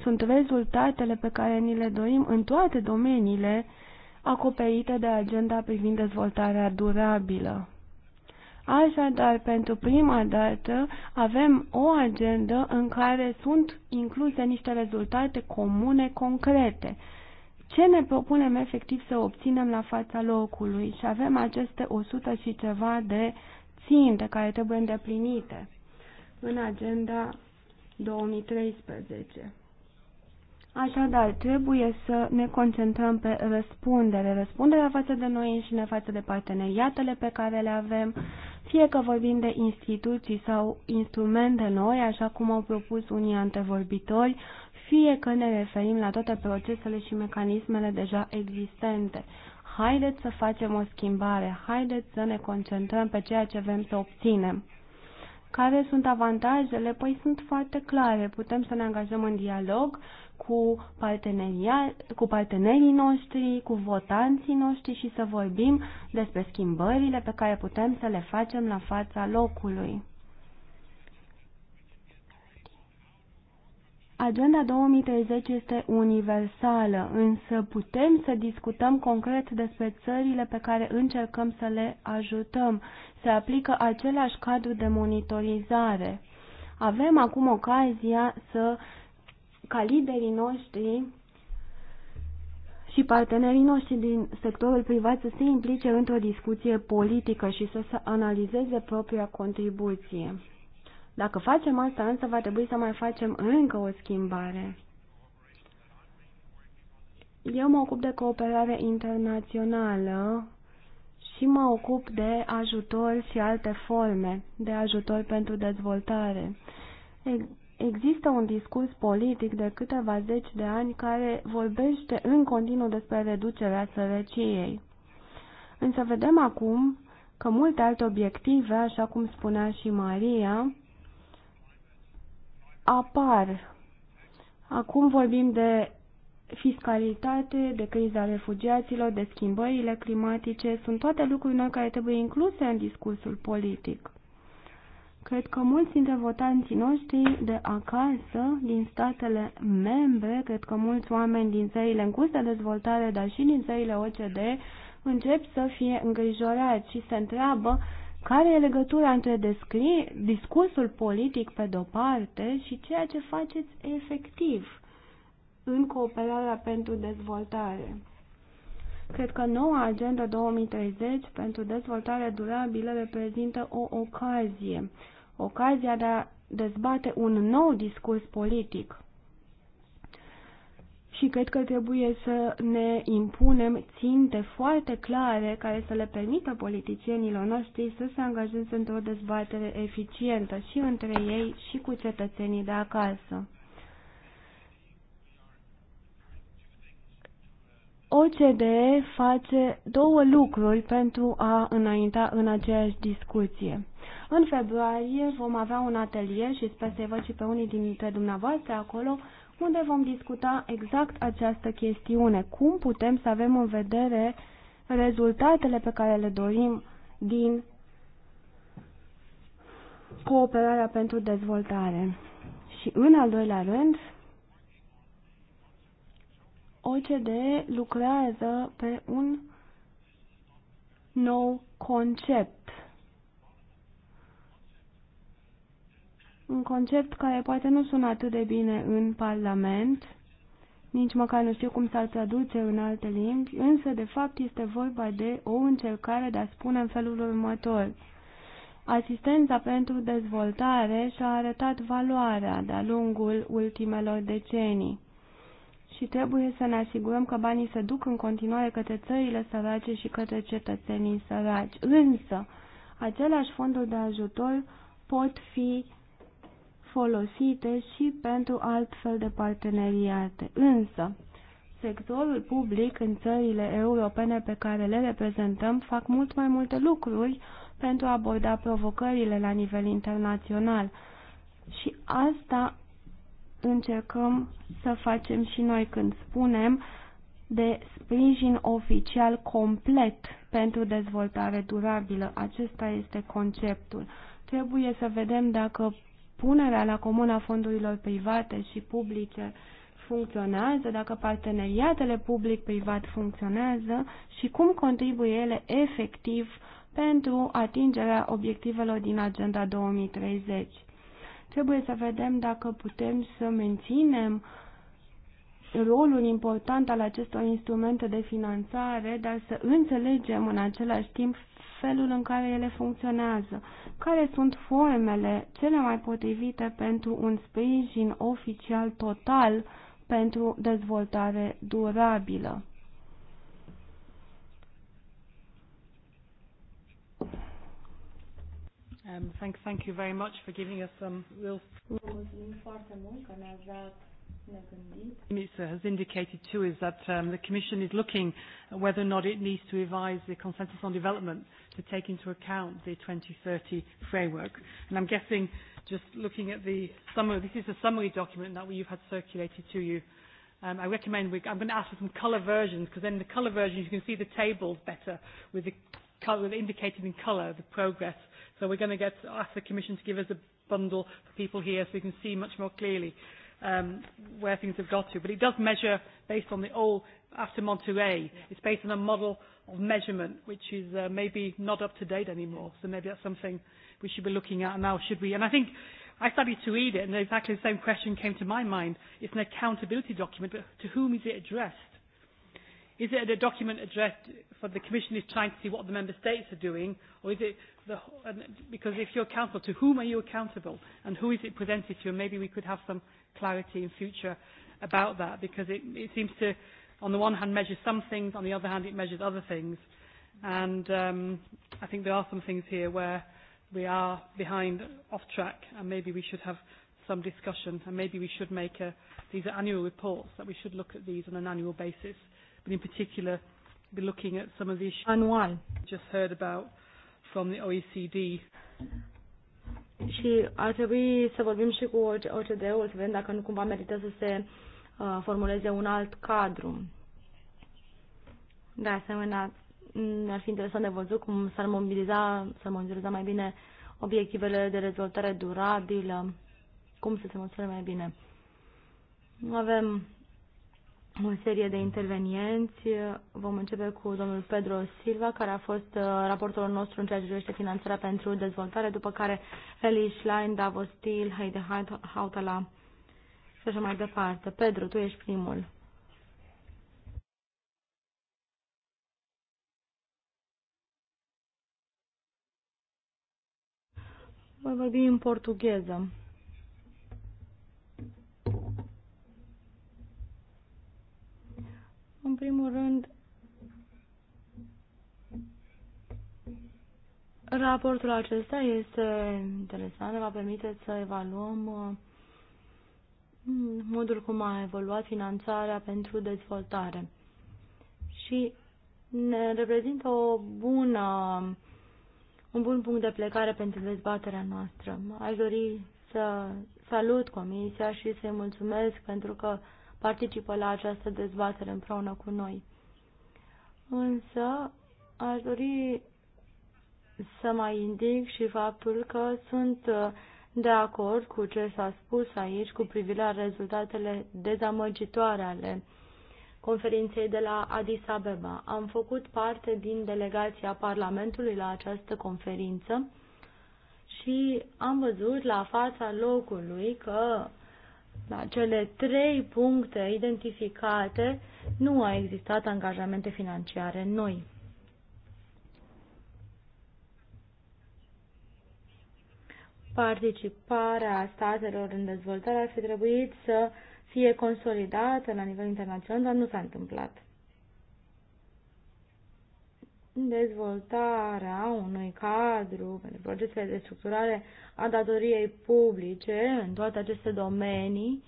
S2: Sunt rezultatele pe care ni le dorim în toate domeniile acoperite de agenda privind dezvoltarea durabilă. Așadar, pentru prima dată avem o agendă în care sunt incluse niște rezultate comune concrete ce ne propunem efectiv să obținem la fața locului și avem aceste 100 și ceva de ținte care trebuie îndeplinite în agenda 2013. Așadar, trebuie să ne concentrăm pe răspundere, răspunderea față de noi înșine, față de parteneriatele pe care le avem, fie că vorbim de instituții sau instrumente noi, așa cum au propus unii antevorbitori, fie că ne referim la toate procesele și mecanismele deja existente. Haideți să facem o schimbare, haideți să ne concentrăm pe ceea ce vrem să obținem. Care sunt avantajele? Păi sunt foarte clare. Putem să ne angajăm în dialog cu, cu partenerii noștri, cu votanții noștri și să vorbim despre schimbările pe care putem să le facem la fața locului. Agenda 2030 este universală, însă putem să discutăm concret despre țările pe care încercăm să le ajutăm. Se aplică același cadru de monitorizare. Avem acum ocazia să, ca liderii noștri și partenerii noștri din sectorul privat să se implice într-o discuție politică și să, să analizeze propria contribuție. Dacă facem asta, însă va trebui să mai facem încă o schimbare. Eu mă ocup de cooperare internațională și mă ocup de ajutor și alte forme de ajutor pentru dezvoltare. Există un discurs politic de câteva zeci de ani care vorbește în continuu despre reducerea sărăciei. Însă vedem acum că multe alte obiective, așa cum spunea și Maria, apar. Acum vorbim de fiscalitate, de criza refugiaților, de schimbările climatice, sunt toate lucruri noi care trebuie incluse în discursul politic. Cred că mulți dintre votanții noștri de acasă, din statele membre, cred că mulți oameni din țările în curs de dezvoltare, dar și din țările OCD, încep să fie îngrijorați și se întreabă care e legătura între descri- discursul politic pe de-o parte și ceea ce faceți efectiv în cooperarea pentru dezvoltare? Cred că noua Agenda 2030 pentru dezvoltare durabilă reprezintă o ocazie, ocazia de a dezbate un nou discurs politic și cred că trebuie să ne impunem ținte foarte clare care să le permită politicienilor noștri să se angajeze într-o dezbatere eficientă și între ei și cu cetățenii de acasă. OCDE face două lucruri pentru a înainta în aceeași discuție. În februarie vom avea un atelier și sper să-i văd și pe unii dintre dumneavoastră acolo unde vom discuta exact această chestiune. Cum putem să avem în vedere rezultatele pe care le dorim din cooperarea pentru dezvoltare. Și în al doilea rând, OCDE lucrează pe un nou concept un concept care poate nu sună atât de bine în Parlament, nici măcar nu știu cum s-ar traduce în alte limbi, însă de fapt este vorba de o încercare de a spune în felul următor. Asistența pentru dezvoltare și-a arătat valoarea de-a lungul ultimelor decenii și trebuie să ne asigurăm că banii se duc în continuare către țările sărace și către cetățenii săraci. Însă, aceleași fonduri de ajutor pot fi folosite și pentru altfel de parteneriate. Însă, sectorul public în țările europene pe care le reprezentăm fac mult mai multe lucruri pentru a aborda provocările la nivel internațional. Și asta încercăm să facem și noi când spunem de sprijin oficial complet pentru dezvoltare durabilă. Acesta este conceptul. Trebuie să vedem dacă punerea la comună a fondurilor private și publice funcționează, dacă parteneriatele public-privat funcționează și cum contribuie ele efectiv pentru atingerea obiectivelor din Agenda 2030. Trebuie să vedem dacă putem să menținem rolul important al acestor instrumente de finanțare, dar să înțelegem în același timp felul în care ele funcționează, care sunt formele cele mai potrivite pentru un sprijin oficial total pentru dezvoltare durabilă.
S1: Um, thank, thank you very much for giving us some real...
S2: Mulțumim foarte mult că ne-ați dat Uh,
S1: has indicated too is that um, the Commission is looking whether or not it needs to revise the consensus on development to take into account the 2030 framework. And I'm guessing, just looking at the summary, this is a summary document that you've had circulated to you. Um, I recommend we, I'm going to ask for some colour versions because then the colour versions you can see the tables better with the colour, indicated in colour the progress. So we're going to get ask the Commission to give us a bundle for people here so we can see much more clearly um, where things have got to. But it does measure based on the old, after Monterey, it's based on a model of measurement which is uh, maybe not up to date anymore. So maybe that's something we should be looking at now, should we? And I think I started to read it and exactly the same question came to my mind. It's an accountability document, but to whom is it addressed? Is it a document addressed for the Commission is trying to see what the Member States are doing, or is it the, because if you're accountable, to whom are you accountable, and who is it presented to? And maybe we could have some clarity in future about that because it, it seems to, on the one hand, measure some things, on the other hand, it measures other things. And um, I think there are some things here where we are behind off track and maybe we should have some discussion and maybe we should make a, these are annual reports that we should look at these on an annual basis but in particular be looking at some of the issues Anual. just heard about from the OECD
S4: și ar trebui să vorbim și cu OCDE-ul, să vedem dacă nu cumva merită să se uh, formuleze un alt cadru. De asemenea, ar fi interesant de văzut cum s-ar mobiliza, să mobiliza mai bine obiectivele de rezultare durabilă, cum să se măsoare mai bine. Avem o serie de intervenienți. Vom începe cu domnul Pedro Silva, care a fost uh, raportorul nostru în ceea ce privește finanțarea pentru dezvoltare, după care Eli Schlein, Davos Steele, Heide Hautala și așa mai departe. Pedro, tu ești primul. Voi vorbi în portugheză. În primul rând, raportul acesta este interesant, ne va permite să evaluăm uh, modul cum a evoluat finanțarea pentru dezvoltare și ne reprezintă o bună, un bun punct de plecare pentru dezbaterea noastră. Aș dori să salut Comisia și să-i mulțumesc pentru că participă la această dezbatere împreună cu noi. Însă, aș dori să mai indic și faptul că sunt uh, de acord cu ce s-a spus aici cu privire la rezultatele dezamăgitoare ale conferinței de la Addis Abeba. Am făcut parte din delegația Parlamentului la această conferință și am văzut la fața locului că la da, cele trei puncte identificate nu a existat angajamente financiare noi. Participarea statelor în dezvoltare ar fi trebuit să fie consolidată la nivel internațional, dar nu s-a întâmplat dezvoltarea unui cadru pentru procesele de structurare a datoriei publice în toate aceste domenii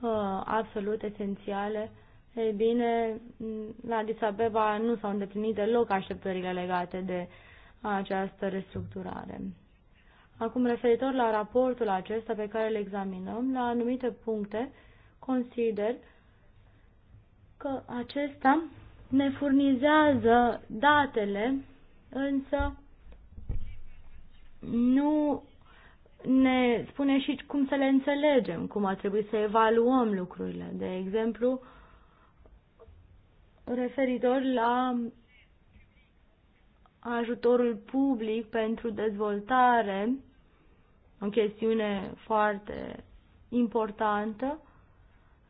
S4: uh, absolut esențiale, ei bine, la Disabeba nu s-au îndeplinit deloc așteptările legate de această restructurare. Acum, referitor la raportul acesta pe care îl examinăm, la anumite puncte, consider că acesta ne furnizează datele, însă nu ne spune și cum să le înțelegem, cum ar trebui să evaluăm lucrurile. De exemplu, referitor la ajutorul public pentru dezvoltare, o chestiune foarte importantă,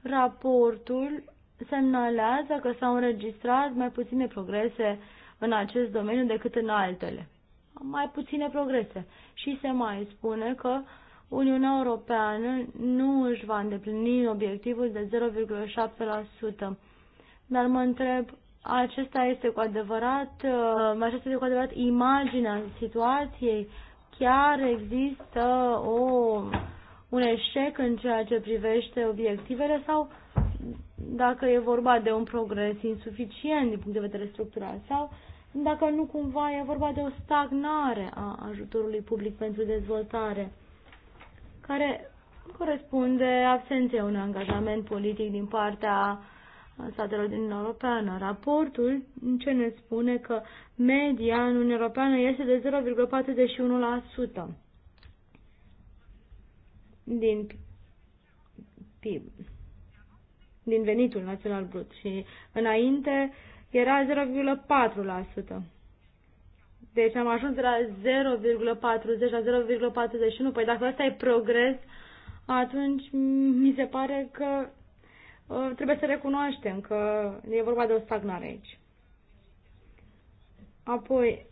S4: raportul semnalează că s-au înregistrat mai puține progrese în acest domeniu decât în altele. Mai puține progrese. Și se mai spune că Uniunea Europeană nu își va îndeplini obiectivul de 0,7%. Dar mă întreb, acesta este cu adevărat, uh, acesta este cu adevărat imaginea situației? Chiar există o, un eșec în ceea ce privește obiectivele sau dacă e vorba de un progres insuficient din punct de vedere structural sau dacă nu cumva e vorba de o stagnare a ajutorului public pentru dezvoltare, care corespunde absenței unui angajament politic din partea statelor din Uniunea Europeană. Raportul ce ne spune că media în Uniunea Europeană este de 0,41% din PIB din venitul național brut și înainte era 0,4%. Deci am ajuns de la 0,40 la 0,41. Păi dacă asta e progres, atunci mi se pare că ă, trebuie să recunoaștem că e vorba de o stagnare aici. Apoi,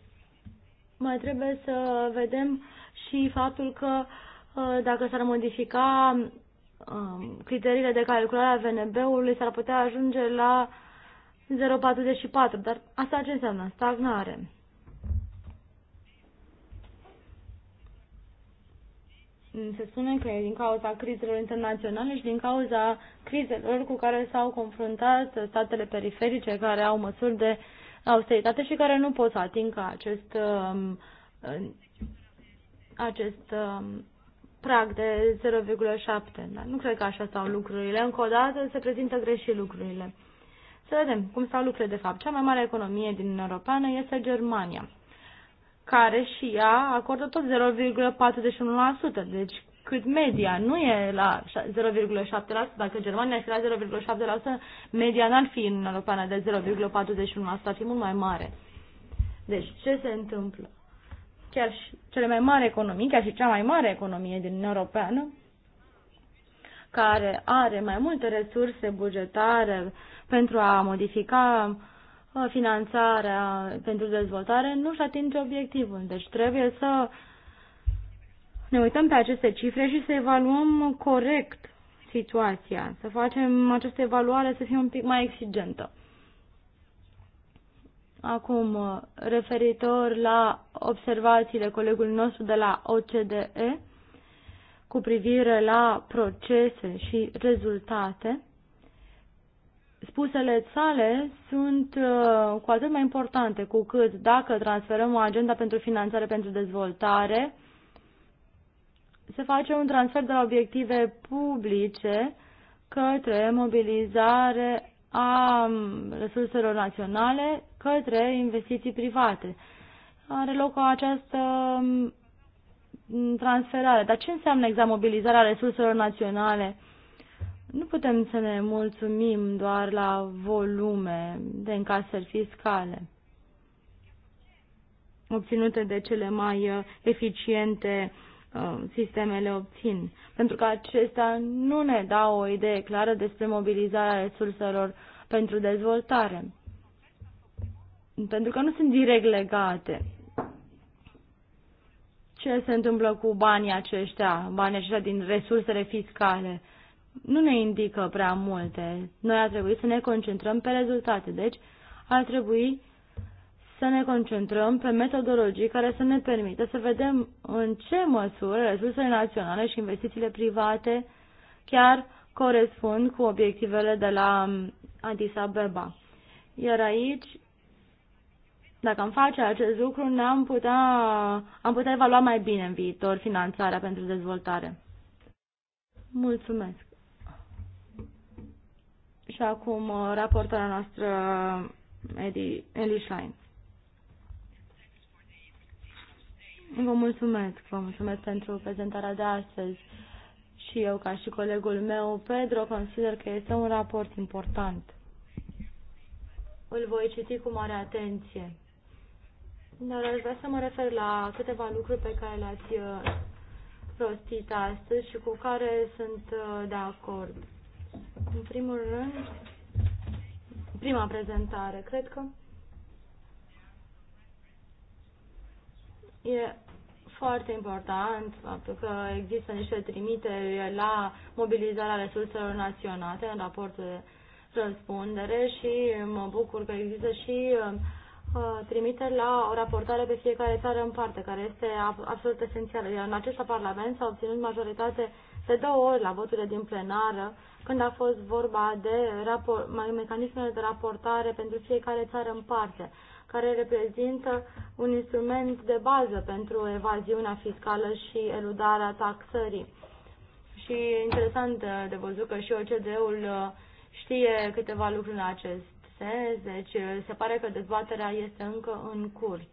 S4: mai trebuie să vedem și faptul că ă, dacă s-ar modifica Um, criteriile de calculare a VNB-ului s-ar putea ajunge la 0,44, dar asta ce înseamnă? Stagnare. Se spune că e din cauza crizelor internaționale și din cauza crizelor cu care s-au confruntat statele periferice care au măsuri de austeritate și care nu pot să atingă acest, um, acest um, prag de 0,7. Dar nu cred că așa stau lucrurile. Încă o dată se prezintă greșit lucrurile. Să vedem cum stau lucrurile de fapt. Cea mai mare economie din Europeană este Germania, care și ea acordă tot 0,41%, deci cât media, nu e la 0,7%. Dacă Germania este la 0,7%, media n-ar fi în Europeană de 0,41%, ar fi mult mai mare. Deci, ce se întâmplă? chiar și cele mai mari economii, chiar și cea mai mare economie din Uniunea Europeană, care are mai multe resurse bugetare pentru a modifica uh, finanțarea pentru dezvoltare, nu își atinge obiectivul. Deci trebuie să ne uităm pe aceste cifre și să evaluăm corect situația, să facem această evaluare să fie un pic mai exigentă. Acum, uh, referitor la observațiile colegului nostru de la OCDE cu privire la procese și rezultate, spusele sale sunt uh, cu atât mai importante cu cât dacă transferăm o agenda pentru finanțare pentru dezvoltare, se face un transfer de la obiective publice către mobilizare a mm, resurselor naționale către investiții private. Are loc această mm, transferare. Dar ce înseamnă exact mobilizarea resurselor naționale? Nu putem să ne mulțumim doar la volume de încasări fiscale obținute de cele mai uh, eficiente uh, sistemele obțin, pentru că acestea nu ne dau o idee clară despre mobilizarea resurselor pentru dezvoltare pentru că nu sunt direct legate. Ce se întâmplă cu banii aceștia, banii aceștia din resursele fiscale? Nu ne indică prea multe. Noi ar trebui să ne concentrăm pe rezultate. Deci, ar trebui să ne concentrăm pe metodologii care să ne permită să vedem în ce măsură resursele naționale și investițiile private chiar corespund cu obiectivele de la Addis Abeba. Iar aici dacă am face acest lucru, ne-am putea, am putea evalua mai bine în viitor finanțarea pentru dezvoltare. Mulțumesc. Și acum uh, raportarea noastră, Edi, Eddie Schlein. Vă mulțumesc, vă mulțumesc pentru prezentarea de astăzi. Și eu, ca și colegul meu, Pedro, consider că este un raport important. Îl voi citi cu mare atenție. Dar aș vrea să mă refer la câteva lucruri pe care le-ați uh, rostit astăzi și cu care sunt uh, de acord. În primul rând, prima prezentare, cred că e foarte important faptul că există niște trimiteri la mobilizarea resurselor naționale în raport de răspundere și mă bucur că există și uh, Uh, trimiteri la o raportare pe fiecare țară în parte, care este absolut esențială. Iar în acest Parlament s-a obținut majoritate de două ori la voturile din plenară, când a fost vorba de mecanismele de raportare pentru fiecare țară în parte, care reprezintă un instrument de bază pentru evaziunea fiscală și eludarea taxării. Și interesant de văzut că și OCDE-ul uh, știe câteva lucruri în acest 6, deci uh, se pare că dezbaterea este încă în curs.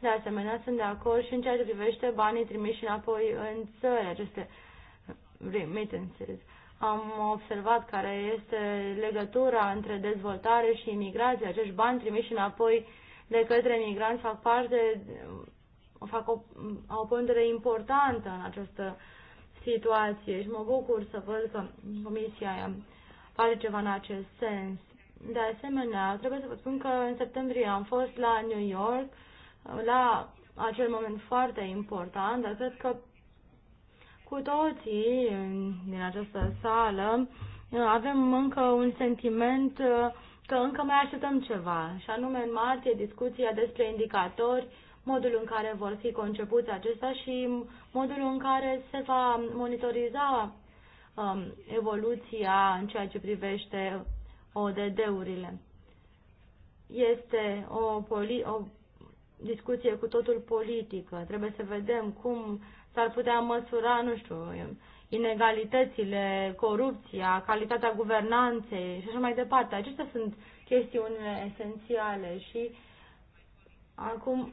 S4: De asemenea, sunt de acord și în ceea ce privește banii trimiși înapoi în țări, aceste remittances. Am observat care este legătura între dezvoltare și imigrație. Acești bani trimiși înapoi de către migranți fac parte, fac o, o pondere importantă în această situație și mă bucur să văd că Comisia face ceva în acest sens. De asemenea, trebuie să vă spun că în septembrie am fost la New York, la acel moment foarte important, dar cred că cu toții din această sală uh, avem încă un sentiment uh, că încă mai așteptăm ceva, și anume în martie discuția despre indicatori, modul în care vor fi concepuți acestea și modul în care se va monitoriza um, evoluția în ceea ce privește ODD-urile. Este o, poli- o discuție cu totul politică. Trebuie să vedem cum s-ar putea măsura, nu știu, inegalitățile, corupția, calitatea guvernanței și așa mai departe. Acestea sunt chestiunile esențiale și acum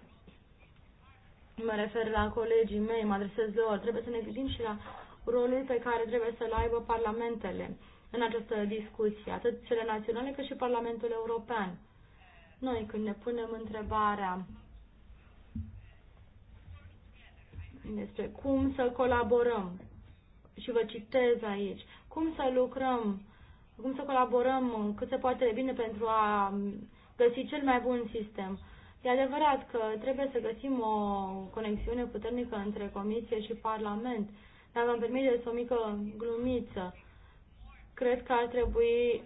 S4: mă refer la colegii mei, mă adresez lor, trebuie să ne gândim și la rolul pe care trebuie să-l aibă parlamentele în această discuție, atât cele naționale cât și Parlamentul European. Noi, când ne punem întrebarea despre cum să colaborăm, și vă citez aici, cum să lucrăm, cum să colaborăm cât se poate de bine pentru a găsi cel mai bun sistem. E adevărat că trebuie să găsim o conexiune puternică între Comisie și Parlament, dar vă permite o mică glumiță. Cred că ar trebui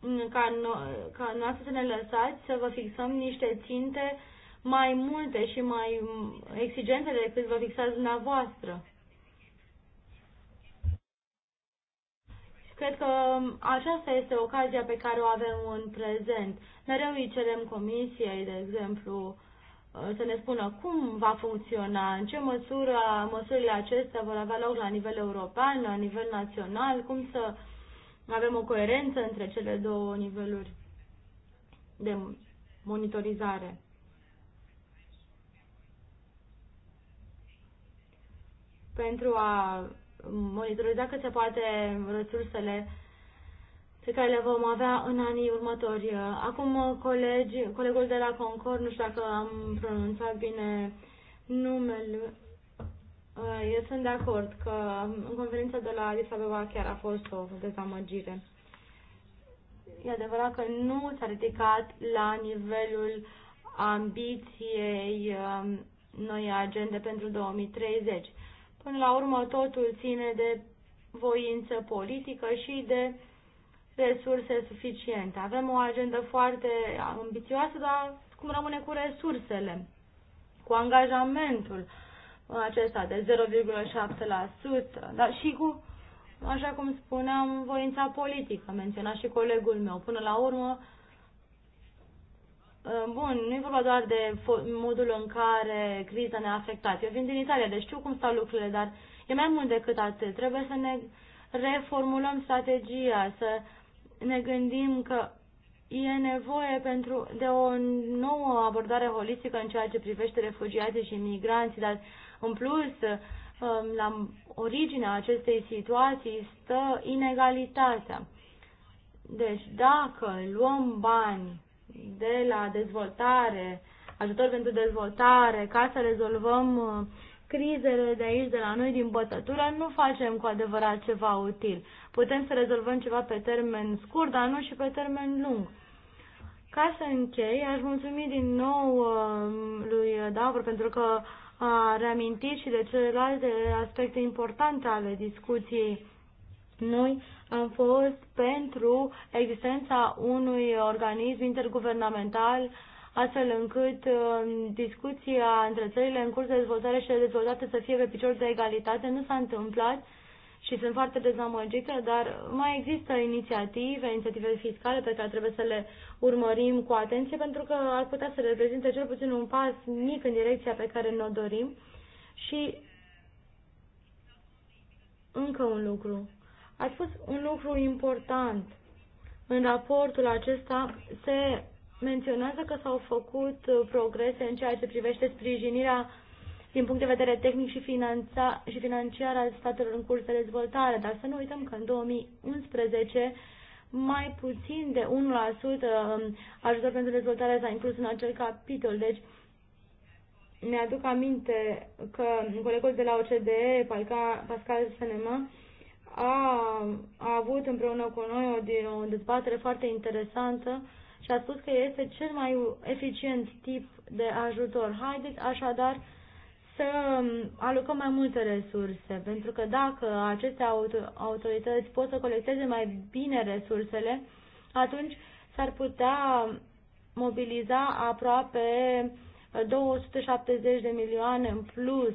S4: mm, ca, no, ca noastră să ne lăsați să vă fixăm niște ținte mai multe și mai mm, exigente decât vă fixați dumneavoastră. Cred că mm, aceasta este ocazia pe care o avem în prezent. Mereu îi cerem comisiei, de exemplu, Uh, să ne spună cum va funcționa, în ce măsură măsurile acestea vor avea loc la nivel european, la nivel național, cum să avem o coerență între cele două niveluri de monitorizare. Pentru a monitoriza cât se poate resursele pe care le vom avea în anii următori. Acum, colegi, colegul de la Concord, nu știu dacă am pronunțat bine numele, uh, eu sunt de acord că în conferința de la Addis Abeba chiar a fost o dezamăgire. E adevărat că nu s-a ridicat la nivelul ambiției um, noi agende pentru 2030. Până la urmă, totul ține de voință politică și de resurse suficiente. Avem o agendă foarte ambițioasă, dar cum rămâne cu resursele, cu angajamentul acesta de 0,7%, dar și cu, așa cum spuneam, voința politică, menționa și colegul meu. Până la urmă, bun, nu e vorba doar de modul în care criza ne-a afectat. Eu vin din Italia, deci știu cum stau lucrurile, dar e mai mult decât atât. Trebuie să ne reformulăm strategia, să ne gândim că e nevoie pentru, de o nouă abordare holistică în ceea ce privește refugiații și migranții, dar în plus, um, la originea acestei situații stă inegalitatea. Deci dacă luăm bani de la dezvoltare, ajutor pentru dezvoltare, ca să rezolvăm uh, crizele de aici, de la noi, din bătătură, nu facem cu adevărat ceva util putem să rezolvăm ceva pe termen scurt, dar nu și pe termen lung. Ca să închei, aș mulțumi din nou uh, lui Davor pentru că a reamintit și de celelalte aspecte importante ale discuției. Noi am fost pentru existența unui organism interguvernamental astfel încât uh, discuția între țările în curs de dezvoltare și de dezvoltate să fie pe picior de egalitate. Nu s-a întâmplat și sunt foarte dezamăgită, dar mai există inițiative, inițiative fiscale pe care trebuie să le urmărim cu atenție pentru că ar putea să reprezinte cel puțin un pas mic în direcția pe care ne-o dorim și încă un lucru. A spus un lucru important. În raportul acesta se menționează că s-au făcut progrese în ceea ce privește sprijinirea din punct de vedere tehnic și, finanța, și financiar al statelor în curs de dezvoltare, dar să nu uităm că în 2011 mai puțin de 1% um, ajutor pentru dezvoltare s-a inclus în acel capitol. Deci, mi-aduc aminte că colegul de la OCDE, Pascal Senema, a, a avut împreună cu noi o, o dezbatere foarte interesantă și a spus că este cel mai eficient tip de ajutor. Haideți așadar să um, alocăm mai multe resurse, pentru că dacă aceste autorități pot să colecteze mai bine resursele, atunci s-ar putea mobiliza aproape 270 de milioane în plus,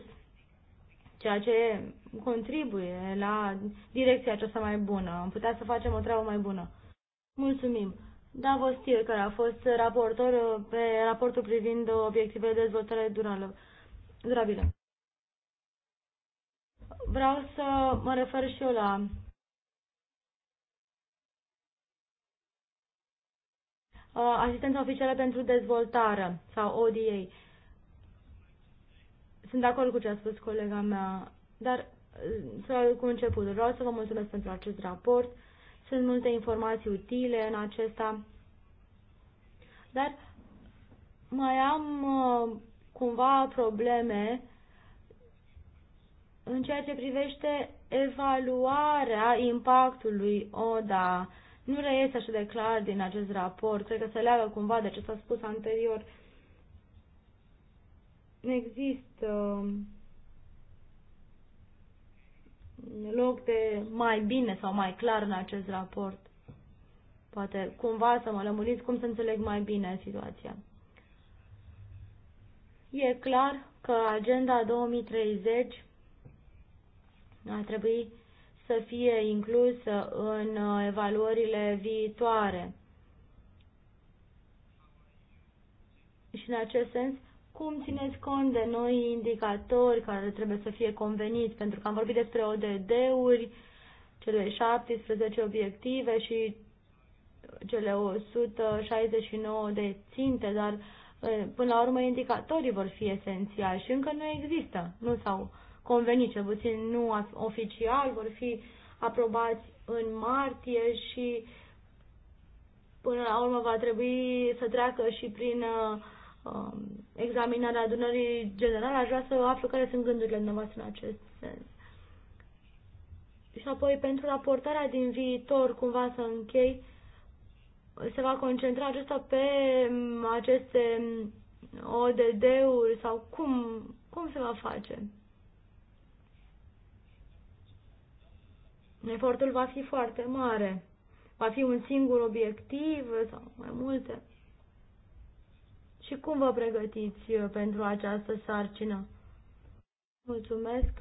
S4: ceea ce contribuie la direcția aceasta mai bună. Am putea să facem o treabă mai bună. Mulțumim! Davos Tier, care a fost raportor uh, pe raportul privind obiectivele de dezvoltare durală durabilă. Vreau să mă refer și eu la uh, asistența oficială pentru dezvoltare sau ODA. Sunt de acord cu ce a spus colega mea, dar uh, să cu început. Vreau să vă mulțumesc pentru acest raport. Sunt multe informații utile în acesta. Dar mai am uh, cumva probleme în ceea ce privește evaluarea impactului ODA. Nu reiese așa de clar din acest raport. Cred că se leagă cumva de ce s-a spus anterior. nu Există loc de mai bine sau mai clar în acest raport. Poate cumva să mă lămuriți cum să înțeleg mai bine situația. E clar că agenda 2030 ar trebui să fie inclusă în uh, evaluările viitoare. Și în acest sens, cum țineți cont de noi indicatori care trebuie să fie conveniți? Pentru că am vorbit despre ODD-uri, cele 17 obiective și cele 169 de ținte, dar Păi, până la urmă, indicatorii vor fi esențiali și încă nu există. Nu s-au convenit, cel puțin nu oficial, vor fi aprobați în martie și până la urmă va trebui să treacă și prin uh, um, examinarea adunării generale. Aș vrea să aflu care sunt gândurile dumneavoastră în acest sens. Și apoi, pentru raportarea din viitor, cumva să închei, se va concentra acesta pe mm, aceste mm, ODD-uri sau cum, cum se va face? Efortul va fi foarte mare. Va fi un singur obiectiv sau mai multe? Și cum vă pregătiți uh, pentru această sarcină? Mulțumesc!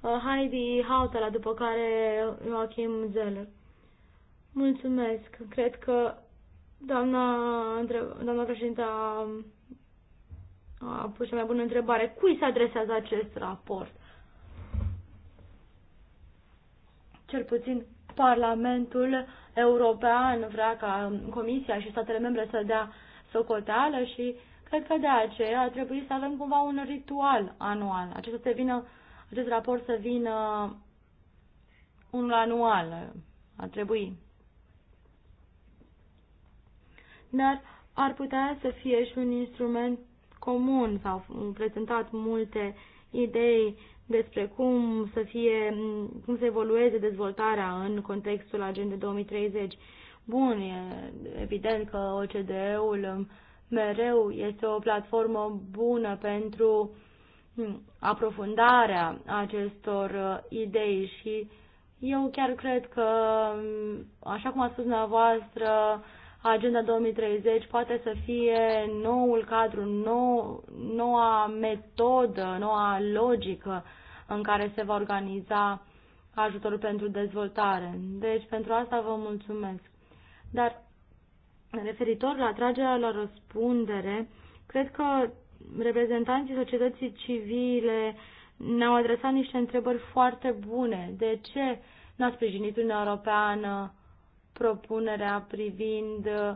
S4: Uh, Heidi Hautala, după care Joachim Zeller. Mulțumesc. Cred că doamna, doamna președinte a, a pus cea mai bună întrebare. Cui se adresează acest raport? Cel puțin Parlamentul European vrea ca Comisia și statele membre să dea socoteală și cred că de aceea ar trebui să avem cumva un ritual anual. Acesta să vină, acest raport să vină unul anual. Ar trebui dar ar putea să fie și un instrument comun. S-au prezentat multe idei despre cum să fie, cum să evolueze dezvoltarea în contextul agendei 2030. Bun, e evident că OCDE-ul mereu este o platformă bună pentru hmm, aprofundarea acestor uh, idei și eu chiar cred că, hmm, așa cum a spus dumneavoastră, Agenda 2030 poate să fie noul cadru, nou, noua metodă, noua logică în care se va organiza ajutorul pentru dezvoltare. Deci, pentru asta vă mulțumesc. Dar, referitor la tragerea la răspundere, cred că reprezentanții societății civile ne-au adresat niște întrebări foarte bune. De ce n-a sprijinit Uniunea Europeană propunerea privind uh,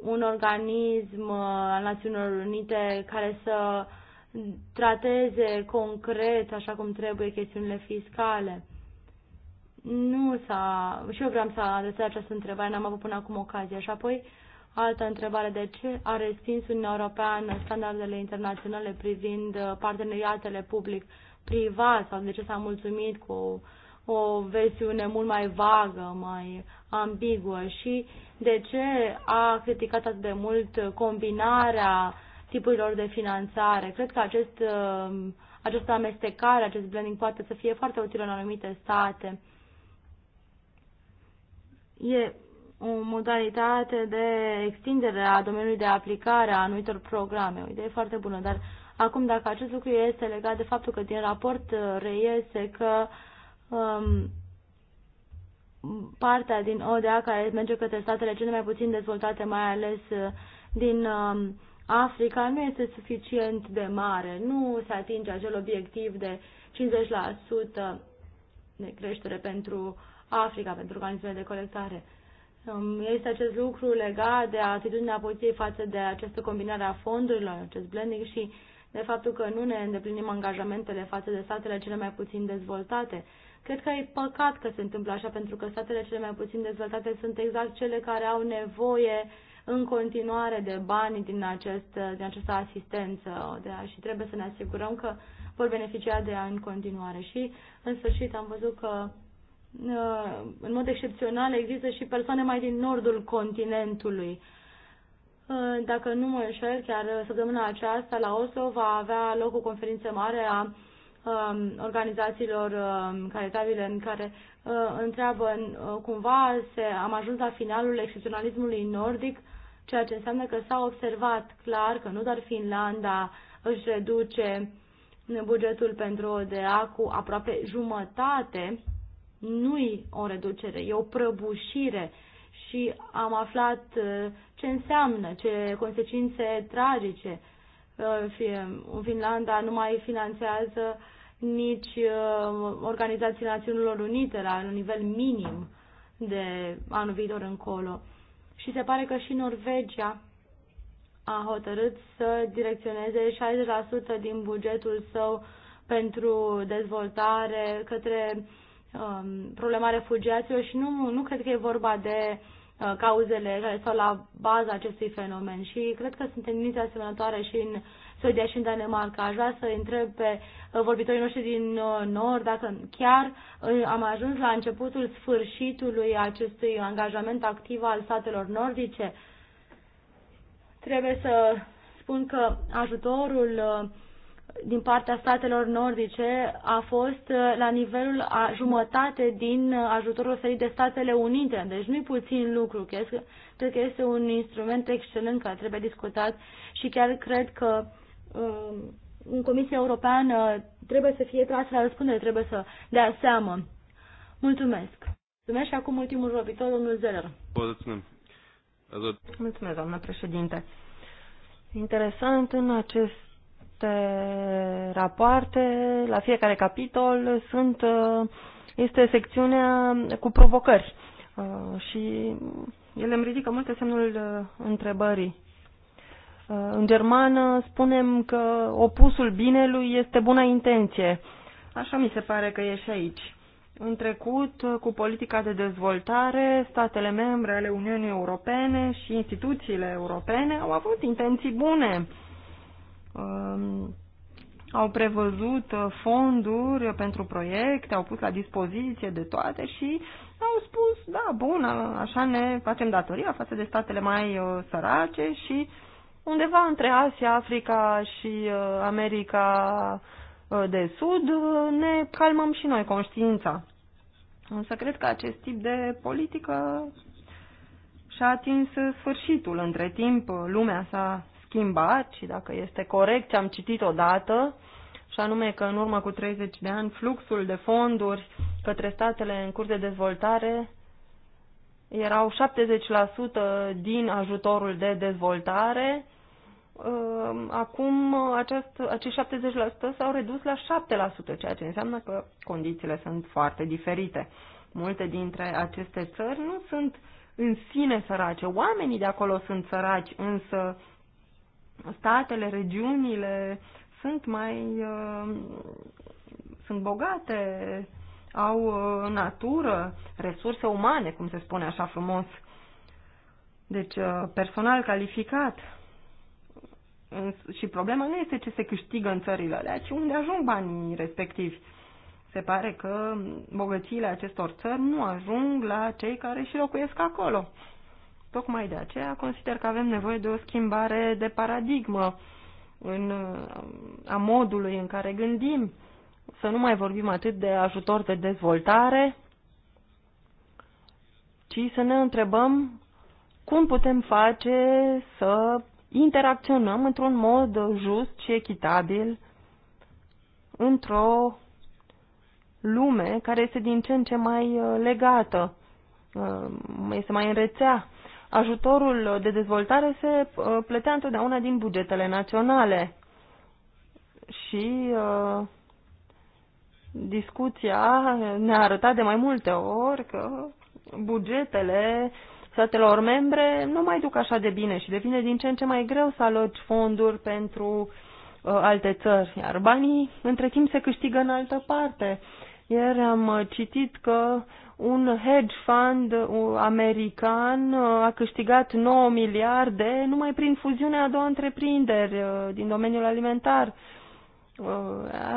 S4: un organism uh, al Națiunilor Unite care să trateze concret, așa cum trebuie, chestiunile fiscale. Nu s-a... Și eu vreau să adresez această întrebare, n-am avut până acum ocazia. Și apoi, altă întrebare, de ce a respins Uniunea Europeană standardele internaționale privind uh, parteneriatele public-privat sau de ce s-a mulțumit cu o versiune mult mai vagă, mai ambiguă și de ce a criticat atât de mult combinarea tipurilor de finanțare. Cred că acest, uh, această amestecare, acest blending poate să fie foarte util în anumite state. E o modalitate de extindere a domeniului de aplicare a anumitor programe. O idee foarte bună, dar acum dacă acest lucru este legat de faptul că din raport uh, reiese că uh, um, partea din ODA care merge către statele cele mai puțin dezvoltate, mai ales uh, din um, Africa, nu este suficient de mare. Nu se atinge acel obiectiv de 50% de creștere pentru Africa, pentru organismele de colectare. Um, este acest lucru legat de atitudinea poziției față de această combinare a fondurilor, acest blending și de faptul că nu ne îndeplinim angajamentele față de statele cele mai puțin dezvoltate. Cred că e păcat că se întâmplă așa, pentru că statele cele mai puțin dezvoltate sunt exact cele care au nevoie în continuare de bani din, acest, din această asistență de, și trebuie să ne asigurăm că vor beneficia de ea în continuare. Și, în sfârșit, am văzut că ă, în mod excepțional există și persoane mai din nordul continentului. Ă, dacă nu mă înșel, chiar săptămâna aceasta la Oslo va avea loc o conferință mare a Um, organizațiilor um, caritabile în care uh, întreabă uh, cumva se, am ajuns la finalul excepționalismului nordic, ceea ce înseamnă că s-a observat clar că nu doar Finlanda își reduce bugetul pentru ODA cu aproape jumătate, nu-i o reducere, e o prăbușire și am aflat uh, ce înseamnă, ce consecințe tragice. Finlanda nu mai finanțează nici um, Organizația Națiunilor Unite la un nivel minim de anul viitor încolo. Și se pare că și Norvegia a hotărât să direcționeze 60% din bugetul său pentru dezvoltare către um, problema refugiaților și nu, nu cred că e vorba de uh, cauzele care stau la baza acestui fenomen și cred că sunt tendințe asemănătoare și în Suedia și în Danemarca. Aș vrea să întreb pe uh, vorbitorii noștri din uh, Nord dacă chiar uh, am ajuns la începutul sfârșitului acestui angajament activ al statelor nordice. Trebuie să spun că ajutorul din partea statelor nordice a fost la nivelul a jumătate din ajutorul oferit de Statele Unite. Deci nu-i puțin lucru. Cred că este un instrument excelent care trebuie discutat și chiar cred că Um, în Comisia Europeană trebuie să fie trasă la răspundere, trebuie să dea seamă. Mulțumesc. Mulțumesc și acum ultimul vorbitor, domnul Zeller.
S5: Mulțumesc, doamnă președinte. Interesant în aceste rapoarte, la fiecare capitol, sunt, uh, este secțiunea cu provocări uh, și ele îmi ridică multe semnul uh, întrebării. Uh, în germană spunem că opusul binelui este buna intenție. Așa mi se pare că e și aici. În trecut, cu politica de dezvoltare, statele membre ale Uniunii Europene și instituțiile europene au avut intenții bune. Um, au prevăzut fonduri pentru proiecte, au pus la dispoziție de toate și au spus, da, bun, așa ne facem datoria față de statele mai uh, sărace și uh, undeva între Asia, Africa și uh, America uh, de Sud, uh, ne calmăm și noi conștiința. Însă cred că acest tip de politică și-a atins sfârșitul. Între timp, lumea s-a schimbat și dacă este corect ce am citit odată, și anume că în urmă cu 30 de ani fluxul de fonduri către statele în curs de dezvoltare erau 70% din ajutorul de dezvoltare Ehm, acum acest, acești 70% s-au redus la 7%, ceea ce înseamnă că condițiile sunt foarte diferite. Multe dintre aceste țări nu sunt în sine sărace. Oamenii de acolo sunt săraci, însă statele, regiunile sunt mai ehm, sunt bogate, au ehm, natură, resurse umane, cum se spune așa frumos. Deci, personal calificat, și problema nu este ce se câștigă în țările alea, ci unde ajung banii respectivi. Se pare că bogățiile acestor țări nu ajung la cei care și locuiesc acolo. Tocmai de aceea consider că avem nevoie de o schimbare de paradigmă în, a modului în care gândim. Să nu mai vorbim atât de ajutor de dezvoltare, ci să ne întrebăm cum putem face să interacționăm într-un mod just și echitabil într-o lume care este din ce în ce mai uh, legată, uh, este mai în rețea. Ajutorul de dezvoltare se uh, plătea întotdeauna din bugetele naționale și discuția ne-a arătat de mai multe ori că bugetele statelor membre nu mai duc așa de bine și devine din ce în ce mai greu să alogi fonduri pentru uh, alte țări, iar banii între timp se câștigă în altă parte. Ieri am uh, citit că un hedge fund uh, american uh, a câștigat 9 miliarde numai prin fuziunea a două întreprinderi din domeniul alimentar.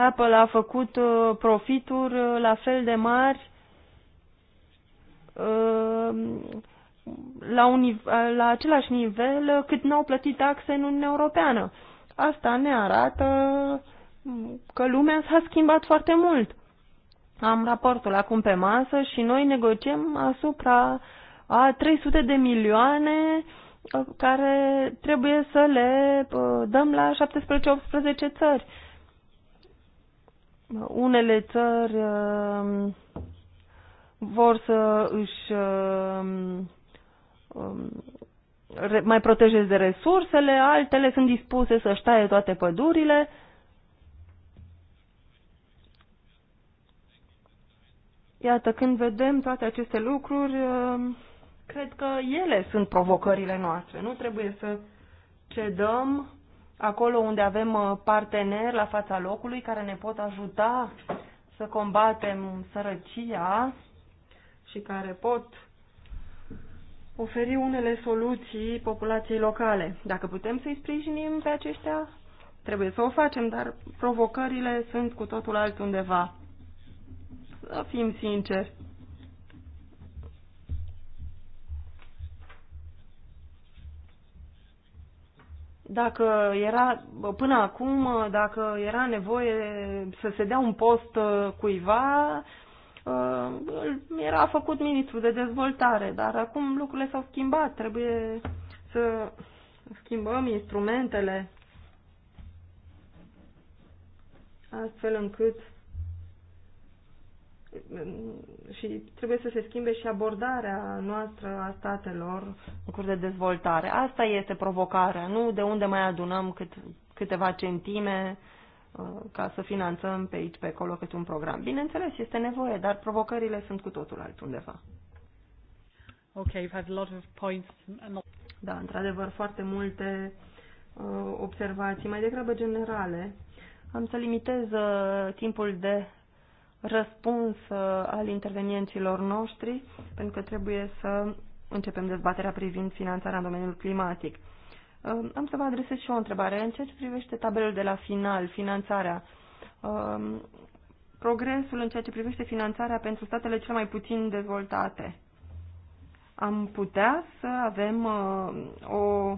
S5: Apple a făcut profituri la fel de mari la, un, la același nivel cât n-au plătit taxe în Uniunea Europeană. Asta ne arată că lumea s-a schimbat foarte mult. Am raportul acum pe masă și noi negociem asupra a 300 de milioane uh, care trebuie să le uh, dăm la 17-18 țări. Unele țări uh, vor să își Um, mai protejezi de resursele, altele sunt dispuse să-și taie toate pădurile. Iată, când vedem toate aceste lucruri, um, cred că ele sunt provocările noastre. Nu trebuie să cedăm acolo unde avem uh, parteneri la fața locului care ne pot ajuta să combatem sărăcia și care pot oferi unele soluții populației locale. Dacă putem să-i sprijinim pe aceștia, trebuie să o facem, dar provocările sunt cu totul altundeva. Să fim sinceri. Dacă era, până acum, dacă era nevoie să se dea un post uh, cuiva, Uh, era făcut ministru de dezvoltare, dar acum lucrurile s-au schimbat, trebuie să schimbăm instrumentele astfel încât mm, și trebuie să se schimbe și abordarea noastră a statelor în curs de dezvoltare. Asta este provocarea, nu de unde mai adunăm cât, câteva centime Uh, ca să finanțăm pe aici, pe acolo, cât un program. Bineînțeles, este nevoie, dar provocările sunt cu totul altundeva.
S1: Ok, you've had a lot of points.
S5: Da, într-adevăr, foarte multe uh, observații, mai degrabă generale. Am să limitez uh, timpul de răspuns uh, al intervenienților noștri, pentru că trebuie să începem dezbaterea privind finanțarea în domeniul climatic. Am să vă adresez și o întrebare. În ceea ce privește tabelul de la final, finanțarea, um, progresul în ceea ce privește finanțarea pentru statele cele mai puțin dezvoltate, am putea să avem uh, o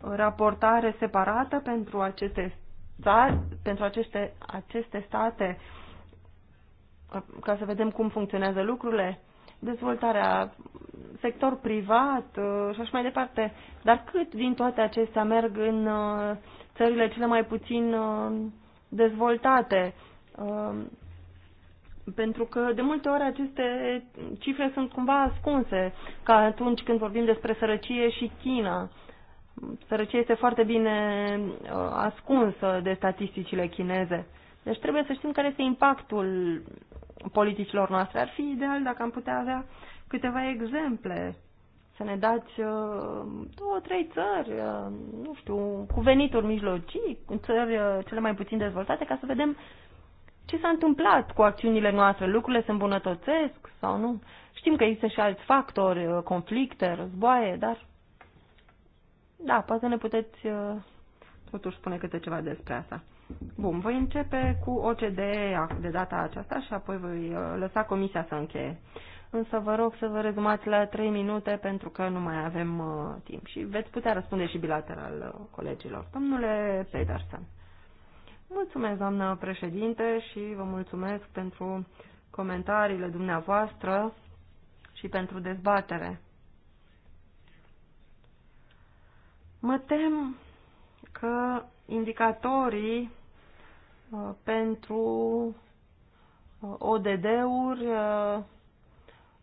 S5: raportare separată pentru aceste, state, pentru aceste, aceste state uh, ca să vedem cum funcționează lucrurile. Dezvoltarea sector privat uh, și așa mai departe. Dar cât din toate acestea merg în uh, țările cele mai puțin uh, dezvoltate? Pentru că de multe ori aceste cifre sunt cumva ascunse, ca atunci când vorbim despre sărăcie și China. Sărăcia este foarte bine ascunsă de statisticile chineze. Deci trebuie să știm care este impactul politicilor noastre. Ar fi ideal dacă am putea avea câteva exemple, să ne dați uh, două, trei țări, uh, nu știu, cu venituri mijlocii, țări uh, cele mai puțin dezvoltate, ca să vedem ce s-a întâmplat cu acțiunile noastre, lucrurile se îmbunătățesc sau nu. Știm că există și alți factori, conflicte, războaie, dar da, poate ne puteți totuși spune câte ceva despre asta. Bun, voi începe cu OCDE de data aceasta și apoi voi lăsa comisia să încheie însă vă rog să vă rezumați la 3 minute pentru că nu mai avem uh, timp și veți putea răspunde și bilateral uh, colegilor. Domnule Pedersen. Mulțumesc, doamnă președinte, și vă mulțumesc pentru comentariile dumneavoastră și pentru dezbatere. Mă tem că indicatorii uh, pentru uh, ODD-uri uh,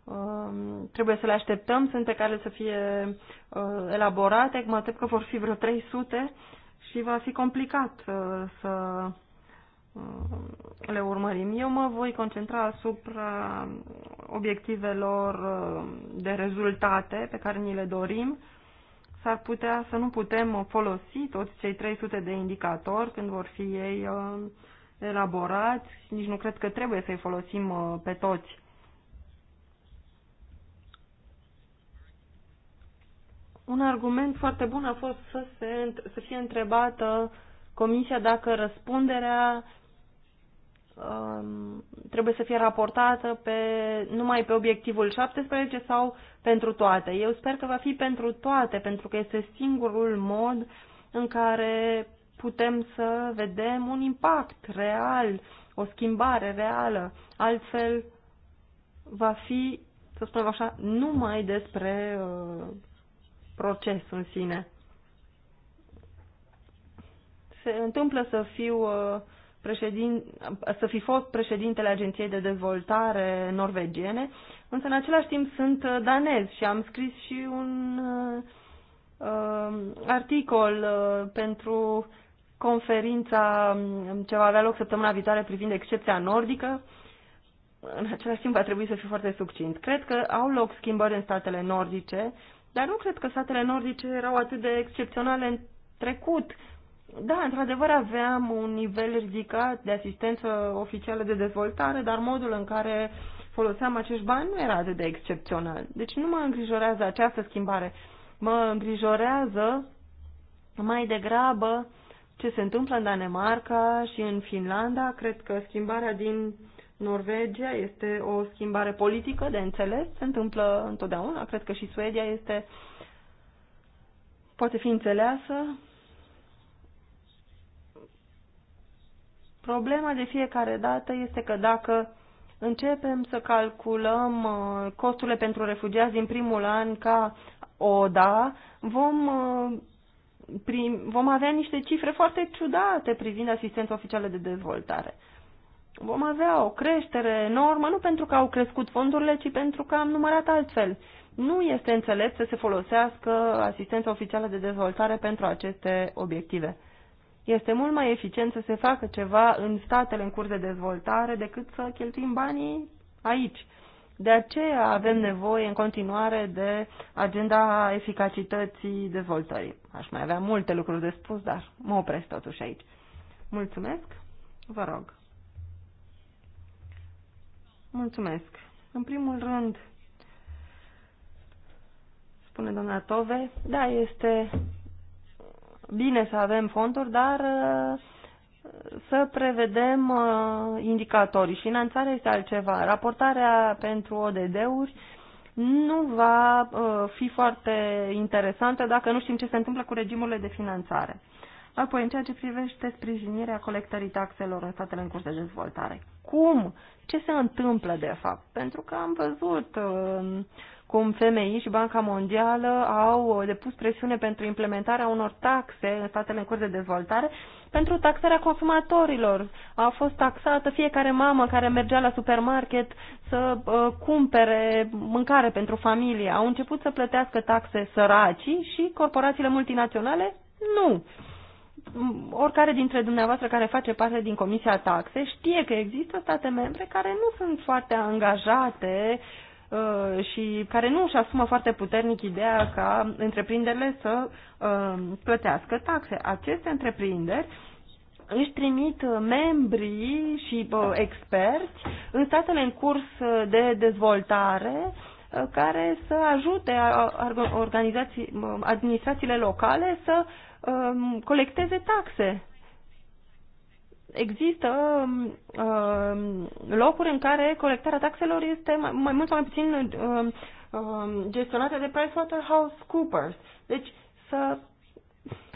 S5: Um, trebuie să le așteptăm, sunt pe care să fie uh, elaborate, mă aștept că vor fi vreo 300 și va fi complicat uh, să uh, le urmărim. Eu mă voi concentra asupra obiectivelor de rezultate pe care ni le dorim. S-ar putea să nu putem folosi toți cei 300 de indicatori când vor fi ei elaborați. Nici nu cred că trebuie să-i folosim pe toți Un argument foarte bun a fost să, se, să fie întrebată comisia dacă răspunderea um, trebuie să fie raportată pe, numai pe obiectivul 17 sau pentru toate. Eu sper că va fi pentru toate, pentru că este singurul mod în care putem să vedem un impact real, o schimbare reală. Altfel va fi, să spunem așa, numai despre uh, proces, în sine. Se întâmplă să fiu uh, președin, să fi fost președintele Agenției de Dezvoltare norvegiene, însă în același timp sunt uh, danez și am scris și un uh, um, articol uh, pentru conferința um, ce va avea loc săptămâna viitoare privind excepția nordică. În același timp va trebui să fiu foarte succint. Cred că au loc schimbări în statele nordice dar nu cred că satele nordice erau atât de excepționale în trecut. Da, într-adevăr aveam un nivel ridicat de asistență oficială de dezvoltare, dar modul în care foloseam acești bani nu era atât de excepțional. Deci nu mă îngrijorează această schimbare. Mă îngrijorează mai degrabă ce se întâmplă în Danemarca și în Finlanda. Cred că schimbarea din Norvegia este o schimbare politică, de înțeles, se întâmplă întotdeauna. Cred că și Suedia este poate fi înțeleasă. Problema de fiecare dată este că dacă începem să calculăm uh, costurile pentru refugiați din primul an ca ODA, vom, uh, prim, vom avea niște cifre foarte ciudate privind asistența oficială de dezvoltare vom avea o creștere enormă, nu pentru că au crescut fondurile, ci pentru că am numărat altfel. Nu este înțelept să se folosească asistența oficială de dezvoltare pentru aceste obiective. Este mult mai eficient să se facă ceva în statele în curs de dezvoltare decât să cheltuim banii aici. De aceea avem nevoie în continuare de agenda eficacității dezvoltării. Aș mai avea multe lucruri de spus, dar mă opresc totuși aici. Mulțumesc, vă rog. Mulțumesc. În primul rând, spune doamna Tove, da, este bine să avem fonduri, dar uh, să prevedem uh, indicatorii. Finanțarea este altceva. Raportarea pentru ODD-uri nu va uh, fi foarte interesantă dacă nu știm ce se întâmplă cu regimurile de finanțare. Apoi, în ceea ce privește sprijinirea colectării taxelor în statele în curs de dezvoltare. Cum? Ce se întâmplă, de fapt? Pentru că am văzut uh, cum FMI și Banca Mondială au depus presiune pentru implementarea unor taxe în statele în curs de dezvoltare pentru taxarea consumatorilor. A fost taxată fiecare mamă care mergea la supermarket să uh, cumpere mâncare pentru familie. Au început să plătească taxe săracii și corporațiile multinaționale nu. Uh, oricare dintre dumneavoastră care face parte din Comisia Taxe știe că există state membre care nu sunt foarte angajate uh, și care nu își asumă foarte puternic ideea ca întreprinderile să uh, plătească taxe. Aceste întreprinderi își trimit uh, membrii și experți în statele în curs de dezvoltare care să ajute organizații, administrațiile locale să um, colecteze taxe. Există um, um, locuri în care colectarea taxelor este mai, mai mult sau mai puțin um, um, gestionată de PricewaterhouseCoopers. Deci să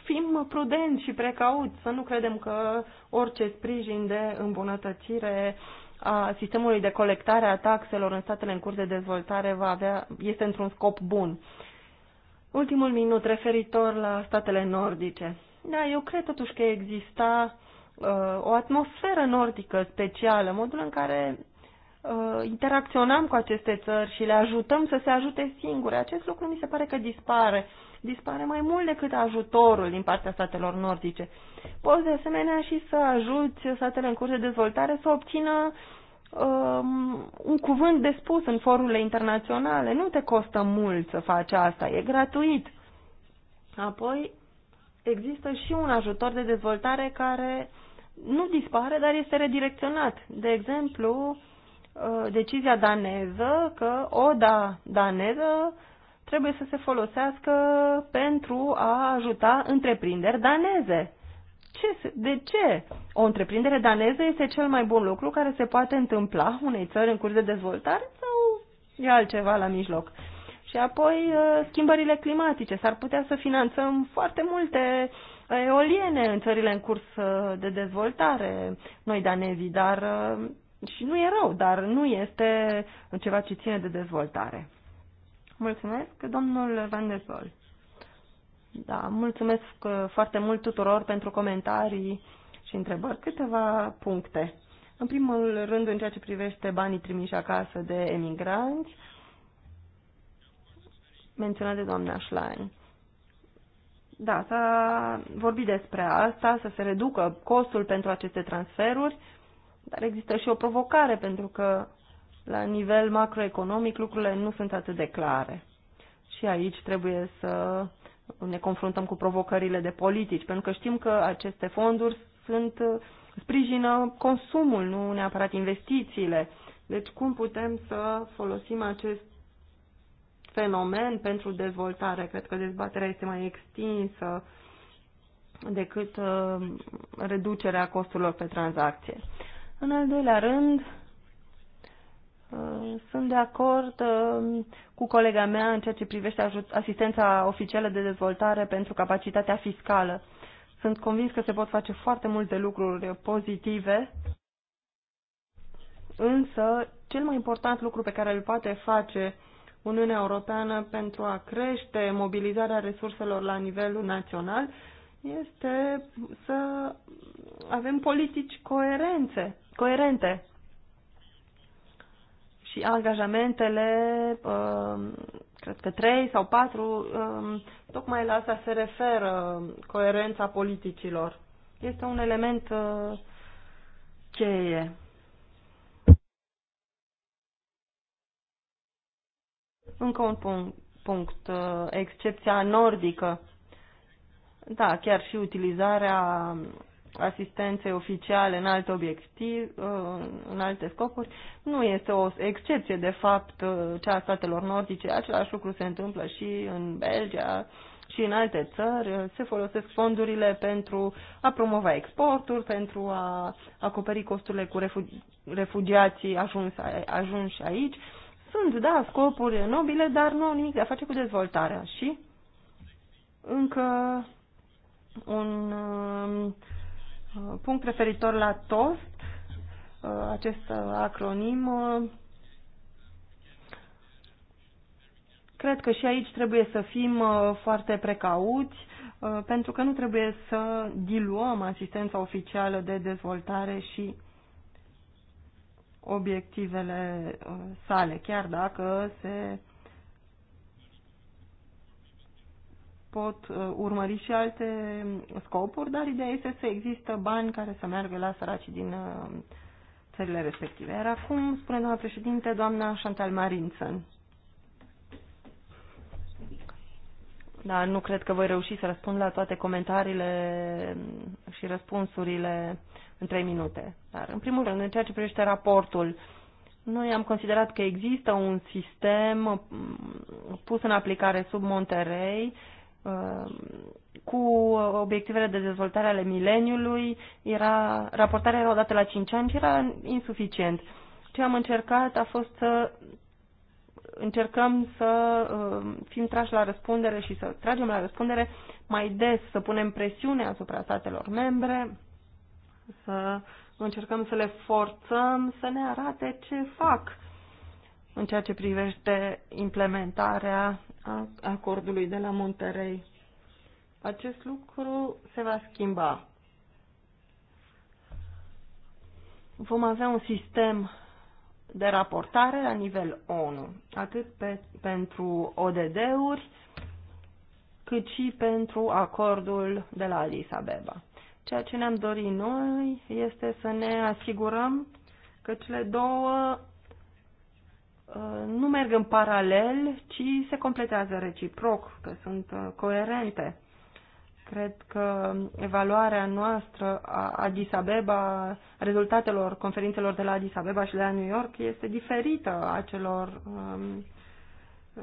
S5: fim prudenți și precauți, să nu credem că orice sprijin de îmbunătățire a sistemului de colectare a taxelor în statele în curs de dezvoltare va avea, este într-un scop bun. Uh, Ultimul minut referitor la statele nordice. Da, eu cred totuși că exista uh, o atmosferă nordică specială, modul în care uh, interacționam cu aceste țări și le ajutăm să se ajute singure. Acest lucru mi se pare că dispare. Dispare mai mult decât ajutorul din partea statelor nordice. Poți de asemenea și să ajuți statele în curs de dezvoltare să obțină uh, um, un cuvânt de spus în forurile internaționale. Nu te costă mult să faci asta, e gratuit. Apoi există și un ajutor de dezvoltare care nu dispare, dar este redirecționat. De exemplu, uh, decizia daneză că ODA daneză trebuie să se folosească pentru a ajuta întreprinderi daneze ce, de ce o întreprindere daneză este cel mai bun lucru care se poate întâmpla unei țări în curs de dezvoltare sau e altceva la mijloc? Și apoi uh, schimbările climatice. S-ar putea să finanțăm foarte multe uh, eoliene în țările în curs uh, de dezvoltare, noi danezii, dar și nu e rău, dar nu este ceva ce ține de dezvoltare. Mulțumesc, domnul Van der Sol. Da, mulțumesc uh, foarte mult tuturor pentru comentarii și întrebări. Câteva puncte. În primul rând, în ceea ce privește banii trimiși acasă de emigranți, menționat de doamna Schlein. Da, s-a vorbit despre asta, să se reducă costul pentru aceste transferuri, dar există și o provocare pentru că la nivel macroeconomic lucrurile nu sunt atât de clare. Și aici trebuie să ne confruntăm cu provocările de politici, pentru că știm că aceste fonduri sunt sprijină consumul, nu neapărat investițiile. Deci cum putem să folosim acest fenomen pentru dezvoltare? Cred că dezbaterea este mai extinsă decât uh, reducerea costurilor pe tranzacție. În al doilea rând, Uh, sunt de acord uh, cu colega mea în ceea ce privește asistența oficială de dezvoltare pentru capacitatea fiscală. Sunt convins că se pot face foarte multe lucruri pozitive, însă cel mai important lucru pe care îl poate face Uniunea Europeană pentru a crește mobilizarea resurselor la nivelul național este să avem politici coerențe, coerente și angajamentele, um, cred că trei sau patru, um, tocmai la asta se referă coerența politicilor. Este un element uh, cheie. Încă un punct, punct uh, excepția nordică. Da, chiar și utilizarea asistenței oficiale în alte obiectiv, uh, în alte scopuri, nu este o excepție, de fapt, uh, cea a statelor nordice. Același lucru se întâmplă și în Belgia și în alte țări. Uh, se folosesc fondurile pentru a promova exporturi, pentru a acoperi costurile cu refugiații ajunși aici. Sunt, da, scopuri nobile, dar nu au nimic de a face cu dezvoltarea. Și încă un um, Uh, punct referitor la TOST, uh, acest uh, acronim. Cred că și aici trebuie să fim foarte precauți, pentru că nu trebuie să diluăm asistența oficială de dezvoltare și obiectivele sale, chiar dacă se pot uh, urmări și alte scopuri, dar ideea este să există bani care să meargă la săracii din uh, țările respective. Iar acum, spune doamna președinte, doamna Chantal Marinson. Da, nu cred că voi reuși să răspund la toate comentariile și răspunsurile în trei minute. Dar, în primul rând, în ceea ce privește raportul, noi am considerat că există un sistem mm, pus în aplicare sub Monterey Um, cu obiectivele de dezvoltare ale mileniului, era, raportarea era odată la 5 ani și era insuficient. Ce am încercat a fost să încercăm să um, fim trași la răspundere și să tragem la răspundere mai des, să punem presiune asupra statelor membre, să încercăm să le forțăm să ne arate ce fac în ceea ce privește implementarea a acordului de la Monterey. Acest lucru se va schimba. Vom avea un sistem de raportare la nivel ONU, atât pe, pentru ODD-uri, cât și pentru acordul de la Addis Abeba. Ceea ce ne-am dorit noi este să ne asigurăm că cele două Uh, nu merg în paralel, ci se completează reciproc, că sunt uh, coerente. Cred că evaluarea noastră a Addis Abeba, a rezultatelor conferințelor de la Addis Abeba și de la New York este diferită a celor um,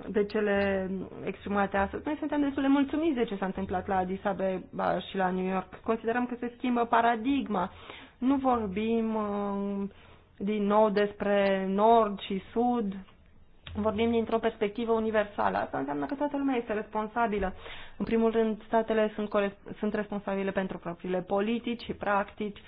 S5: de cele exprimate astăzi. Noi suntem destul de mulțumiți de ce s-a întâmplat la Addis Abeba și la New York. Considerăm că se schimbă paradigma. Nu vorbim um, din nou despre nord și sud, vorbim dintr-o perspectivă universală. Asta înseamnă că toată lumea este responsabilă. În primul rând, statele sunt, sunt responsabile pentru propriile politici și practici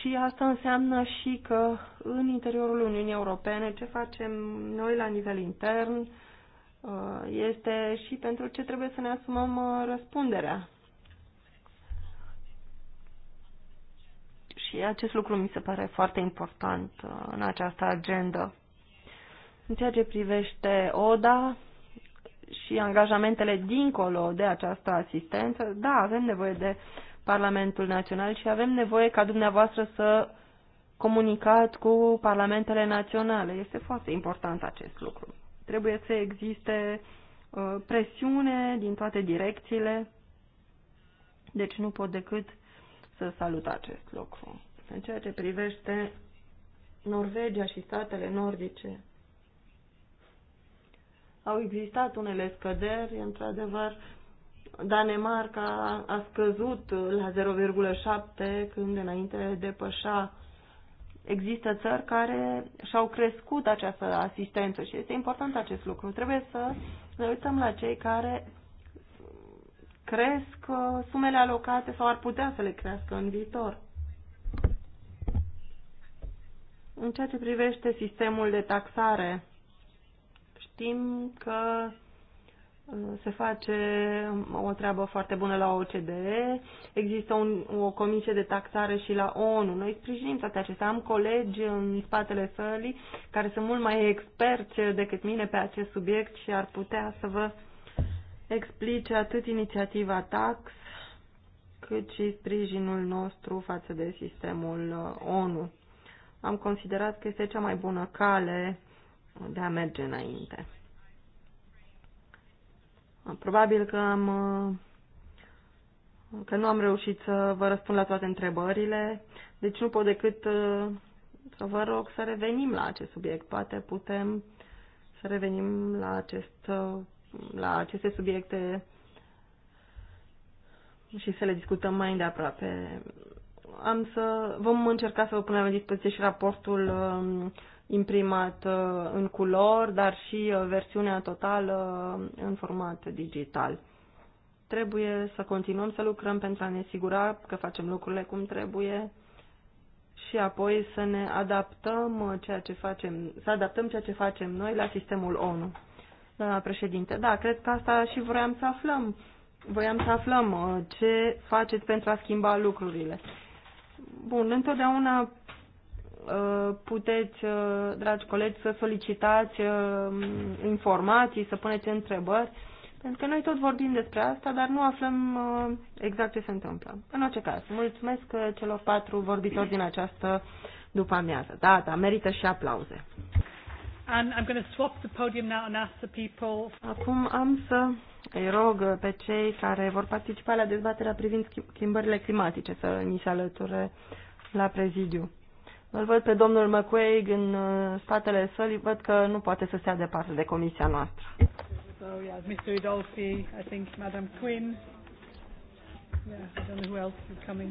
S5: și asta înseamnă și că în interiorul Uniunii Europene ce facem noi la nivel intern uh, este și pentru ce trebuie să ne asumăm uh, răspunderea. și acest lucru mi se pare foarte important uh, în această agendă. În ceea ce privește ODA și angajamentele dincolo de această asistență, da, avem nevoie de Parlamentul Național și avem nevoie ca dumneavoastră să comunicați cu parlamentele naționale. Este foarte important acest lucru. Trebuie să existe uh, presiune din toate direcțiile, deci nu pot decât salut acest lucru. În ceea ce privește Norvegia și statele nordice, au existat unele scăderi, într-adevăr, Danemarca a scăzut la 0,7 când înainte depășa. Există țări care și-au crescut această asistență și este important acest lucru. Trebuie să ne uităm la cei care cresc uh, sumele alocate sau ar putea să le crească în viitor. În ceea ce privește sistemul de taxare, știm că uh, se face um, o treabă foarte bună la OCDE, există un, o comisie de taxare și la ONU. Noi sprijinim toate acestea. Am colegi în spatele sălii care sunt mult mai experți decât mine pe acest subiect și ar putea să vă explice atât inițiativa TAX, cât și sprijinul nostru față de sistemul uh, ONU. Am considerat că este cea mai bună cale de a merge înainte. Probabil că am uh, că nu am reușit să vă răspund la toate întrebările, deci nu pot decât uh, să vă rog să revenim la acest subiect. Poate putem să revenim la acest la aceste subiecte și să le discutăm mai îndeaproape. Am să, vom încerca să vă punem la dispoziție și raportul um, imprimat uh, în culor, dar și uh, versiunea totală uh, în format digital. Trebuie să continuăm să lucrăm pentru a ne asigura că facem lucrurile cum trebuie și apoi să ne adaptăm ceea ce facem, să adaptăm ceea ce facem noi la sistemul ONU. Doamna președinte, da, cred că asta și voiam să aflăm. Voiam să aflăm uh, ce faceți pentru a schimba lucrurile. Bun, întotdeauna uh, puteți, uh, dragi colegi, să solicitați informații, să puneți întrebări, pentru că noi tot vorbim despre asta, dar nu aflăm exact ce se întâmplă. În orice caz, mulțumesc celor patru vorbitori din această după amiază. Da, da, merită și aplauze.
S1: And I'm going to swap the podium now and ask the people.
S5: Acum am să îi rog pe cei care vor participa la dezbaterea privind schimbările climatice să ni se alăture la prezidiu. Îl văd pe domnul McQuaig în uh, spatele sălii, văd că nu poate să stea departe de comisia noastră. So, yeah,
S1: Mr. I think Madam Quinn. Yeah, I don't know who else is coming.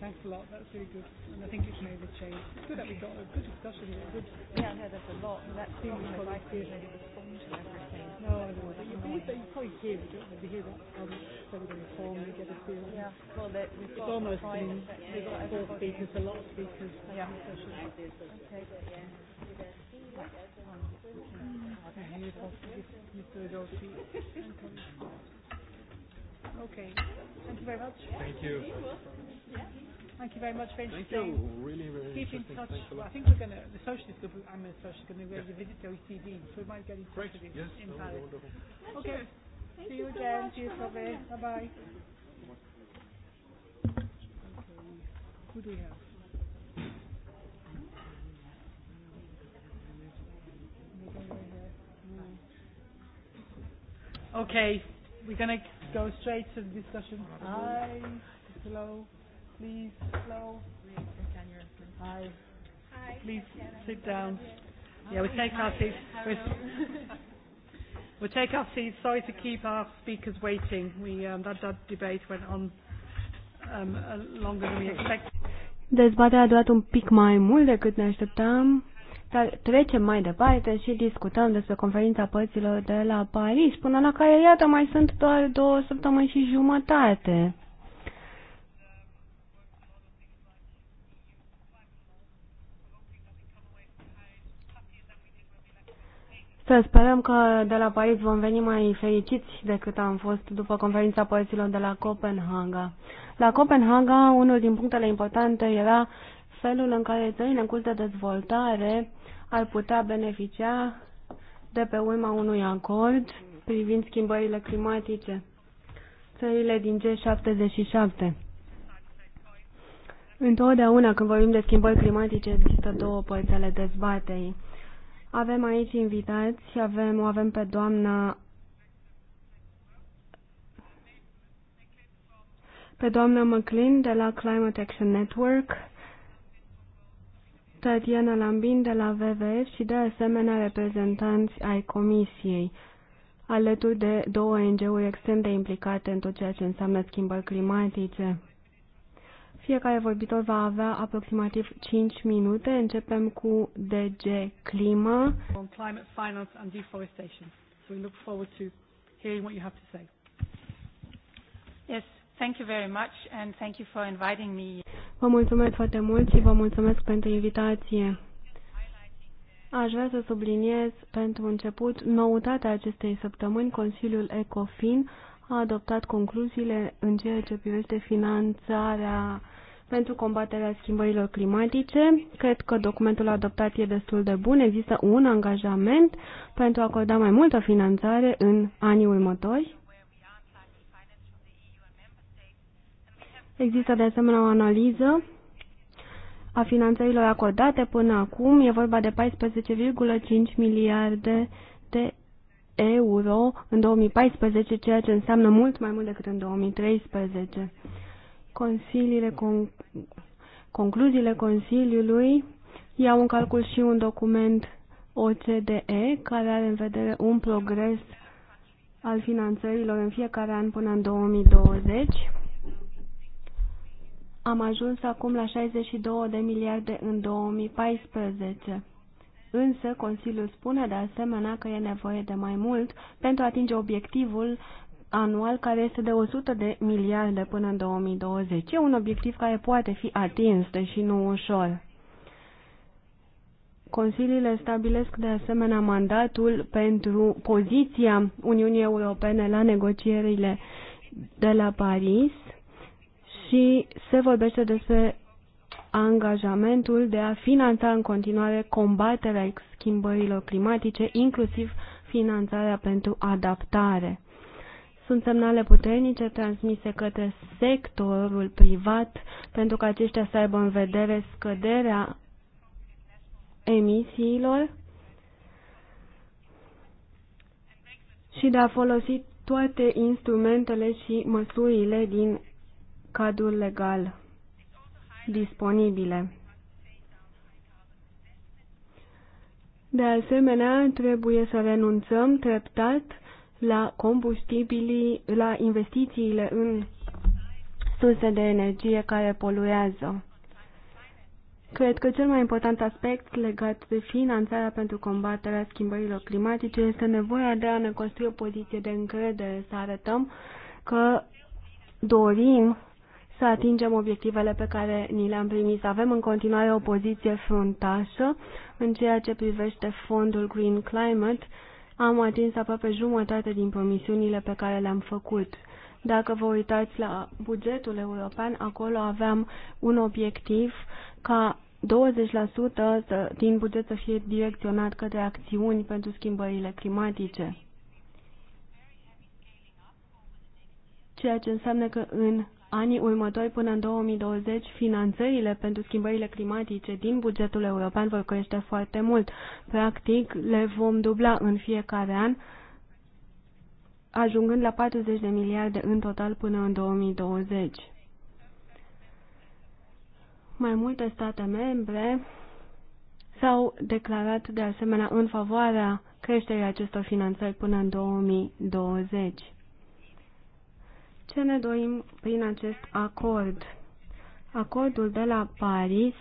S1: Thanks a lot. That's really good. And I think it's made a change. It's good that we got a good discussion here. Good. Yeah, no, there's a lot. And that's seems because I feel ready to respond to everything. No, I know. But you, you, you probably hear it, don't you? You hear that um, everything form, you get a feel. Yeah.
S3: Well, that we've got almost been, we've got four speakers, a lot of speakers. Yeah. Okay. Yeah. Okay. Mr. Dorsey. Okay. Thank you very much. Thank you. Thank you very much for Thank you. Really, really Keep in touch. Well, I
S1: think we're going to, the socialist group, I'm a socialist, going to go to visit the OECD, so we might get in touch with you yes, in oh, Paris.
S3: Okay. Thank See you, so again. See Cheers, Robert. Bye-bye. Okay. Who do we have?
S1: Okay, we're going to go straight to the discussion. Hi.
S3: Slow. Please, slow. Hi. Please sit down. Yeah, we take our seats. We're we'll take our
S1: seats. Sorry to keep our speakers waiting. We um, that, that debate went on um, uh, longer than we expected.
S2: Dezbaterea a durat un pic mai mult decât ne așteptam trecem mai departe și discutăm despre conferința părților de la Paris, până la care, iată, mai sunt doar două săptămâni și jumătate. Să sperăm că de la Paris vom veni mai fericiți decât am fost după conferința părților de la Copenhaga. La Copenhaga, unul din punctele importante era felul în care țările în curs de dezvoltare ar putea beneficia de pe urma unui acord privind schimbările climatice. Țările din G77. Întotdeauna când vorbim de schimbări climatice există două părți ale dezbatei. Avem aici invitați, avem, o avem pe doamna pe doamna McLean de la Climate Action Network, Tatiana Lambin de la WWF și de asemenea reprezentanți ai Comisiei, alături de două ONG-uri extrem de implicate în tot ceea ce înseamnă schimbări climatice. Fiecare vorbitor va avea aproximativ 5 minute. Începem cu DG Clima.
S1: On climate finance and deforestation. So we look forward to hearing what you have to say. Yes, Thank you very much and thank you for inviting me.
S2: Vă mulțumesc foarte mult și vă mulțumesc pentru invitație. Aș vrea să subliniez pentru început noutatea acestei săptămâni. Consiliul ECOFIN a adoptat concluziile în ceea ce privește finanțarea pentru combaterea schimbărilor climatice. Cred că documentul adoptat e destul de bun. Există un angajament pentru a acorda mai multă finanțare în anii următori. Există de asemenea o analiză a finanțărilor acordate până acum. E vorba de 14,5 miliarde de euro în 2014, ceea ce înseamnă mult mai mult decât în 2013. Consiliile con concluziile Consiliului iau în calcul și un document OCDE care are în vedere un progres al finanțărilor în fiecare an până în 2020 am ajuns acum la 62 de miliarde în 2014. Însă, Consiliul spune de asemenea că e nevoie de mai mult pentru a atinge obiectivul anual care este de 100 de miliarde până în 2020. E un obiectiv care poate fi atins, deși nu ușor. Consiliile stabilesc de asemenea mandatul pentru poziția Uniunii Europene la negocierile de la Paris și se vorbește despre angajamentul de a finanța în continuare combaterea schimbărilor climatice, inclusiv finanțarea pentru adaptare. Sunt semnale puternice transmise către sectorul privat pentru că aceștia să aibă în vedere scăderea emisiilor și de a folosi toate instrumentele și măsurile din cadrul legal disponibile. De asemenea, trebuie să renunțăm treptat la combustibilii, la investițiile în surse de energie care poluează. Cred că cel mai important aspect legat de finanțarea pentru combaterea schimbărilor climatice este nevoia de a ne construi o poziție de încredere, să arătăm că dorim să atingem obiectivele pe care ni le-am primit. Avem în continuare o poziție fruntașă în ceea ce privește fondul Green Climate. Am atins aproape jumătate din promisiunile pe care le-am făcut. Dacă vă uitați la bugetul european, acolo aveam un obiectiv ca 20% din buget să fie direcționat către acțiuni pentru schimbările climatice. Ceea ce înseamnă că în anii următori până în 2020 finanțările pentru schimbările climatice din bugetul european vor crește foarte mult. Practic le vom dubla în fiecare an, ajungând la 40 de miliarde în total până în 2020. Mai multe state membre s-au declarat de asemenea în favoarea creșterii acestor finanțări până în 2020. Ce ne dorim prin acest acord? Acordul de la Paris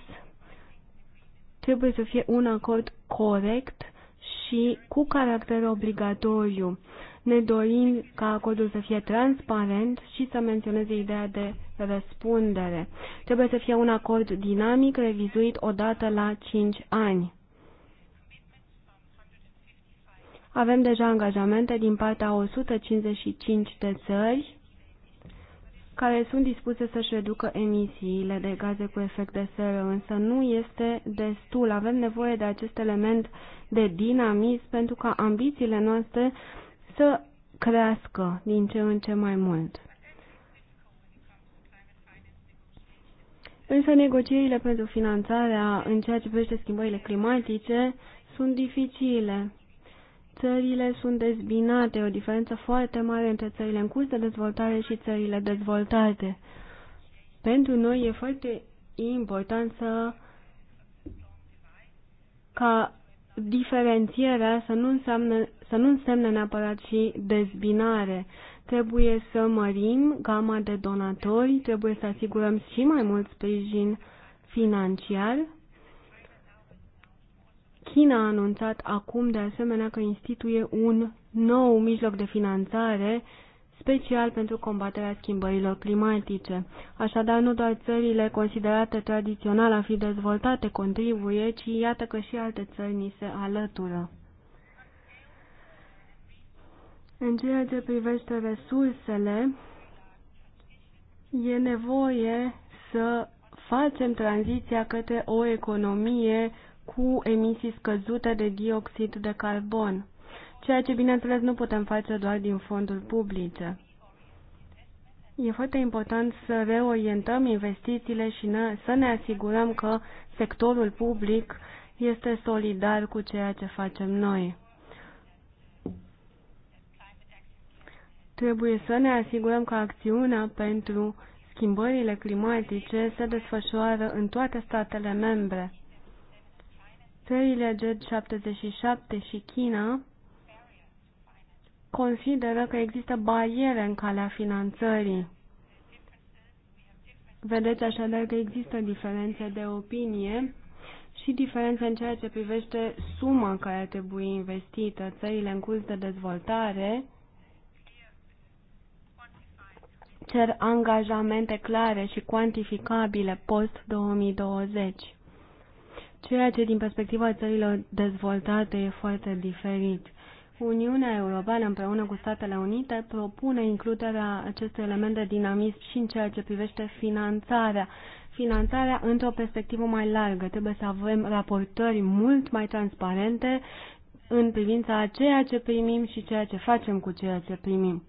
S2: trebuie să fie un acord corect și cu caracter obligatoriu. Ne dorim ca acordul să fie transparent și să menționeze ideea de răspundere. Trebuie să fie un acord dinamic revizuit odată la 5 ani. Avem deja angajamente din partea 155 de țări care sunt dispuse să-și reducă emisiile de gaze cu efect de seră, însă nu este destul. Avem nevoie de acest element de dinamism pentru ca ambițiile noastre să crească din ce în ce mai mult. Însă negocierile pentru finanțarea în ceea ce privește schimbările climatice sunt dificile țările sunt dezbinate, o diferență foarte mare între țările în curs de dezvoltare și țările dezvoltate. Pentru noi e foarte important să ca diferențierea să nu, înseamnă, să nu însemne neapărat și dezbinare. Trebuie să mărim gama de donatori, trebuie să asigurăm și mai mult sprijin financiar China a anunțat acum de asemenea că instituie un nou mijloc de finanțare special pentru combaterea schimbărilor climatice. Așadar, nu doar țările considerate tradițional a fi dezvoltate contribuie, ci iată că și alte țări ni se alătură. În ceea ce privește resursele, e nevoie să facem tranziția către o economie cu emisii scăzute de dioxid de carbon, ceea ce, bineînțeles, nu putem face doar din fonduri publice. E foarte important să reorientăm investițiile și ne, să ne asigurăm că sectorul public este solidar cu ceea ce facem noi. Trebuie să ne asigurăm că acțiunea pentru schimbările climatice se desfășoară în toate statele membre. Țările G77 și China consideră că există bariere în calea finanțării. Vedeți așadar că există diferențe de opinie și diferențe în ceea ce privește suma care trebuie investită. Țările în curs de dezvoltare cer angajamente clare și cuantificabile post-2020 ceea ce din perspectiva țărilor dezvoltate e foarte diferit. Uniunea Europeană împreună cu Statele Unite propune includerea acestui element de dinamism și în ceea ce privește finanțarea. Finanțarea într-o perspectivă mai largă. Trebuie să avem raportări mult mai transparente în privința a ceea ce primim și ceea ce facem cu ceea ce primim.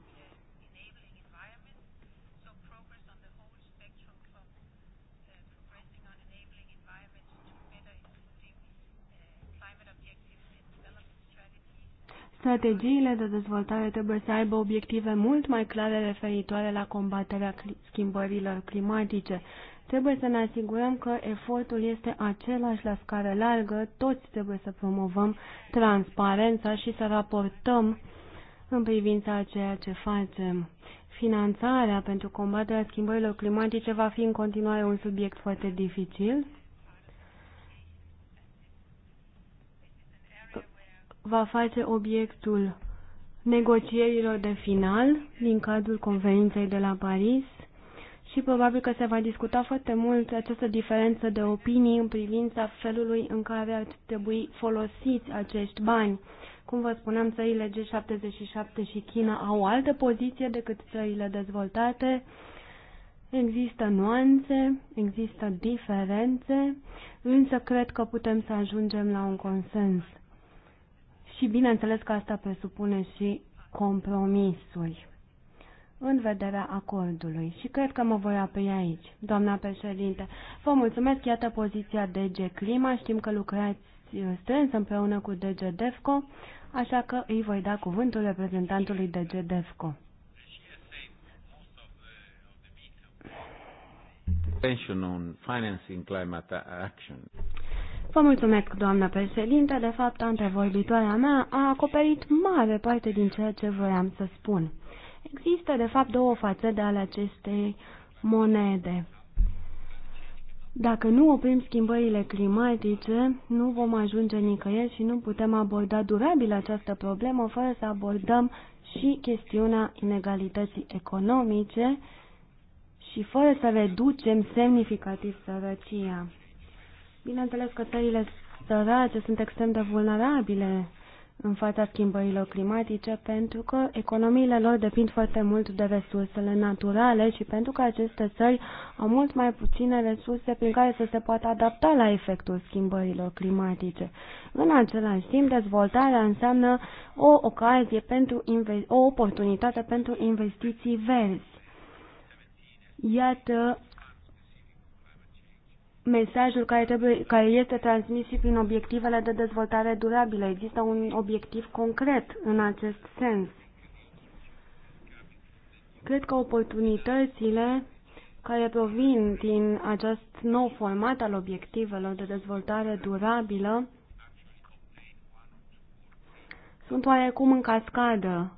S2: Strategiile de dezvoltare trebuie să aibă obiective mult mai clare referitoare la combaterea schimbărilor climatice. Trebuie să ne asigurăm că efortul este același la scară largă, toți trebuie să promovăm transparența și să raportăm în privința a ceea ce facem. Finanțarea pentru combaterea schimbărilor climatice va fi în continuare un subiect foarte dificil va face obiectul negocierilor de final din cadrul conferinței de la Paris și probabil că se va discuta foarte mult această diferență de opinii în privința felului în care ar trebui folosiți acești bani. Cum vă spuneam, țările G77 și China au o altă poziție decât țările dezvoltate. Există nuanțe, există diferențe, însă cred că putem să ajungem la un consens și bineînțeles că asta presupune și compromisuri în vederea acordului. Și cred că mă voi apăia aici, doamna președinte. Vă mulțumesc, iată poziția DG Clima, știm că lucrați uh, strâns împreună cu DG DEFCO, așa că îi voi da cuvântul reprezentantului DG DEFCO.
S5: on financing
S4: climate action.
S2: Vă mulțumesc, doamna președinte. De fapt, antevorbitoarea mea a acoperit mare parte din ceea ce voiam să spun. Există, de fapt, două fațete ale acestei monede. Dacă nu oprim schimbările climatice, nu vom ajunge nicăieri și nu putem aborda durabil această problemă fără să abordăm și chestiunea inegalității economice și fără să reducem semnificativ sărăcia. Bineînțeles că țările sărace sunt extrem de vulnerabile în fața schimbărilor climatice pentru că economiile lor depind foarte mult de resursele naturale și pentru că aceste țări au mult mai puține resurse prin care să se poată adapta la efectul schimbărilor climatice. În același timp, dezvoltarea înseamnă o ocazie pentru o oportunitate pentru investiții verzi. Iată mesajul care, trebuie, care este transmis și prin obiectivele de dezvoltare durabilă. Există un obiectiv concret în acest sens. Cred că oportunitățile care provin din acest nou format al obiectivelor de dezvoltare durabilă sunt oarecum în cascadă,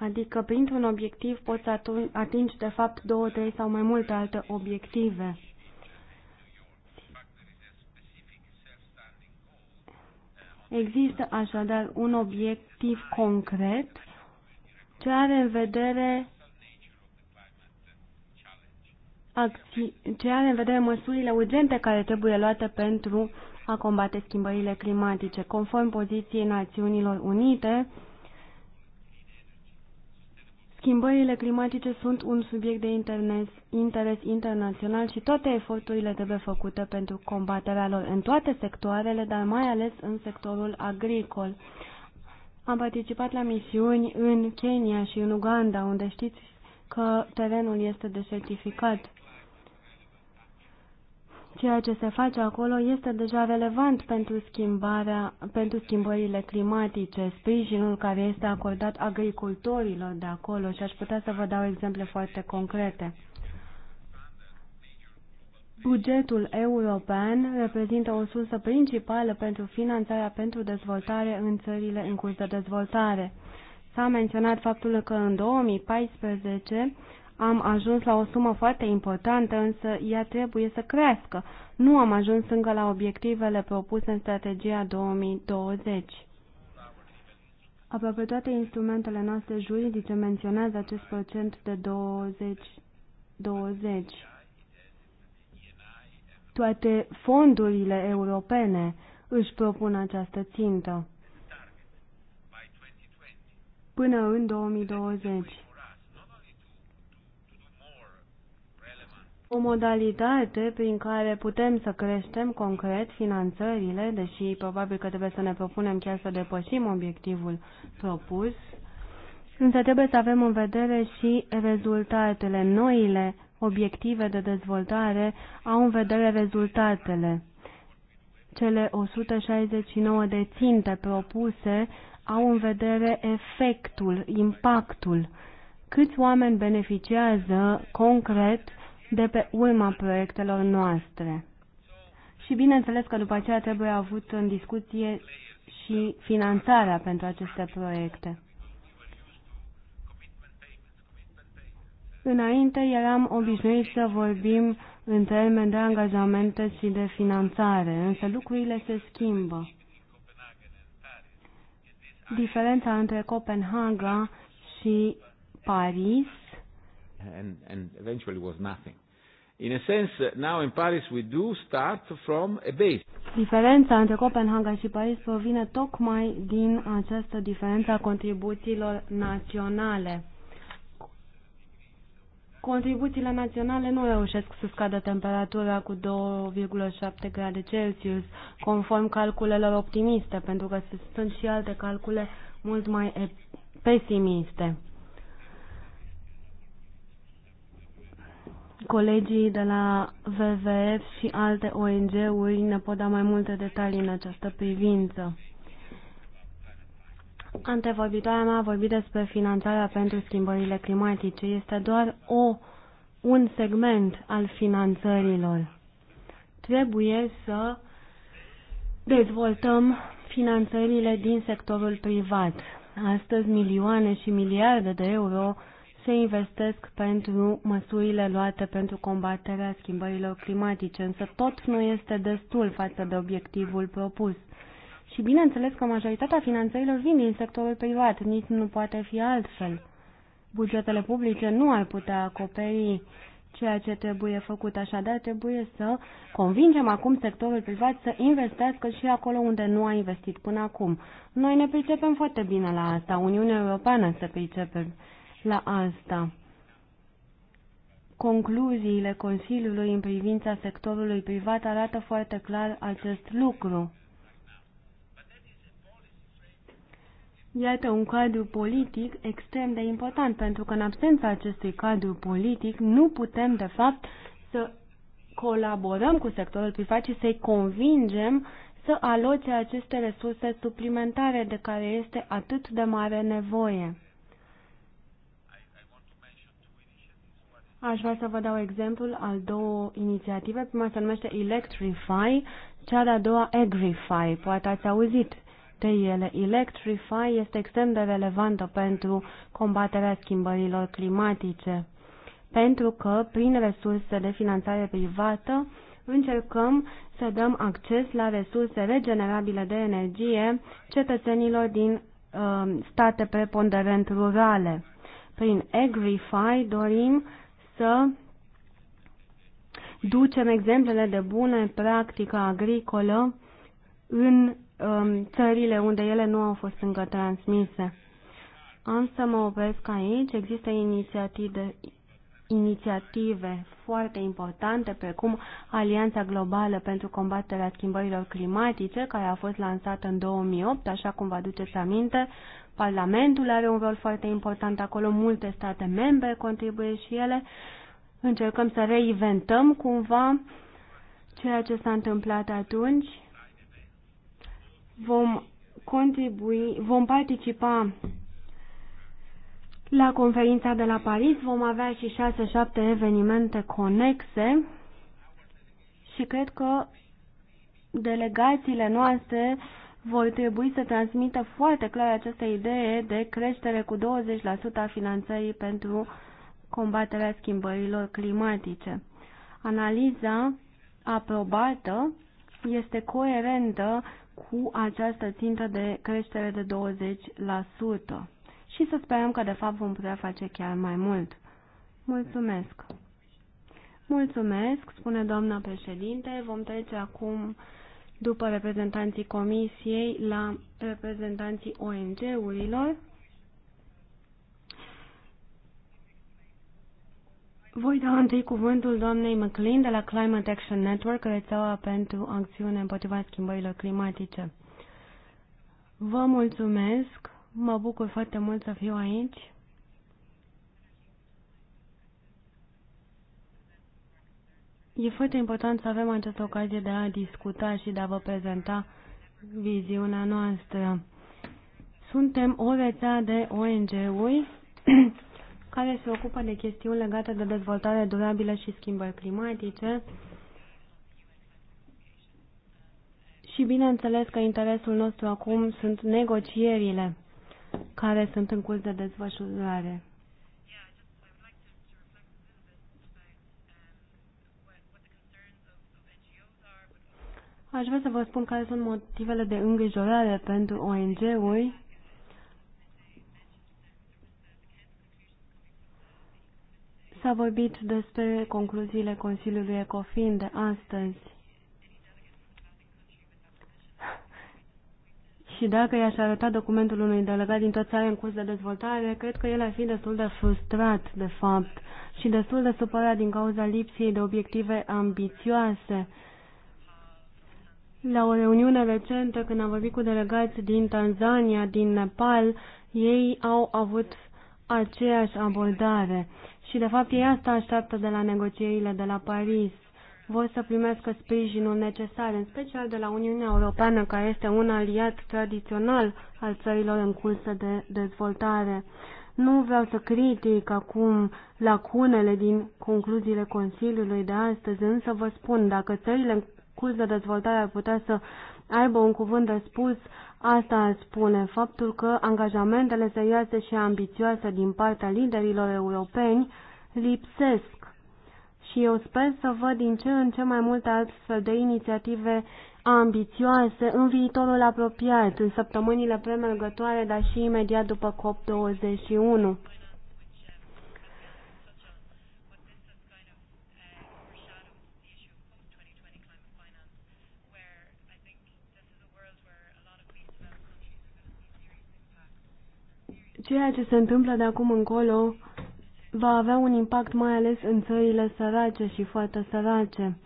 S2: adică printr-un obiectiv poți atingi de fapt două, trei sau mai multe alte obiective. Există așadar un obiectiv concret ce are în vedere ce are în vedere măsurile urgente care trebuie luate pentru a combate schimbările climatice. Conform poziției Națiunilor Unite, Schimbările climatice sunt un subiect de internet, interes internațional și toate eforturile trebuie făcute pentru combaterea lor în toate sectoarele, dar mai ales în sectorul agricol. Am participat la misiuni în Kenya și în Uganda, unde știți că terenul este desertificat. Ceea ce se face acolo este deja relevant pentru, schimbarea, pentru schimbările climatice, sprijinul care este acordat agricultorilor de acolo și aș putea să vă dau exemple foarte concrete. Bugetul european reprezintă o sursă principală pentru finanțarea pentru dezvoltare în țările în curs de dezvoltare. S-a menționat faptul că în 2014 am ajuns la o sumă foarte importantă, însă ea trebuie să crească. Nu am ajuns încă la obiectivele propuse în strategia 2020. Aproape toate instrumentele noastre juridice menționează acest procent de 20 20. Toate fondurile europene își propun această țintă până în 2020. O modalitate prin care putem să creștem concret finanțările, deși probabil că trebuie să ne propunem chiar să depășim obiectivul propus, însă trebuie să avem în vedere și rezultatele. Noile obiective de dezvoltare au în vedere rezultatele. Cele 169 de ținte propuse au în vedere efectul, impactul, câți oameni beneficiază concret de pe urma proiectelor noastre. Și bineînțeles că după aceea trebuie avut în discuție și finanțarea pentru aceste proiecte. Înainte eram obișnuit să vorbim în termen de angajamente și de finanțare, însă lucrurile se schimbă. Diferența între Copenhaga și Paris
S4: and, and eventually was nothing. In a sense, uh, now in Paris we do start from a base.
S2: Diferența între Copenhaga și Paris provine tocmai din această diferență a contribuțiilor naționale. Contribuțiile naționale nu reușesc să scadă temperatura cu 2,7 grade Celsius, conform calculelor optimiste, pentru că sunt și alte calcule mult mai pesimiste. Colegii de la WWF și alte ONG-uri ne pot da mai multe detalii în această privință. Antevorbitoarea mea a vorbit despre finanțarea pentru schimbările climatice. Este doar o, un segment al finanțărilor. Trebuie să dezvoltăm finanțările din sectorul privat. Astăzi milioane și miliarde de euro se investesc pentru măsurile luate pentru combaterea schimbărilor climatice, însă tot nu este destul față de obiectivul propus. Și bineînțeles că majoritatea finanțărilor vin din sectorul privat, nici nu poate fi altfel. Bugetele publice nu ar putea acoperi ceea ce trebuie făcut, așadar trebuie să convingem acum sectorul privat să investească și acolo unde nu a investit până acum. Noi ne pricepem foarte bine la asta, Uniunea Europeană se pricepe la asta. Concluziile Consiliului în privința sectorului privat arată foarte clar acest lucru. Iată un cadru politic extrem de important, pentru că în absența acestui cadru politic nu putem, de fapt, să colaborăm cu sectorul privat și să-i convingem să aloce aceste resurse suplimentare de care este atât de mare nevoie. Aș vrea să vă dau exemplul al două inițiative. Prima se numește Electrify, cea de-a doua Agrify. Poate ați auzit de ele. Electrify este extrem de relevantă pentru combaterea schimbărilor climatice, pentru că prin resurse de finanțare privată încercăm să dăm acces la resurse regenerabile de energie cetățenilor din uh, state preponderent rurale. Prin Agrify dorim să ducem exemplele de bune practică agricolă în um, țările unde ele nu au fost încă transmise. Am să mă opresc aici. Există inițiative, inițiative foarte importante, precum Alianța Globală pentru combaterea schimbărilor climatice, care a fost lansată în 2008, așa cum vă aduceți aminte, Parlamentul are un rol foarte important acolo, multe state membre contribuie și ele. Încercăm să reinventăm cumva ceea ce s-a întâmplat atunci. Vom contribui, vom participa la conferința de la Paris, vom avea și 6-7 evenimente conexe și cred că delegațiile noastre uh, vor trebui să transmită foarte clar această idee de creștere cu 20% a finanțării pentru combaterea schimbărilor climatice. Analiza aprobată este coerentă cu această țintă de creștere de 20% și să sperăm că de fapt vom putea face chiar mai mult. Mulțumesc! Mulțumesc, spune doamna președinte. Vom trece acum după reprezentanții comisiei la reprezentanții ONG-urilor. Voi da întâi cuvântul doamnei McLean de la Climate Action Network, rețeaua pentru acțiune împotriva schimbărilor climatice. Vă mulțumesc, mă bucur foarte mult să fiu aici. E foarte important să avem această ocazie de a discuta și de a vă prezenta viziunea noastră. Suntem o rețea de ONG-uri <clears throat> care se ocupă de chestiuni legate de dezvoltare durabilă și schimbări climatice și bineînțeles că interesul nostru acum sunt negocierile care sunt în curs de dezvășurare. Aș vrea să vă spun care sunt motivele de îngrijorare pentru ONG-uri S-a vorbit despre concluziile Consiliului Ecofin de astăzi. Și dacă i-aș arăta documentul unui delegat din toată țara în curs de dezvoltare, cred că el ar fi destul de frustrat, de fapt, și destul de supărat din cauza lipsei de obiective ambițioase la o reuniune recentă, când am vorbit cu delegați din Tanzania, din Nepal, ei au avut aceeași abordare. Și, de fapt, ei asta așteaptă de la negocierile de la Paris. Vor să primească sprijinul necesar, în special de la Uniunea Europeană, care este un aliat tradițional al țărilor în curs de dezvoltare. Nu vreau să critic acum lacunele din concluziile Consiliului de astăzi, însă vă spun, dacă țările curs de dezvoltare ar putea să aibă un cuvânt de spus, asta spune faptul că angajamentele serioase și ambițioase din partea liderilor europeni lipsesc. Și eu sper să văd din ce în ce mai multe astfel de inițiative ambițioase în viitorul apropiat, în săptămânile premergătoare, dar și imediat după COP21. Ceea ce se întâmplă de acum încolo va avea un impact mai ales în țările sărace și foarte sărace.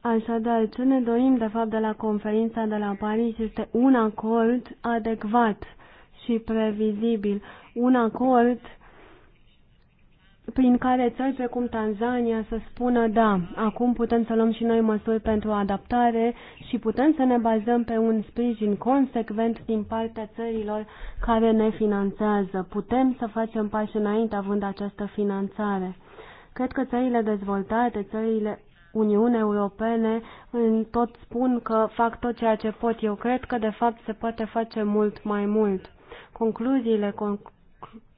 S2: Așadar, ce ne dorim de fapt de la conferința de la Paris este un acord adecvat și previzibil, un acord prin care țări precum Tanzania să spună da, acum putem să luăm și noi măsuri pentru adaptare și putem să ne bazăm pe un sprijin consecvent din partea țărilor care ne finanțează. Putem să facem pași înainte având această finanțare. Cred că țările dezvoltate, țările Uniunii Europene tot spun că fac tot ceea ce pot. Eu cred că de fapt se poate face mult mai mult. Concluziile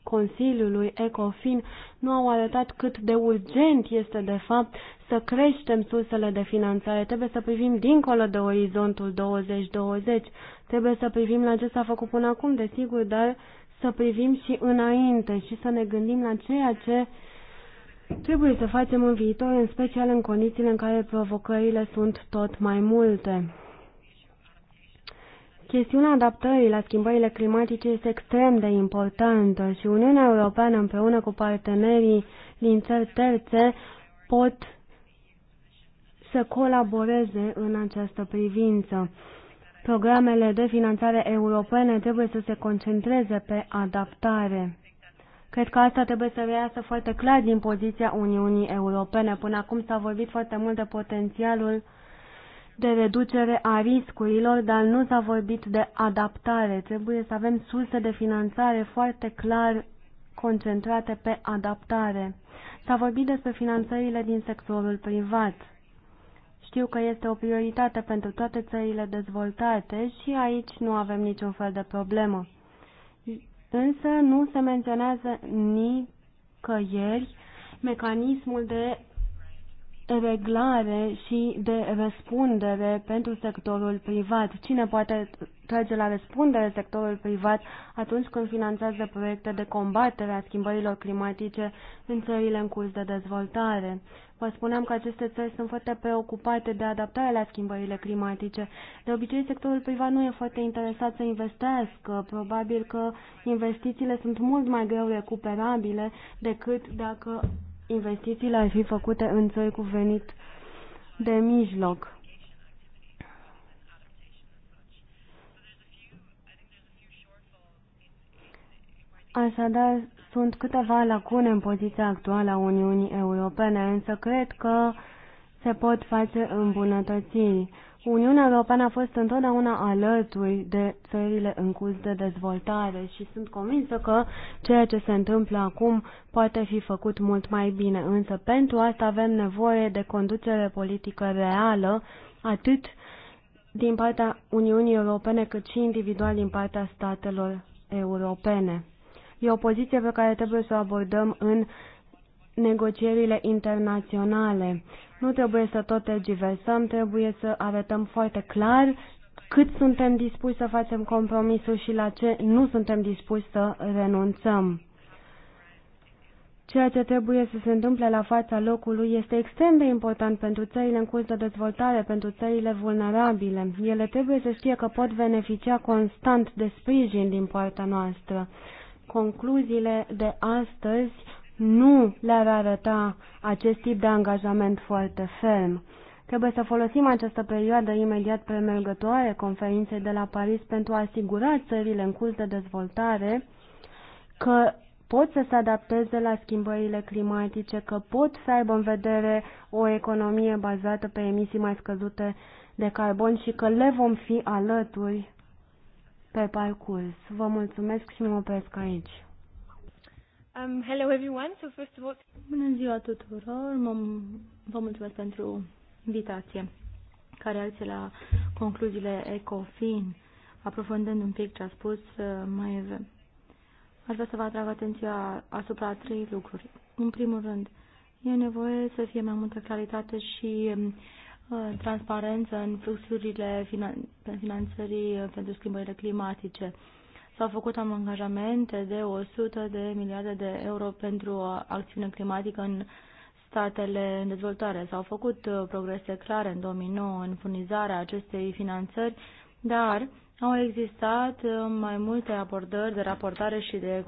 S2: Consiliului ECOFIN nu au arătat cât de urgent este de fapt să creștem sursele de finanțare. Trebuie să privim dincolo de orizontul 2020. Trebuie să privim la ce s-a făcut până acum, desigur, dar să privim și înainte și să ne gândim la ceea ce trebuie să facem în viitor, în special în condițiile în care provocările sunt tot mai multe. Chestiunea adaptării la schimbările climatice este extrem de importantă și Uniunea Europeană împreună cu partenerii din țări terțe pot să colaboreze în această privință. Programele de finanțare europene trebuie să se concentreze pe adaptare. Cred că asta trebuie să reiasă foarte clar din poziția Uniunii Europene. Până acum s-a vorbit foarte mult de potențialul uh, de reducere a riscurilor, dar nu s-a vorbit de adaptare. Trebuie să avem surse de finanțare foarte clar concentrate pe adaptare. S-a vorbit despre finanțările din sectorul privat. Știu că este o prioritate pentru toate țările dezvoltate și aici nu avem niciun fel de problemă. Însă nu se menționează nicăieri mecanismul de reglare și de răspundere pentru sectorul privat. Cine poate trage la răspundere sectorul privat atunci când finanțează proiecte de combatere a schimbărilor climatice în țările în curs de dezvoltare? Vă spuneam că aceste țări sunt foarte preocupate de adaptarea la schimbările climatice. De obicei, sectorul privat nu e foarte interesat să investească. Probabil că investițiile sunt mult mai greu recuperabile decât dacă investițiile ar fi făcute în țări cu venit de mijloc. Așadar, sunt câteva lacune în poziția actuală a Uniunii Europene, însă cred că se pot face îmbunătățiri. Uniunea Europeană a fost întotdeauna alături de țările în curs de dezvoltare și sunt convinsă că ceea ce se întâmplă acum poate fi făcut mult mai bine, însă pentru asta avem nevoie de conducere politică reală, atât din partea Uniunii Europene, cât și individual din partea statelor europene. E o poziție pe care trebuie să o abordăm în negocierile internaționale. Nu trebuie să tot tergiversăm, trebuie să arătăm foarte clar cât suntem dispuși să facem compromisul și la ce nu suntem dispuși să renunțăm. Ceea ce trebuie să se întâmple la fața locului este extrem de important pentru țările în curs de dezvoltare, pentru țările vulnerabile. Ele trebuie să știe că pot beneficia constant de sprijin din partea noastră. Concluziile de astăzi nu le-ar arăta acest tip de angajament foarte ferm. Trebuie să folosim această perioadă imediat premergătoare conferinței de la Paris pentru a asigura țările în curs de dezvoltare că pot să se adapteze la schimbările climatice, că pot să aibă în vedere o economie bazată pe emisii mai scăzute de carbon și că le vom fi alături pe parcurs. Vă mulțumesc și mă opresc aici. Um, hello everyone. So first of all...
S4: Bună ziua tuturor. Vă mulțumesc pentru invitație care alții la concluziile ECOFIN, aprofundând un pic ce a spus uh, mai ev. Aș vrea să vă atrag atenția asupra a trei lucruri. În primul rând, e nevoie să fie mai multă claritate și um, uh, transparență în fluxurile finan- finanțării uh, pentru schimbările climatice. Uh, S-au făcut am angajamente de 100 de miliarde de euro pentru acțiune climatică în statele în dezvoltare. S-au făcut uh, progrese clare în 2009 în furnizarea acestei finanțări, dar au existat uh, mai multe abordări de raportare și de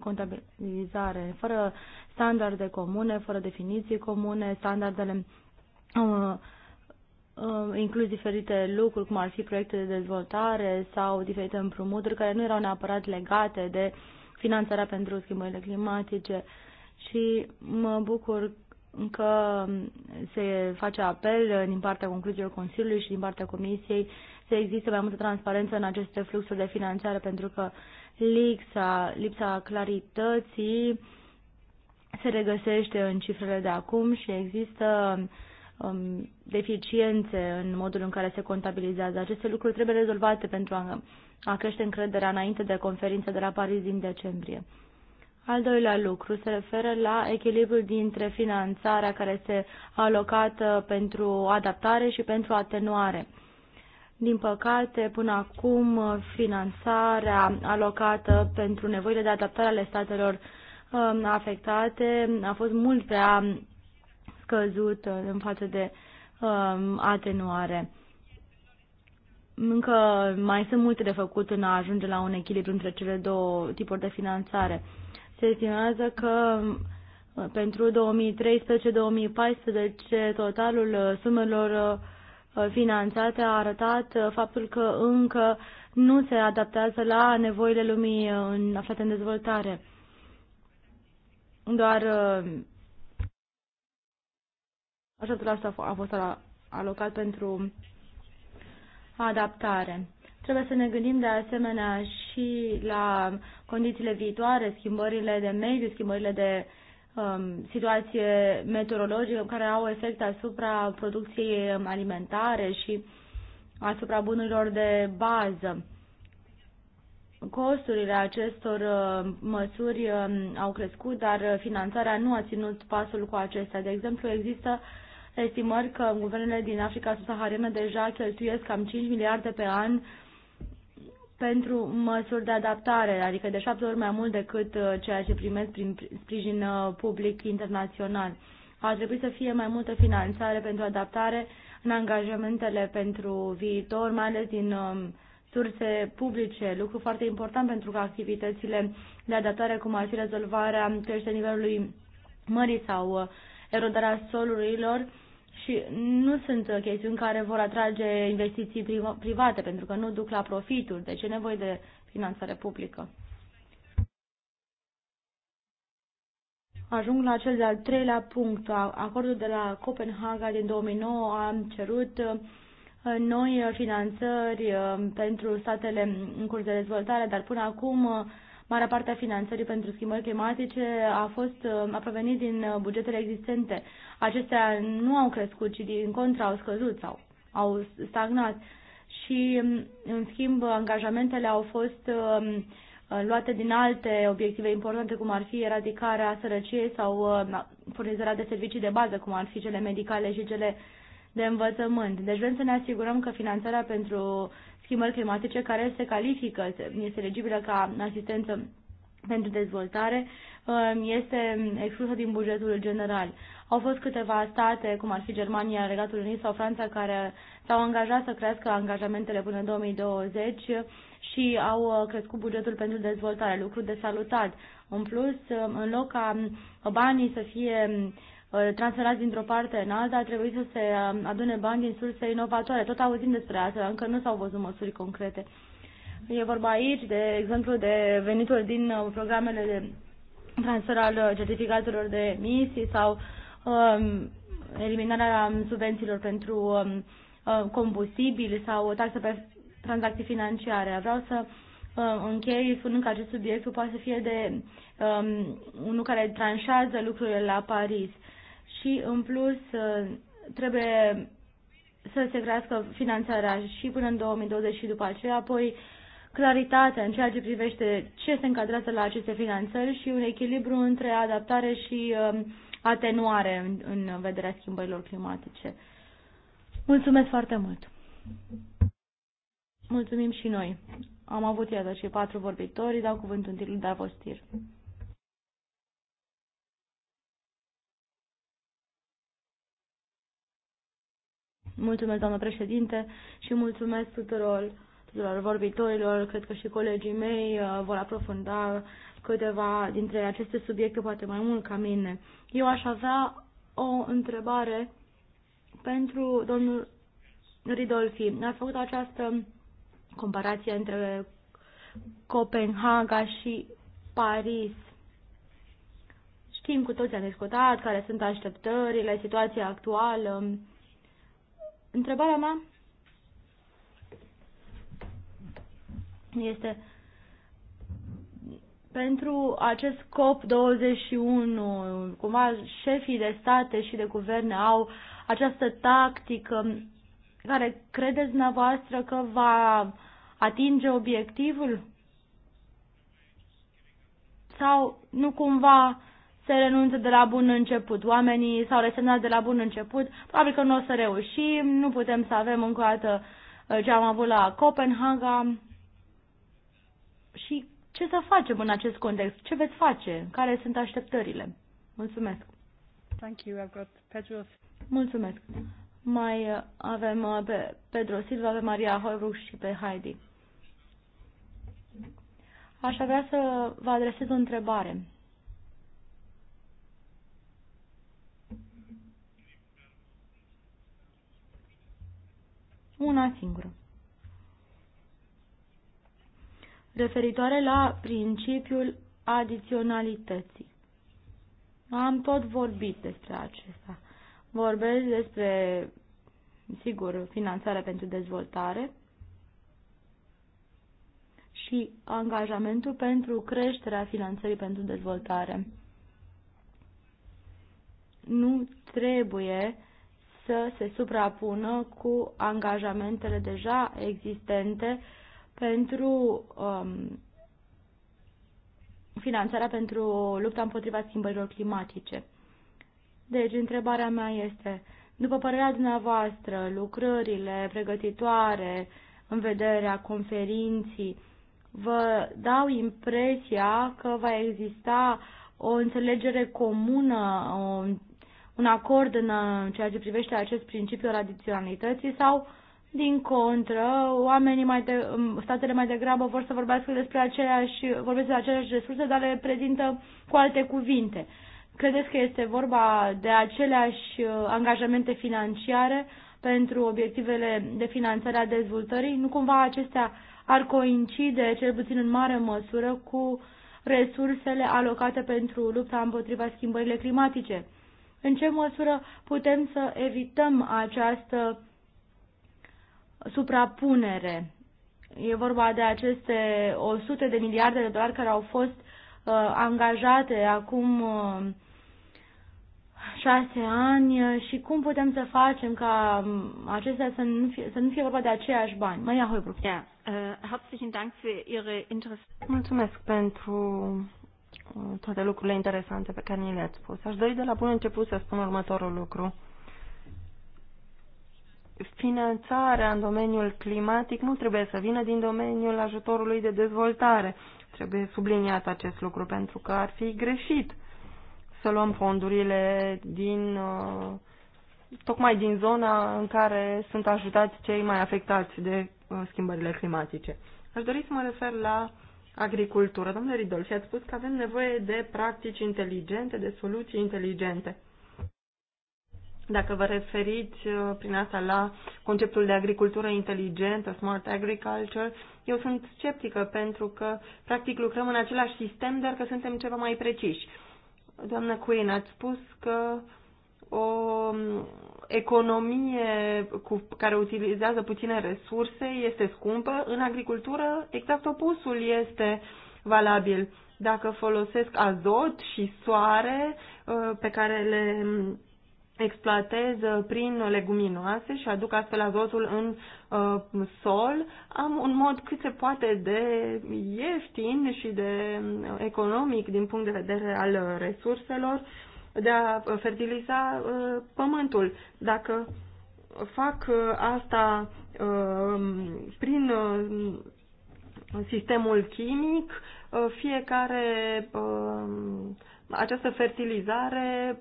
S4: contabilizare, fără standarde comune, fără definiții comune, standardele uh, Um, inclus diferite lucruri, cum ar fi proiecte de dezvoltare sau diferite împrumuturi care nu erau neapărat legate de finanțarea pentru schimbările climatice. Și mă bucur că se face apel din partea concluziilor Consiliului și din partea Comisiei să existe mai multă transparență în aceste fluxuri de finanțare, pentru că lipsa, lipsa clarității se regăsește în cifrele de acum și există uh, um, deficiențe în modul în care se contabilizează. Aceste lucruri trebuie rezolvate pentru a, a crește încrederea înainte de conferința de la Paris din decembrie. Al doilea lucru se referă la echilibrul dintre finanțarea care este alocată pentru adaptare și pentru atenuare. Din păcate, până acum, finanțarea alocată pentru nevoile de adaptare ale statelor um, afectate a fost mult prea scăzut uh, în față de uh, atenuare. Încă mai sunt multe de făcut în a ajunge la un echilibru între cele două tipuri de finanțare. Se estimează că uh, pentru 2013-2014 totalul uh, sumelor finanțate a arătat faptul că încă nu se adaptează la nevoile lumii în aflate în dezvoltare. Doar Ajutorul asta a fost alocat pentru adaptare. Trebuie să ne gândim de asemenea și la condițiile viitoare, schimbările de mediu, schimbările de um, situație meteorologică care au efect asupra producției alimentare și asupra bunurilor de bază. Costurile acestor uh, măsuri um, au crescut, dar finanțarea nu a ținut pasul cu acestea. De exemplu, există uh, estimări că guvernele din Africa subsahariană deja cheltuiesc cam 5 miliarde pe an pentru măsuri de adaptare, adică de șapte ori mai mult decât uh, ceea ce primesc prin sprijin uh, public internațional. Ar trebui să fie mai multă finanțare pentru adaptare în angajamentele pentru viitor, mai ales din um, surse publice, lucru foarte important pentru că activitățile de adaptare, cum ar fi rezolvarea creșterii nivelului mării sau uh, erodarea solurilor, și nu sunt uh, chestiuni care vor atrage investiții private, pentru că nu duc la profituri, deci e nevoie de finanțare publică. Ajung la cel de-al treilea punct. Acordul de la Copenhaga din 2009 a cerut uh, noi uh, finanțări pentru statele în curs de dezvoltare, dar până acum Marea parte a finanțării pentru schimbări climatice a fost uh, a provenit din uh, bugetele existente. Acestea nu au crescut, ci din contra au scăzut sau au stagnat. Și, um, în schimb, angajamentele au fost um, uh, luate din alte obiective importante, cum ar fi eradicarea sărăciei sau da, furnizarea de servicii de bază, cum ar fi cele medicale și cele de învățământ. Deci vrem să ne asigurăm că finanțarea pentru schimbări climatice care se califică, este legibilă ca asistență pentru dezvoltare, um, este exclusă din bugetul general. Au fost câteva state, cum ar fi Germania, Regatul Unit sau Franța, care s-au angajat să crească angajamentele până în 2020 și au uh, crescut bugetul pentru dezvoltare, lucru de salutat. În plus, um, în loc ca banii să fie Uh, transferați dintr-o parte în alta, trebuie să se uh, adune bani din surse inovatoare. Tot auzim despre asta, încă nu s-au văzut măsuri concrete. E vorba aici, de exemplu, de venituri din uh, programele de transfer al certificatelor de emisii sau um, eliminarea subvențiilor pentru um, combustibili sau o taxă pe tranzacții financiare. Vreau să închei spunând că acest subiect poate să fie de um, unul care tranșează lucrurile la Paris și în plus ă, trebuie să se crească finanțarea și până în 2020 și după aceea, apoi claritatea în ceea ce privește ce se încadrează la aceste finanțări și un echilibru între adaptare și ă, atenuare în, vederea schimbărilor climatice. Mulțumesc foarte mult! Mulțumim și noi! Am avut, iată, și patru vorbitori, dau cuvântul întâi de Davostir. Mulțumesc, doamnă președinte, și mulțumesc tuturor, tuturor vorbitorilor. Cred că și colegii mei uh, vor aprofunda câteva dintre aceste subiecte, poate mai mult ca mine. Eu aș avea o întrebare pentru domnul Ridolfi. A făcut această comparație între Copenhaga și Paris. Știm cu toți am discutat care sunt așteptările, situația actuală, Întrebarea mea este pentru acest COP21, cumva șefii de state și de guverne au această tactică care credeți dumneavoastră că va atinge obiectivul? Sau nu cumva se renunță de la bun început. Oamenii s-au resemnat de la bun început, probabil că nu o să reușim, nu putem să avem încă o dată uh, ce am avut la Copenhaga. Și ce să facem în acest context? Ce veți face? Care sunt așteptările? Mulțumesc.
S1: Thank you. I've got Pedro.
S4: Mulțumesc. Mai uh, avem uh, pe Pedro Silva, pe Maria Hoibruc și pe Heidi. Aș avea să vă adresez o întrebare. una singură. Referitoare la principiul adiționalității. Am tot vorbit despre acesta. Vorbesc despre, sigur, finanțarea pentru dezvoltare și angajamentul pentru creșterea finanțării pentru dezvoltare. Nu trebuie să se suprapună cu angajamentele deja existente pentru um, finanțarea pentru lupta împotriva schimbărilor climatice. Deci, întrebarea mea este, după părerea dumneavoastră, lucrările pregătitoare în vederea conferinții vă dau impresia că va exista o înțelegere comună, o un acord uh, în ceea ce privește acest principiu adiționalității sau, din contră, oamenii mai de, um, statele mai degrabă vor să vorbească despre aceleași, vorbesc de aceleași resurse, dar le prezintă cu alte cuvinte. Credeți că este vorba de aceleași uh, angajamente financiare pentru obiectivele de finanțare a dezvoltării? Nu cumva acestea ar coincide, cel puțin în mare măsură, cu resursele alocate pentru lupta împotriva schimbările climatice? În ce măsură putem să evităm această suprapunere? E vorba de aceste 100 de miliarde de dolari care au fost uh, angajate acum uh, șase ani uh, și cum putem să facem ca um, acestea să nu fie, să nu fie vorba de aceiași bani. Maria Hoibruc. Yeah.
S2: Uh,
S4: Mulțumesc pentru Uh, toate lucrurile interesante pe care ni
S5: le-ați spus. Aș dori de la bun început să spun următorul lucru. Finanțarea în domeniul climatic nu trebuie să vină din domeniul ajutorului de dezvoltare. Trebuie subliniat acest lucru pentru că ar fi greșit să luăm fondurile din uh, tocmai din zona în care sunt ajutați cei mai afectați de uh, schimbările climatice. Aș dori să mă refer la agricultură. Domnule Ridolfi, ați spus că avem nevoie de practici inteligente, de soluții inteligente. Dacă vă referiți uh, prin asta la conceptul de agricultură inteligentă, smart agriculture, eu sunt sceptică pentru că practic lucrăm în același sistem, dar că suntem ceva mai preciși. Doamna Queen, ați spus că o economie cu, care utilizează puține resurse este scumpă. În agricultură, exact opusul este valabil. Dacă folosesc azot și soare uh, pe care le mm, exploatez uh, prin leguminoase și aduc astfel azotul în uh, sol, am un mod cât se poate de ieftin și de mm, economic din punct de vedere al resurselor de a fertiliza uh, pământul. Dacă fac uh, asta uh, prin sistemul chimic, fiecare această fertilizare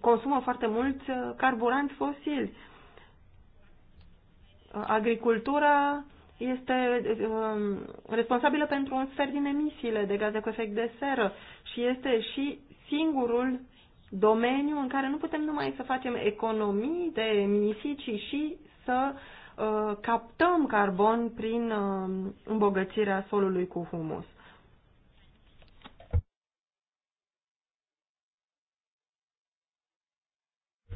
S5: consumă foarte mult carburanți fosili. Agricultura este responsabilă pentru un sfert din emisiile de gaze cu efect de seră și este și singurul domeniu în care nu putem numai să facem economii de emisii, ci și să uh, captăm carbon prin uh, îmbogățirea solului cu humus.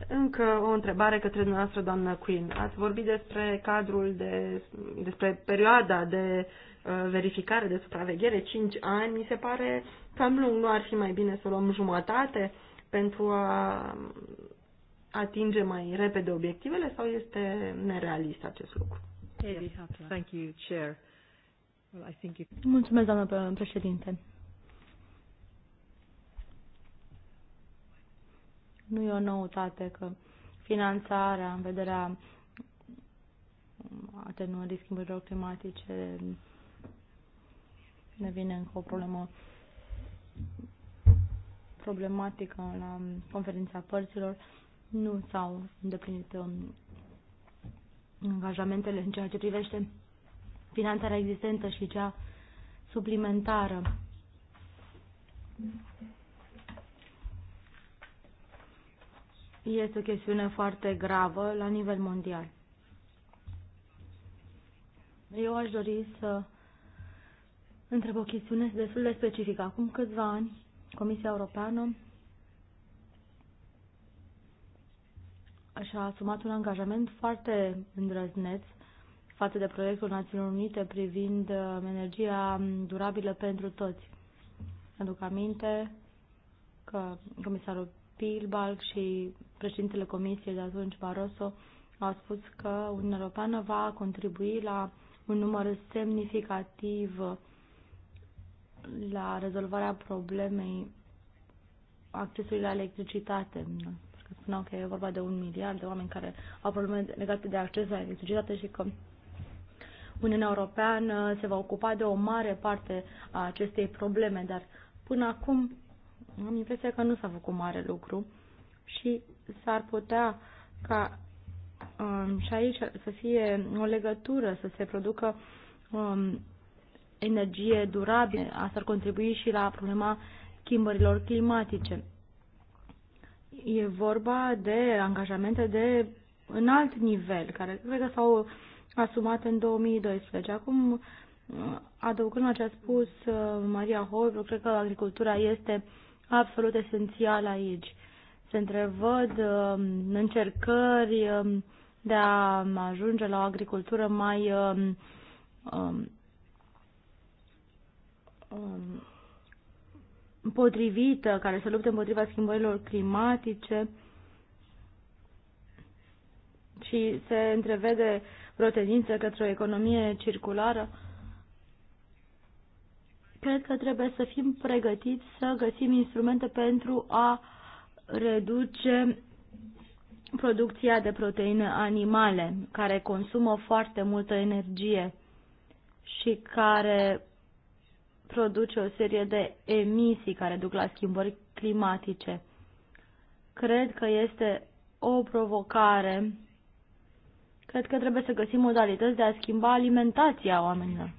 S5: Încă o întrebare către dumneavoastră, doamnă Queen. Ați vorbit despre cadrul de, despre perioada de Uh, verificare, de supraveghere, 5 ani, mi se pare cam lung. Nu ar fi mai bine să luăm jumătate pentru a atinge mai repede obiectivele
S4: sau este nerealist acest lucru?
S5: Thank you, Chair.
S4: Well, I think it... Mulțumesc, doamnă președinte. Nu e o noutate că finanțarea în vederea atenuării schimbărilor climatice ne vine încă o problemă problematică la conferința părților. Nu s-au îndeplinit um, angajamentele în ceea ce privește finanțarea existentă și cea suplimentară. Este o chestiune foarte gravă la nivel mondial. Eu aș dori să întreb o chestiune destul de specifică. Acum câțiva ani, Comisia Europeană și-a asumat un angajament foarte îndrăzneț față de proiectul Națiunilor Unite privind uh, energia durabilă pentru toți. Aduc aminte că comisarul Pilbalg și președintele Comisiei de atunci, Barroso, au spus că Uniunea Europeană va contribui la un număr semnificativ la rezolvarea problemei accesului la electricitate. Că spuneau că e vorba de un miliard de oameni care au probleme legate de acces la electricitate și că Uniunea Europeană se va ocupa de o mare parte a acestei probleme, dar până acum am impresia că nu s-a făcut mare lucru și s-ar putea ca um, și aici să fie o legătură, să se producă um, energie durabilă. Asta ar contribui și la problema schimbărilor climatice. E vorba de angajamente de în alt nivel, care cred că s-au asumat în 2012. Acum, adăugând la ce a spus uh, Maria Hoibru, cred că agricultura este absolut esențială aici. Se întrevăd um, încercări um, de a ajunge la o agricultură mai um, Um, împotrivită, potrivită, care să lupte împotriva schimbărilor climatice și se întrevede vreo tendință către o economie circulară, cred că trebuie să fim pregătiți să găsim instrumente pentru a reduce producția de proteine animale, care consumă foarte multă energie și care produce o serie de emisii care duc la schimbări climatice. Cred că este o provocare. Cred că trebuie să găsim modalități de a schimba alimentația oamenilor.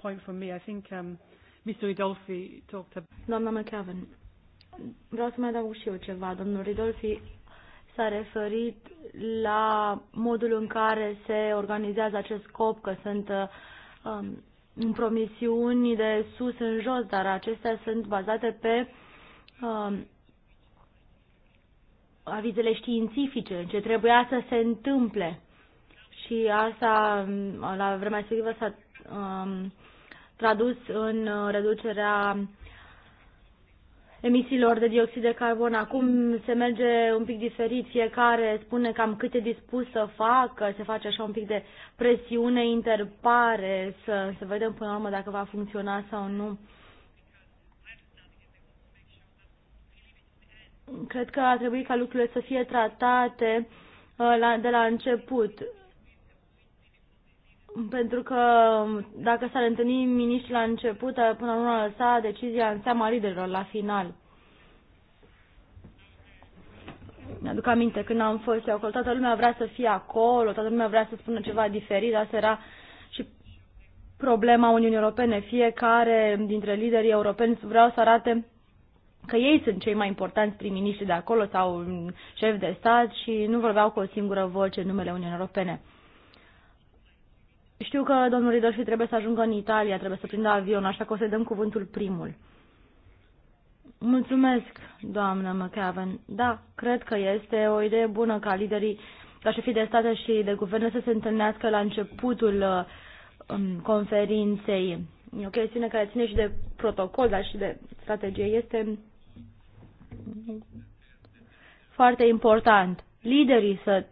S4: Point for me, I think um, Mr. Ridolfi talked about... Doamna McAven, vreau să mai adaug și eu ceva. Domnul Ridolfi s-a referit la modul în care se organizează acest scop, că sunt um, în promisiuni de sus în jos, dar acestea sunt bazate pe uh, avizele științifice, ce trebuia să se întâmple. Și asta, la vremea respectivă, s-a uh, tradus în uh, reducerea emisiilor de dioxid de carbon. Acum se merge un pic diferit, fiecare spune cam cât e dispus să facă, se face așa un pic de presiune interpare, să, să vedem până la urmă dacă va funcționa sau nu. Cred că ar trebui ca lucrurile să fie tratate uh, de la început pentru că dacă s-ar întâlni miniștri la început, eh, până la urmă lăsa decizia în seama liderilor la final. Mi-aduc aminte, când am fost eu acolo, toată lumea vrea să fie acolo, toată lumea vrea să spună ceva diferit, asta era și problema Uniunii Europene. Fiecare dintre liderii europeni vreau să arate că ei sunt cei mai importanți prim-miniștri de acolo sau șef de stat și nu vorbeau cu o singură voce în numele Uniunii Europene. Știu că domnul Ridolfi trebuie să ajungă în Italia, trebuie să prindă avion, așa că o să-i dăm cuvântul primul. Mulțumesc, doamnă McAven. Da, cred că este o idee bună ca liderii, ca șefii de state și de guvern să se întâlnească la începutul um, conferinței. E o chestiune care ține și de protocol, dar și de strategie. Este foarte important. Liderii să,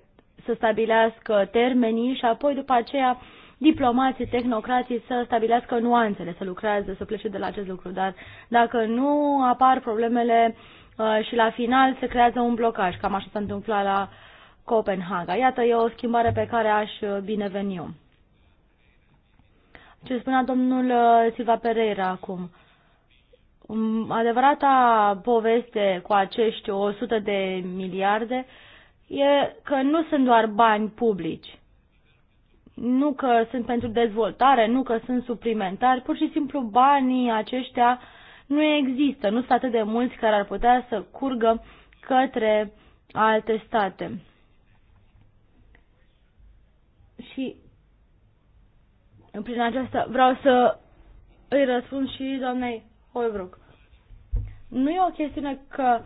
S4: să stabilească termenii și apoi după aceea diplomații, tehnocrații să stabilească nuanțele, să lucrează, să plece de la acest lucru. Dar dacă nu apar problemele uh, și la final se creează un blocaj. Cam așa s-a întâmplat la Copenhaga. Iată, e o schimbare pe care aș uh, bineveni eu. Ce spunea domnul uh, Silva Pereira acum. Um, adevărata poveste cu acești 100 de miliarde e că nu sunt doar bani publici nu că sunt pentru dezvoltare, nu că sunt suplimentari, pur și simplu banii aceștia nu există, nu sunt atât de mulți care ar putea să curgă către alte state. Și prin aceasta vreau să îi răspund și doamnei Holbrook. Nu e o chestiune că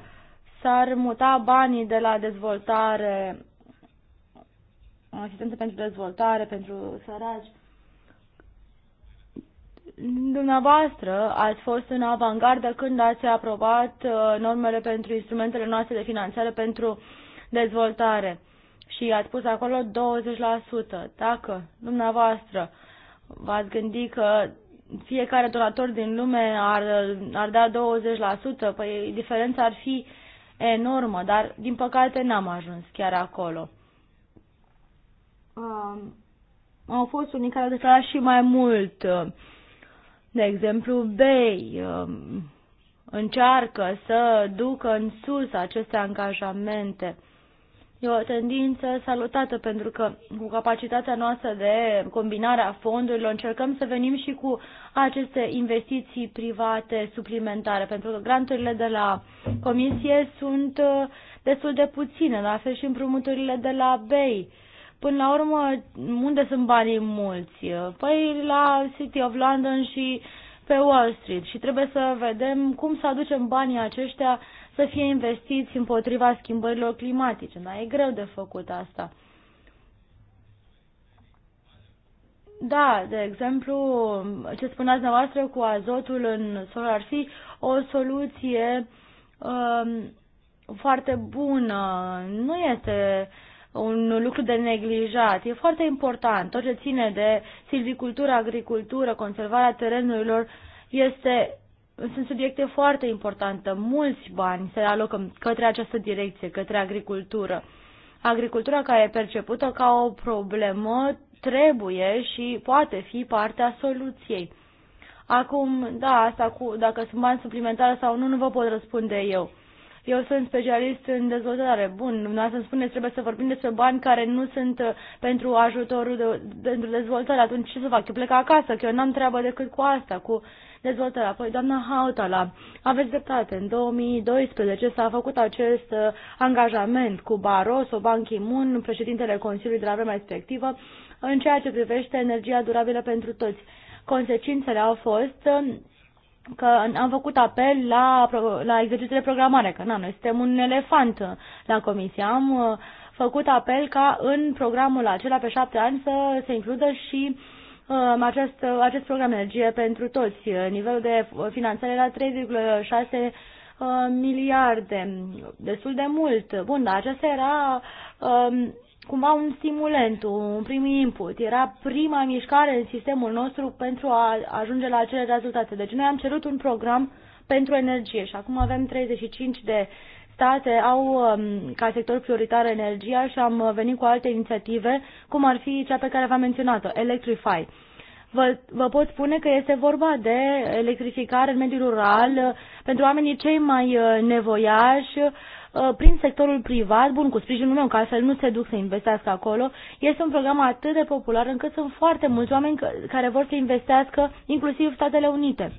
S4: s-ar muta banii de la dezvoltare asistență pentru dezvoltare, pentru săraci. Dumneavoastră ați fost în avangardă când ați aprobat uh, normele pentru instrumentele noastre de finanțare pentru dezvoltare și ați pus acolo 20%. Dacă dumneavoastră v-ați gândit că fiecare donator din lume ar, ar da 20%, păi diferența ar fi enormă, dar din păcate n-am ajuns chiar acolo um, au fost unii care au declarat și mai mult. Uh, de exemplu, Bay um, încearcă să ducă în sus aceste angajamente. E o tendință salutată pentru că cu capacitatea noastră de combinare a fondurilor încercăm să venim și cu aceste investiții private suplimentare, pentru că granturile de la Comisie sunt uh, destul de puține, la fel și împrumuturile de la BEI. Până la urmă, unde sunt banii mulți? Păi la City of London și pe Wall Street și trebuie să vedem cum să aducem banii aceștia să fie investiți împotriva schimbărilor climatice. Dar e greu de făcut asta. Da, de exemplu, ce spuneați dumneavoastră cu azotul în sol ar fi o soluție um, foarte bună. Nu este un lucru de neglijat. E foarte important. Tot ce ține de silvicultură, agricultură, conservarea terenurilor, este, sunt subiecte foarte importante. Mulți bani se alocă către această direcție, către agricultură. Agricultura care e percepută ca o problemă trebuie și poate fi partea soluției. Acum, da, asta cu, dacă sunt bani suplimentare sau nu, nu vă pot răspunde eu. Eu sunt specialist în dezvoltare. Bun, dumneavoastră îmi spuneți, trebuie să vorbim despre bani care nu sunt uh, pentru ajutorul de, pentru dezvoltare. Atunci ce să fac? Eu plec acasă, că eu n-am treabă decât cu asta, cu dezvoltarea. Apoi, doamna Hautala, aveți dreptate. În 2012 s-a făcut acest uh, angajament cu Barroso, Ban Ki-moon, președintele Consiliului de la vremea respectivă, în ceea ce privește energia durabilă pentru toți. Consecințele au fost uh, că am făcut apel la, la exercițiul de programare, că na, noi suntem un elefant la comisie. Am uh, făcut apel ca în programul acela pe șapte ani să se includă și um, acest, uh, acest program Energie pentru Toți. Nivelul de finanțare era 3,6 miliarde, destul de mult. Bun, dar acesta era um, cumva un stimulent, un prim input. Era prima mișcare în sistemul nostru pentru a ajunge la acele rezultate. Deci noi am cerut un program pentru energie și acum avem 35 de state au um, ca sector prioritar energia și am venit cu alte inițiative, cum ar fi cea pe care v-am menționat-o, Electrify. Vă, vă pot spune că este vorba de electrificare în mediul rural pentru oamenii cei mai uh, nevoiași, Uh, prin sectorul privat, bun, cu sprijinul meu, că altfel nu se duc să investească acolo, este un program atât de popular încât sunt foarte mulți oameni care vor să investească, inclusiv Statele Unite.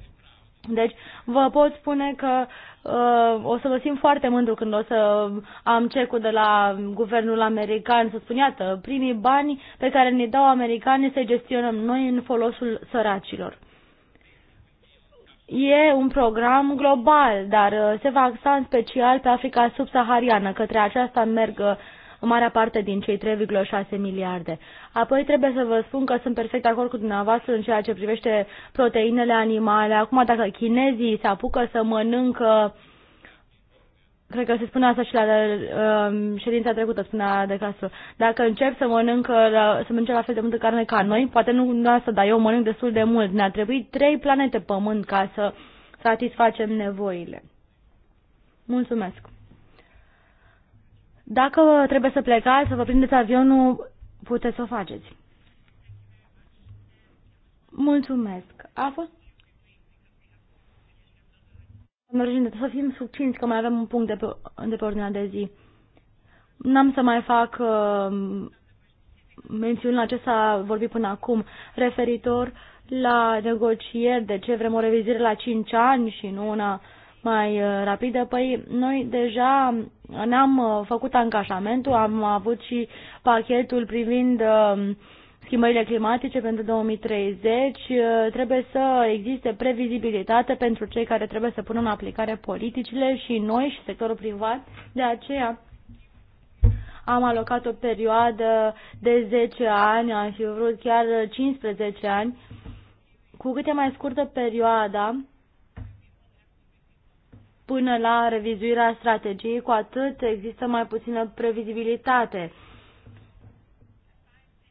S4: Deci vă pot spune că uh, o să vă simt foarte mândru când o să am cecul de la guvernul american să spun, iată, primii bani pe care ne dau americani să gestionăm noi în folosul săracilor. E un program global, dar uh, se va axa în special pe Africa subsahariană. Către aceasta merg uh, marea parte din cei 3,6 miliarde. Apoi trebuie să vă spun că sunt perfect de acord cu dumneavoastră în ceea ce privește proteinele animale. Acum, dacă chinezii se apucă să mănâncă cred că se spune asta și la uh, ședința trecută, spunea de casă, dacă încep să mănânc, uh, la, să mănânc la fel de multă carne ca noi, poate nu asta, dar eu mănânc destul de mult. Ne-ar trebui trei planete pământ ca să satisfacem nevoile. Mulțumesc. Dacă trebuie să plecați, să vă prindeți avionul, puteți să o faceți. Mulțumesc. A fost Merginte, să fim succinți, că mai avem un punct de pe, de pe ordinea de zi. N-am să mai fac uh, mențiunea s-a vorbit până acum, referitor la negocieri, de ce vrem o revizire la 5 ani și nu una mai uh, rapidă. Păi noi deja ne-am uh, făcut angajamentul, am avut și pachetul privind uh, schimbările climatice pentru 2030, uh, trebuie să existe previzibilitate pentru cei care trebuie să pună în aplicare politicile și noi și sectorul privat. De aceea am alocat o perioadă de 10 ani, am fi vrut chiar 15 ani. Cu cât e mai scurtă perioada, până la revizuirea strategiei, cu atât există mai puțină previzibilitate.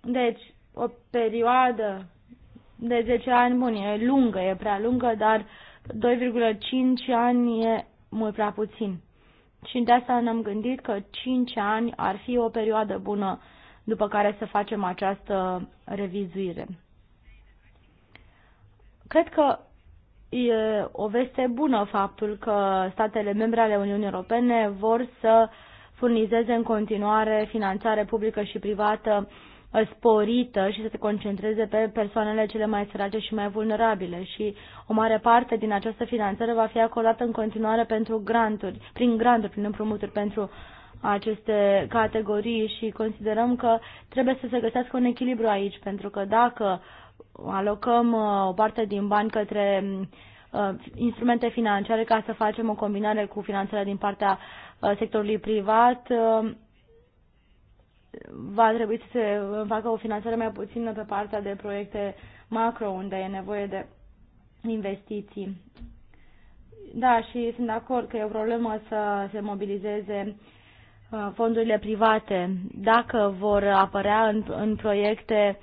S4: Deci, o perioadă de 10 ani, bun, e lungă, e prea lungă, dar 2,5 ani e mult prea puțin. Și de asta ne-am gândit că 5 ani ar fi o perioadă bună după care să facem această revizuire. Cred că e o veste bună faptul că statele membre ale Uniunii Europene vor să furnizeze în continuare finanțare publică și privată uh, Uh, sporită și să se concentreze pe persoanele cele mai sărace și mai vulnerabile și o mare parte din această finanțare va fi acordată în continuare pentru granturi, prin granturi, prin împrumuturi pentru aceste categorii și considerăm că trebuie să se găsească un echilibru aici, pentru că dacă alocăm uh, o parte din bani către uh, instrumente financiare ca să facem o combinare cu finanțarea din partea sectorului privat, va trebui să se facă o finanțare mai puțină pe partea de proiecte macro, unde e nevoie de investiții. Da, și sunt de acord că e o problemă să se mobilizeze uh, fondurile private. Dacă vor apărea în, în proiecte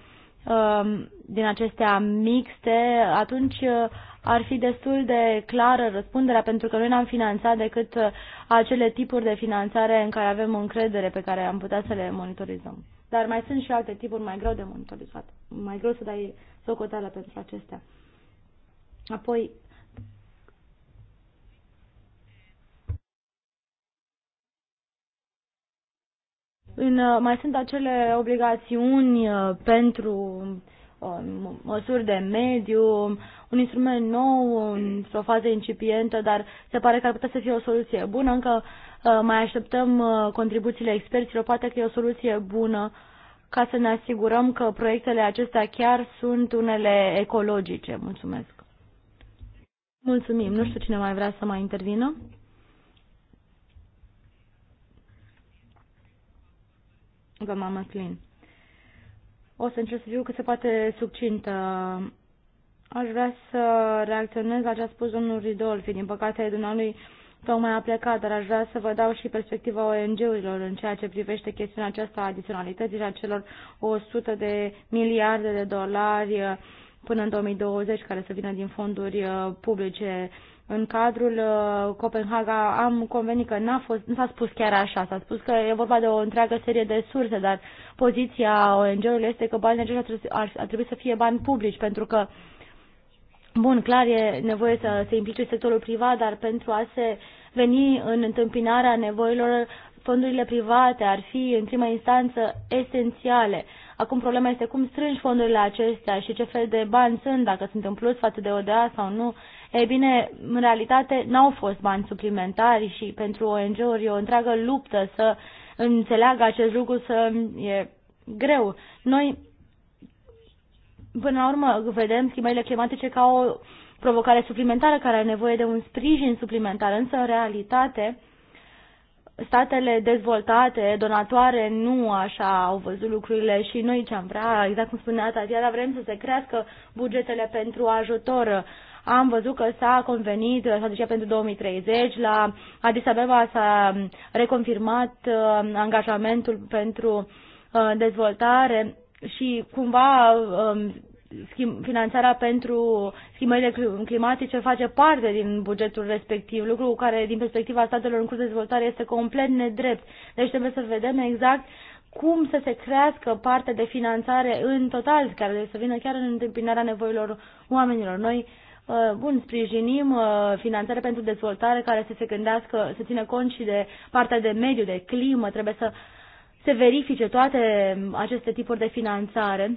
S4: um, din acestea mixte, atunci uh, ar fi destul de clară răspunderea, pentru că noi n-am finanțat decât uh, acele tipuri de finanțare în care avem încredere, pe care am putea să le monitorizăm. Dar mai sunt și alte tipuri mai greu de monitorizat, mai greu să dai socoteală pentru acestea. Apoi, în, uh, mai sunt acele obligațiuni uh, pentru Um, măsuri de mediu, un instrument nou, într-o fază incipientă, dar se pare că ar putea să fie o soluție bună. Încă uh, mai așteptăm uh, contribuțiile experților, poate că e o soluție bună ca să ne asigurăm că proiectele acestea chiar sunt unele ecologice. Mulțumesc. Mulțumim. Nu știu cine mai vrea să mai intervină. Doamna Măslin. O să încerc să fiu cât se poate succintă. Aș vrea să reacționez la ce a spus domnul Ridolfi. Din păcate, dumnealui tocmai a plecat, dar aș vrea să vă dau și perspectiva ONG-urilor în ceea ce privește chestiunea aceasta a adiționalității și a celor 100 de miliarde de dolari până în 2020 care să vină din fonduri uh, publice în cadrul uh, Copenhaga am convenit că n-a fost, nu s-a spus chiar așa, s-a spus că e vorba de o întreagă serie de surse, dar poziția ONG-ului este că banii aceștia ar, trebui, ar, trebui să fie bani publici, pentru că, bun, clar e nevoie să se implice sectorul privat, dar pentru a se veni în întâmpinarea nevoilor, fondurile private ar fi, în prima instanță, esențiale. Acum problema este cum strângi fondurile acestea și ce fel de bani sunt, dacă sunt în plus față de ODA sau nu. Ei bine, în realitate n-au fost bani suplimentari și pentru ONG-uri e o întreagă luptă să înțeleagă acest lucru, să e greu. Noi, până la urmă, vedem schimbările climatice ca o provocare suplimentară care are nevoie de un sprijin suplimentar, însă, în realitate, uh, statele dezvoltate, donatoare, nu așa au văzut lucrurile și noi ce am vrea, exact cum spunea Tatiana, vrem să se crească bugetele pentru ajutor. Am văzut că s-a convenit, strategia pentru 2030, la Addis Abeba s-a reconfirmat uh, angajamentul pentru uh, dezvoltare și cumva um, finanțarea pentru schimbările climatice face parte din bugetul respectiv, lucru care, din perspectiva statelor în curs de dezvoltare, este complet nedrept. Deci trebuie să vedem exact cum să se crească parte de finanțare în total, care să vină chiar în întâmpinarea nevoilor oamenilor. Noi uh, bun, sprijinim uh, finanțarea pentru dezvoltare care să se gândească, să țină cont și de partea de mediu, de climă, trebuie să se verifice toate aceste tipuri de finanțare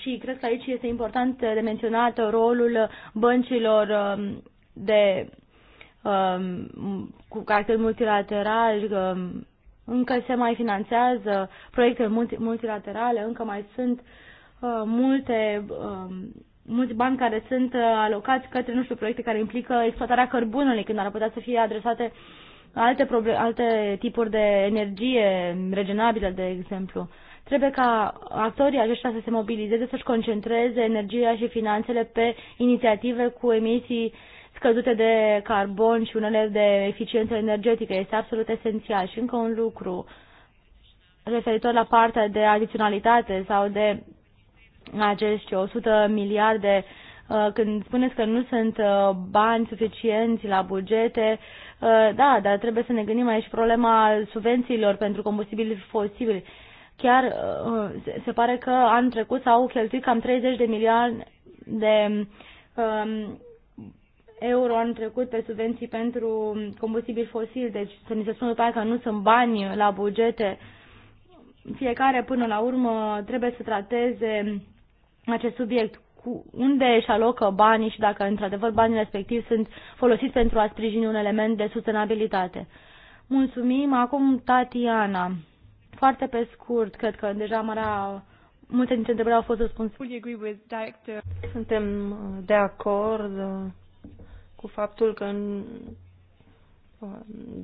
S4: și cred că aici este important de menționat rolul băncilor um, de um, cu caracter multilateral, um, încă se mai finanțează proiecte multilaterale, încă mai sunt uh, multe mulți bani care sunt uh, alocați către, nu știu, proiecte care implică exploatarea cărbunului, când ar putea să fie adresate alte, alte tipuri de energie regenerabile, de exemplu. Trebuie ca actorii aceștia să se mobilizeze, să-și concentreze energia și finanțele pe inițiative cu emisii scăzute de carbon și unele de eficiență energetică. Este absolut esențial. Și încă un lucru referitor la partea de adiționalitate sau de acești 100 miliarde uh, când spuneți că nu sunt uh, bani suficienți la bugete, uh, da, dar trebuie să ne gândim aici problema subvențiilor pentru combustibili fosili. Chiar uh, se pare că anul trecut s-au cheltuit cam 30 de milioane de um, euro anul trecut pe subvenții pentru combustibil fosil, deci să ni se spună după aia că nu sunt bani la bugete. Fiecare până la urmă trebuie să trateze acest subiect cu unde își alocă banii și dacă într-adevăr banii respectivi sunt folosiți pentru a sprijini un element de sustenabilitate. Mulțumim. Acum Tatiana. Foarte pe scurt, cred că deja măra multe dintre întrebări au fost răspunse. Suntem uh,
S5: de acord uh,
S4: cu faptul că uh,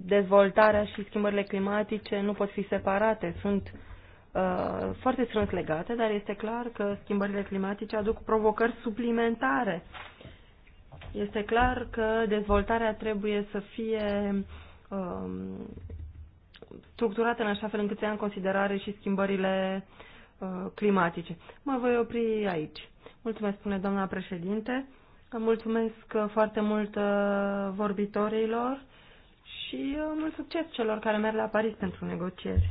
S5: dezvoltarea și schimbările climatice nu pot fi separate, sunt foarte strâns legate, dar este clar că schimbările climatice aduc provocări suplimentare. Este clar că dezvoltarea trebuie să fie um, structurate în așa fel încât să ia în considerare și schimbările uh, climatice. Mă voi opri aici. Mulțumesc, spune doamna președinte. Mulțumesc uh, foarte mult uh, vorbitorilor și mult succes celor care merg la Paris pentru negocieri.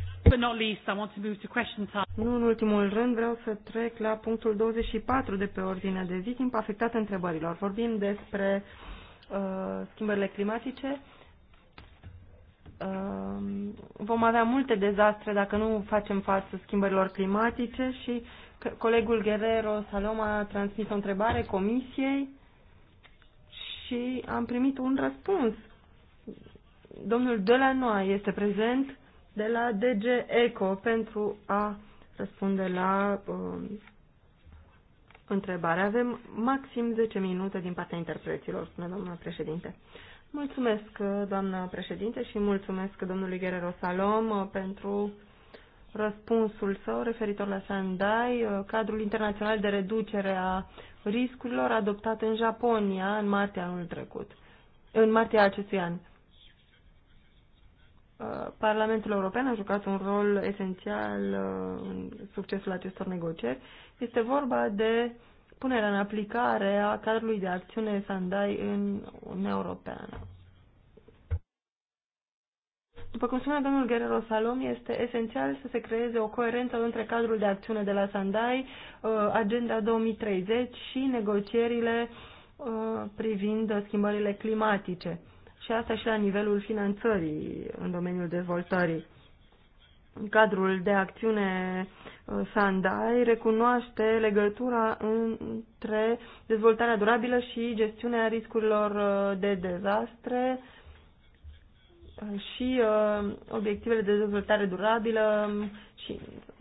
S5: Nu în ultimul rând vreau să trec la punctul 24 de pe ordinea de zi, timp afectat întrebărilor. Vorbim despre uh, schimbările climatice Ehm, vom avea multe dezastre dacă nu facem față schimbărilor climatice și colegul Guerrero Saloma a transmis o întrebare comisiei și am primit un răspuns. Domnul Delanoa este prezent de la DG ECO pentru a răspunde la uh, întrebare. Avem maxim 10 minute din partea interpreților, spune domnul președinte. Mulțumesc, doamnă președinte, și mulțumesc domnului Guerrero Salom uh, pentru răspunsul său referitor la Sandai, uh, cadrul internațional de reducere a riscurilor adoptat în Japonia în martie anul trecut, în martie acestui an. Uh, Parlamentul European a jucat un rol esențial în succesul acestor negocieri. Este vorba de punerea în aplicare a cadrului de acțiune Sandai în Uniunea Europeană. După cum spunea domnul Guerrero Salom, este esențial să se creeze o coerență între cadrul de acțiune de la Sandai, uh, Agenda 2030 și negocierile uh, privind schimbările climatice. Și asta și la nivelul finanțării în domeniul dezvoltării cadrul de acțiune Sandai uh, recunoaște legătura între dezvoltarea durabilă și gestiunea riscurilor uh, de dezastre uh, și obiectivele de dezvoltare durabilă și,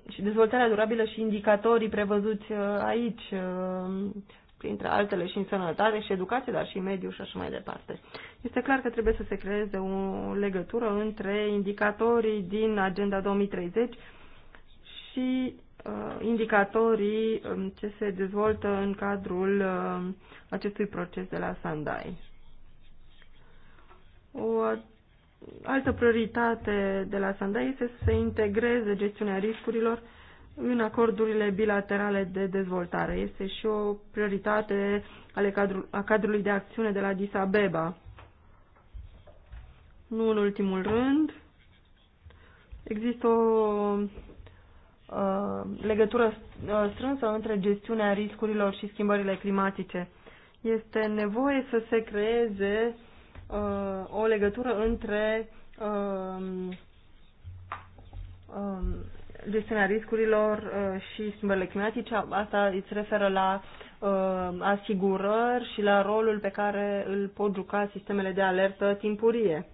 S5: și dezvoltarea durabilă și indicatorii prevăzuți aici printre altele și în sănătate și educație, dar și în mediu și așa mai departe. Este clar că trebuie să se creeze o legătură între indicatorii din Agenda 2030 și uh, indicatorii um, ce se dezvoltă în cadrul uh, acestui proces de la Sandai. O altă prioritate de la Sandai este să se integreze gestiunea riscurilor în acordurile bilaterale de dezvoltare. Este și o prioritate ale cadru, a cadrului de acțiune de la Disabeba. Nu în ultimul rând, există o uh, legătură uh, strânsă între gestiunea riscurilor și schimbările climatice. Este nevoie să se creeze uh, o legătură între uh, gestiunea riscurilor uh, și schimbările climatice, asta îți referă la uh, asigurări și la rolul pe care îl pot juca sistemele de alertă timpurie.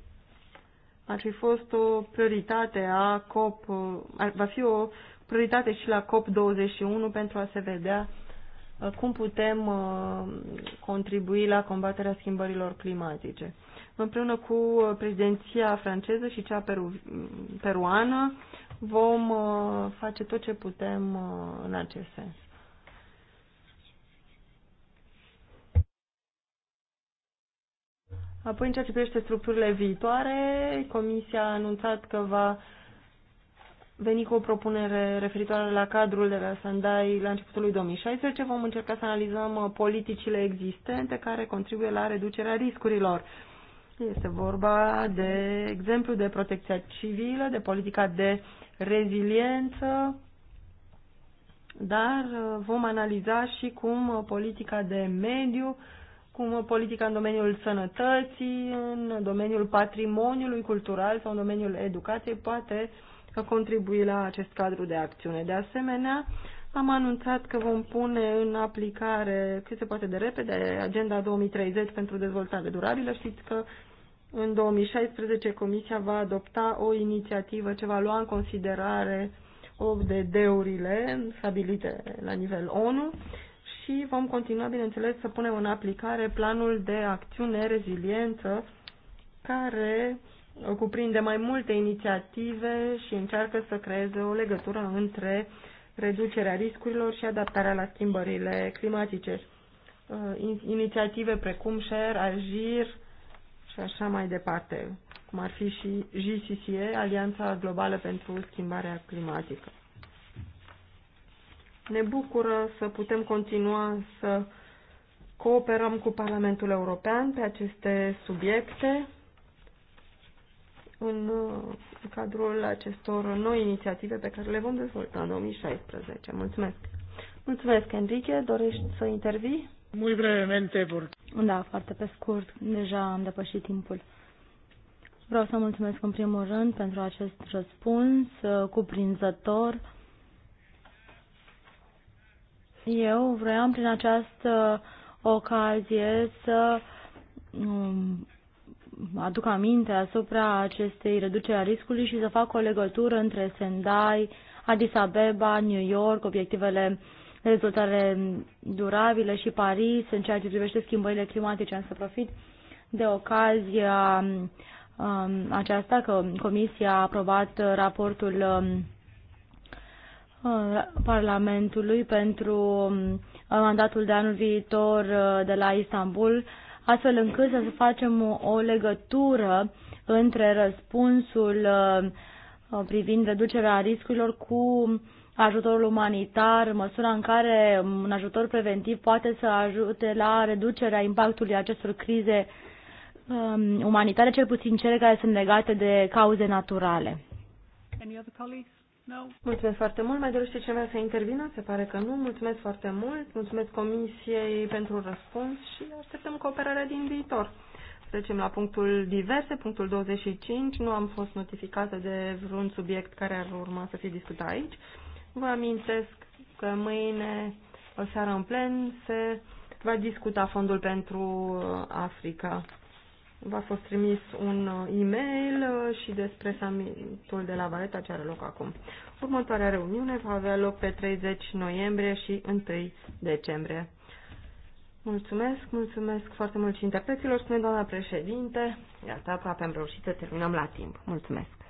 S5: Ar fi fost o prioritate a COP, uh, va fi o prioritate și la COP21 pentru a se vedea cum putem contribui la combaterea schimbărilor climatice. Împreună cu președinția franceză și cea peru- peruană vom uh, face tot ce putem uh, în acest sens. Apoi, în ceea ce privește structurile viitoare, Comisia a anunțat că va veni cu o propunere referitoare la cadrul de la Sandai la începutul lui 2016. Vom încerca să analizăm uh, politicile existente care contribuie la reducerea riscurilor este vorba de exemplu de protecția civilă, de politica de reziliență, dar uh, vom analiza și cum uh, politica de mediu, cum uh, politica în domeniul sănătății, în domeniul patrimoniului cultural sau în domeniul educației poate contribui la acest cadru de acțiune. De asemenea, am anunțat că vom pune în aplicare cât se poate de repede Agenda 2030 pentru dezvoltare durabilă. Știți că în 2016 Comisia va adopta o inițiativă ce va lua în considerare ODD-urile stabilite la nivel ONU și vom continua, bineînțeles, să punem în aplicare planul de acțiune reziliență care cuprinde mai multe inițiative și încearcă să creeze o legătură între uh, reducerea riscurilor și adaptarea la schimbările climatice. Uh, inițiative precum SHARE, AGIR și așa mai departe, cum ar fi și GCCE, Alianța Globală pentru Schimbarea Climatică. Ne bucură să putem continua să cooperăm cu Parlamentul European pe aceste subiecte în cadrul acestor noi inițiative pe care le vom dezvolta în 2016. Mulțumesc!
S4: Mulțumesc, Enrique. Dorești să intervii?
S5: Muy brevemente.
S4: Por... Da, foarte pe scurt. Deja am depășit timpul. Vreau să mulțumesc în primul rând pentru acest răspuns uh, cuprinzător. Eu vreau prin această ocazie să um, aduc aminte asupra acestei reduceri a riscului și să fac o legătură între Sendai, Addis Abeba, New York, obiectivele de dezvoltare durabilă și Paris în ceea ce privește schimbările climatice. Am să profit de ocazia um, aceasta că Comisia a aprobat raportul um, uh, Parlamentului pentru um, mandatul de anul viitor uh, de la Istanbul astfel încât să facem o legătură între răspunsul uh, privind reducerea riscurilor cu ajutorul umanitar, măsura în care un ajutor preventiv poate să ajute la reducerea impactului acestor crize um, umanitare, cel puțin cele care sunt legate de cauze naturale.
S1: Any other colleagues? No.
S5: Mulțumesc foarte mult. Mai dorește cineva să intervină? Se pare că nu. Mulțumesc foarte mult. Mulțumesc Comisiei pentru răspuns și așteptăm cooperarea din viitor. Trecem la punctul diverse, punctul 25. Nu am fost notificată de vreun subiect care ar urma să fie discutat aici. Vă amintesc că mâine, o seară în plen, se va discuta fondul pentru uh, Africa v-a fost trimis un uh, e-mail uh, și despre summitul de la Valeta ce are loc acum. Următoarea reuniune va avea loc pe 30 noiembrie și 1 decembrie. Mulțumesc, mulțumesc foarte mult și interpreților, spune doamna președinte. Iată, aproape am reușit să terminăm la timp.
S2: Mulțumesc.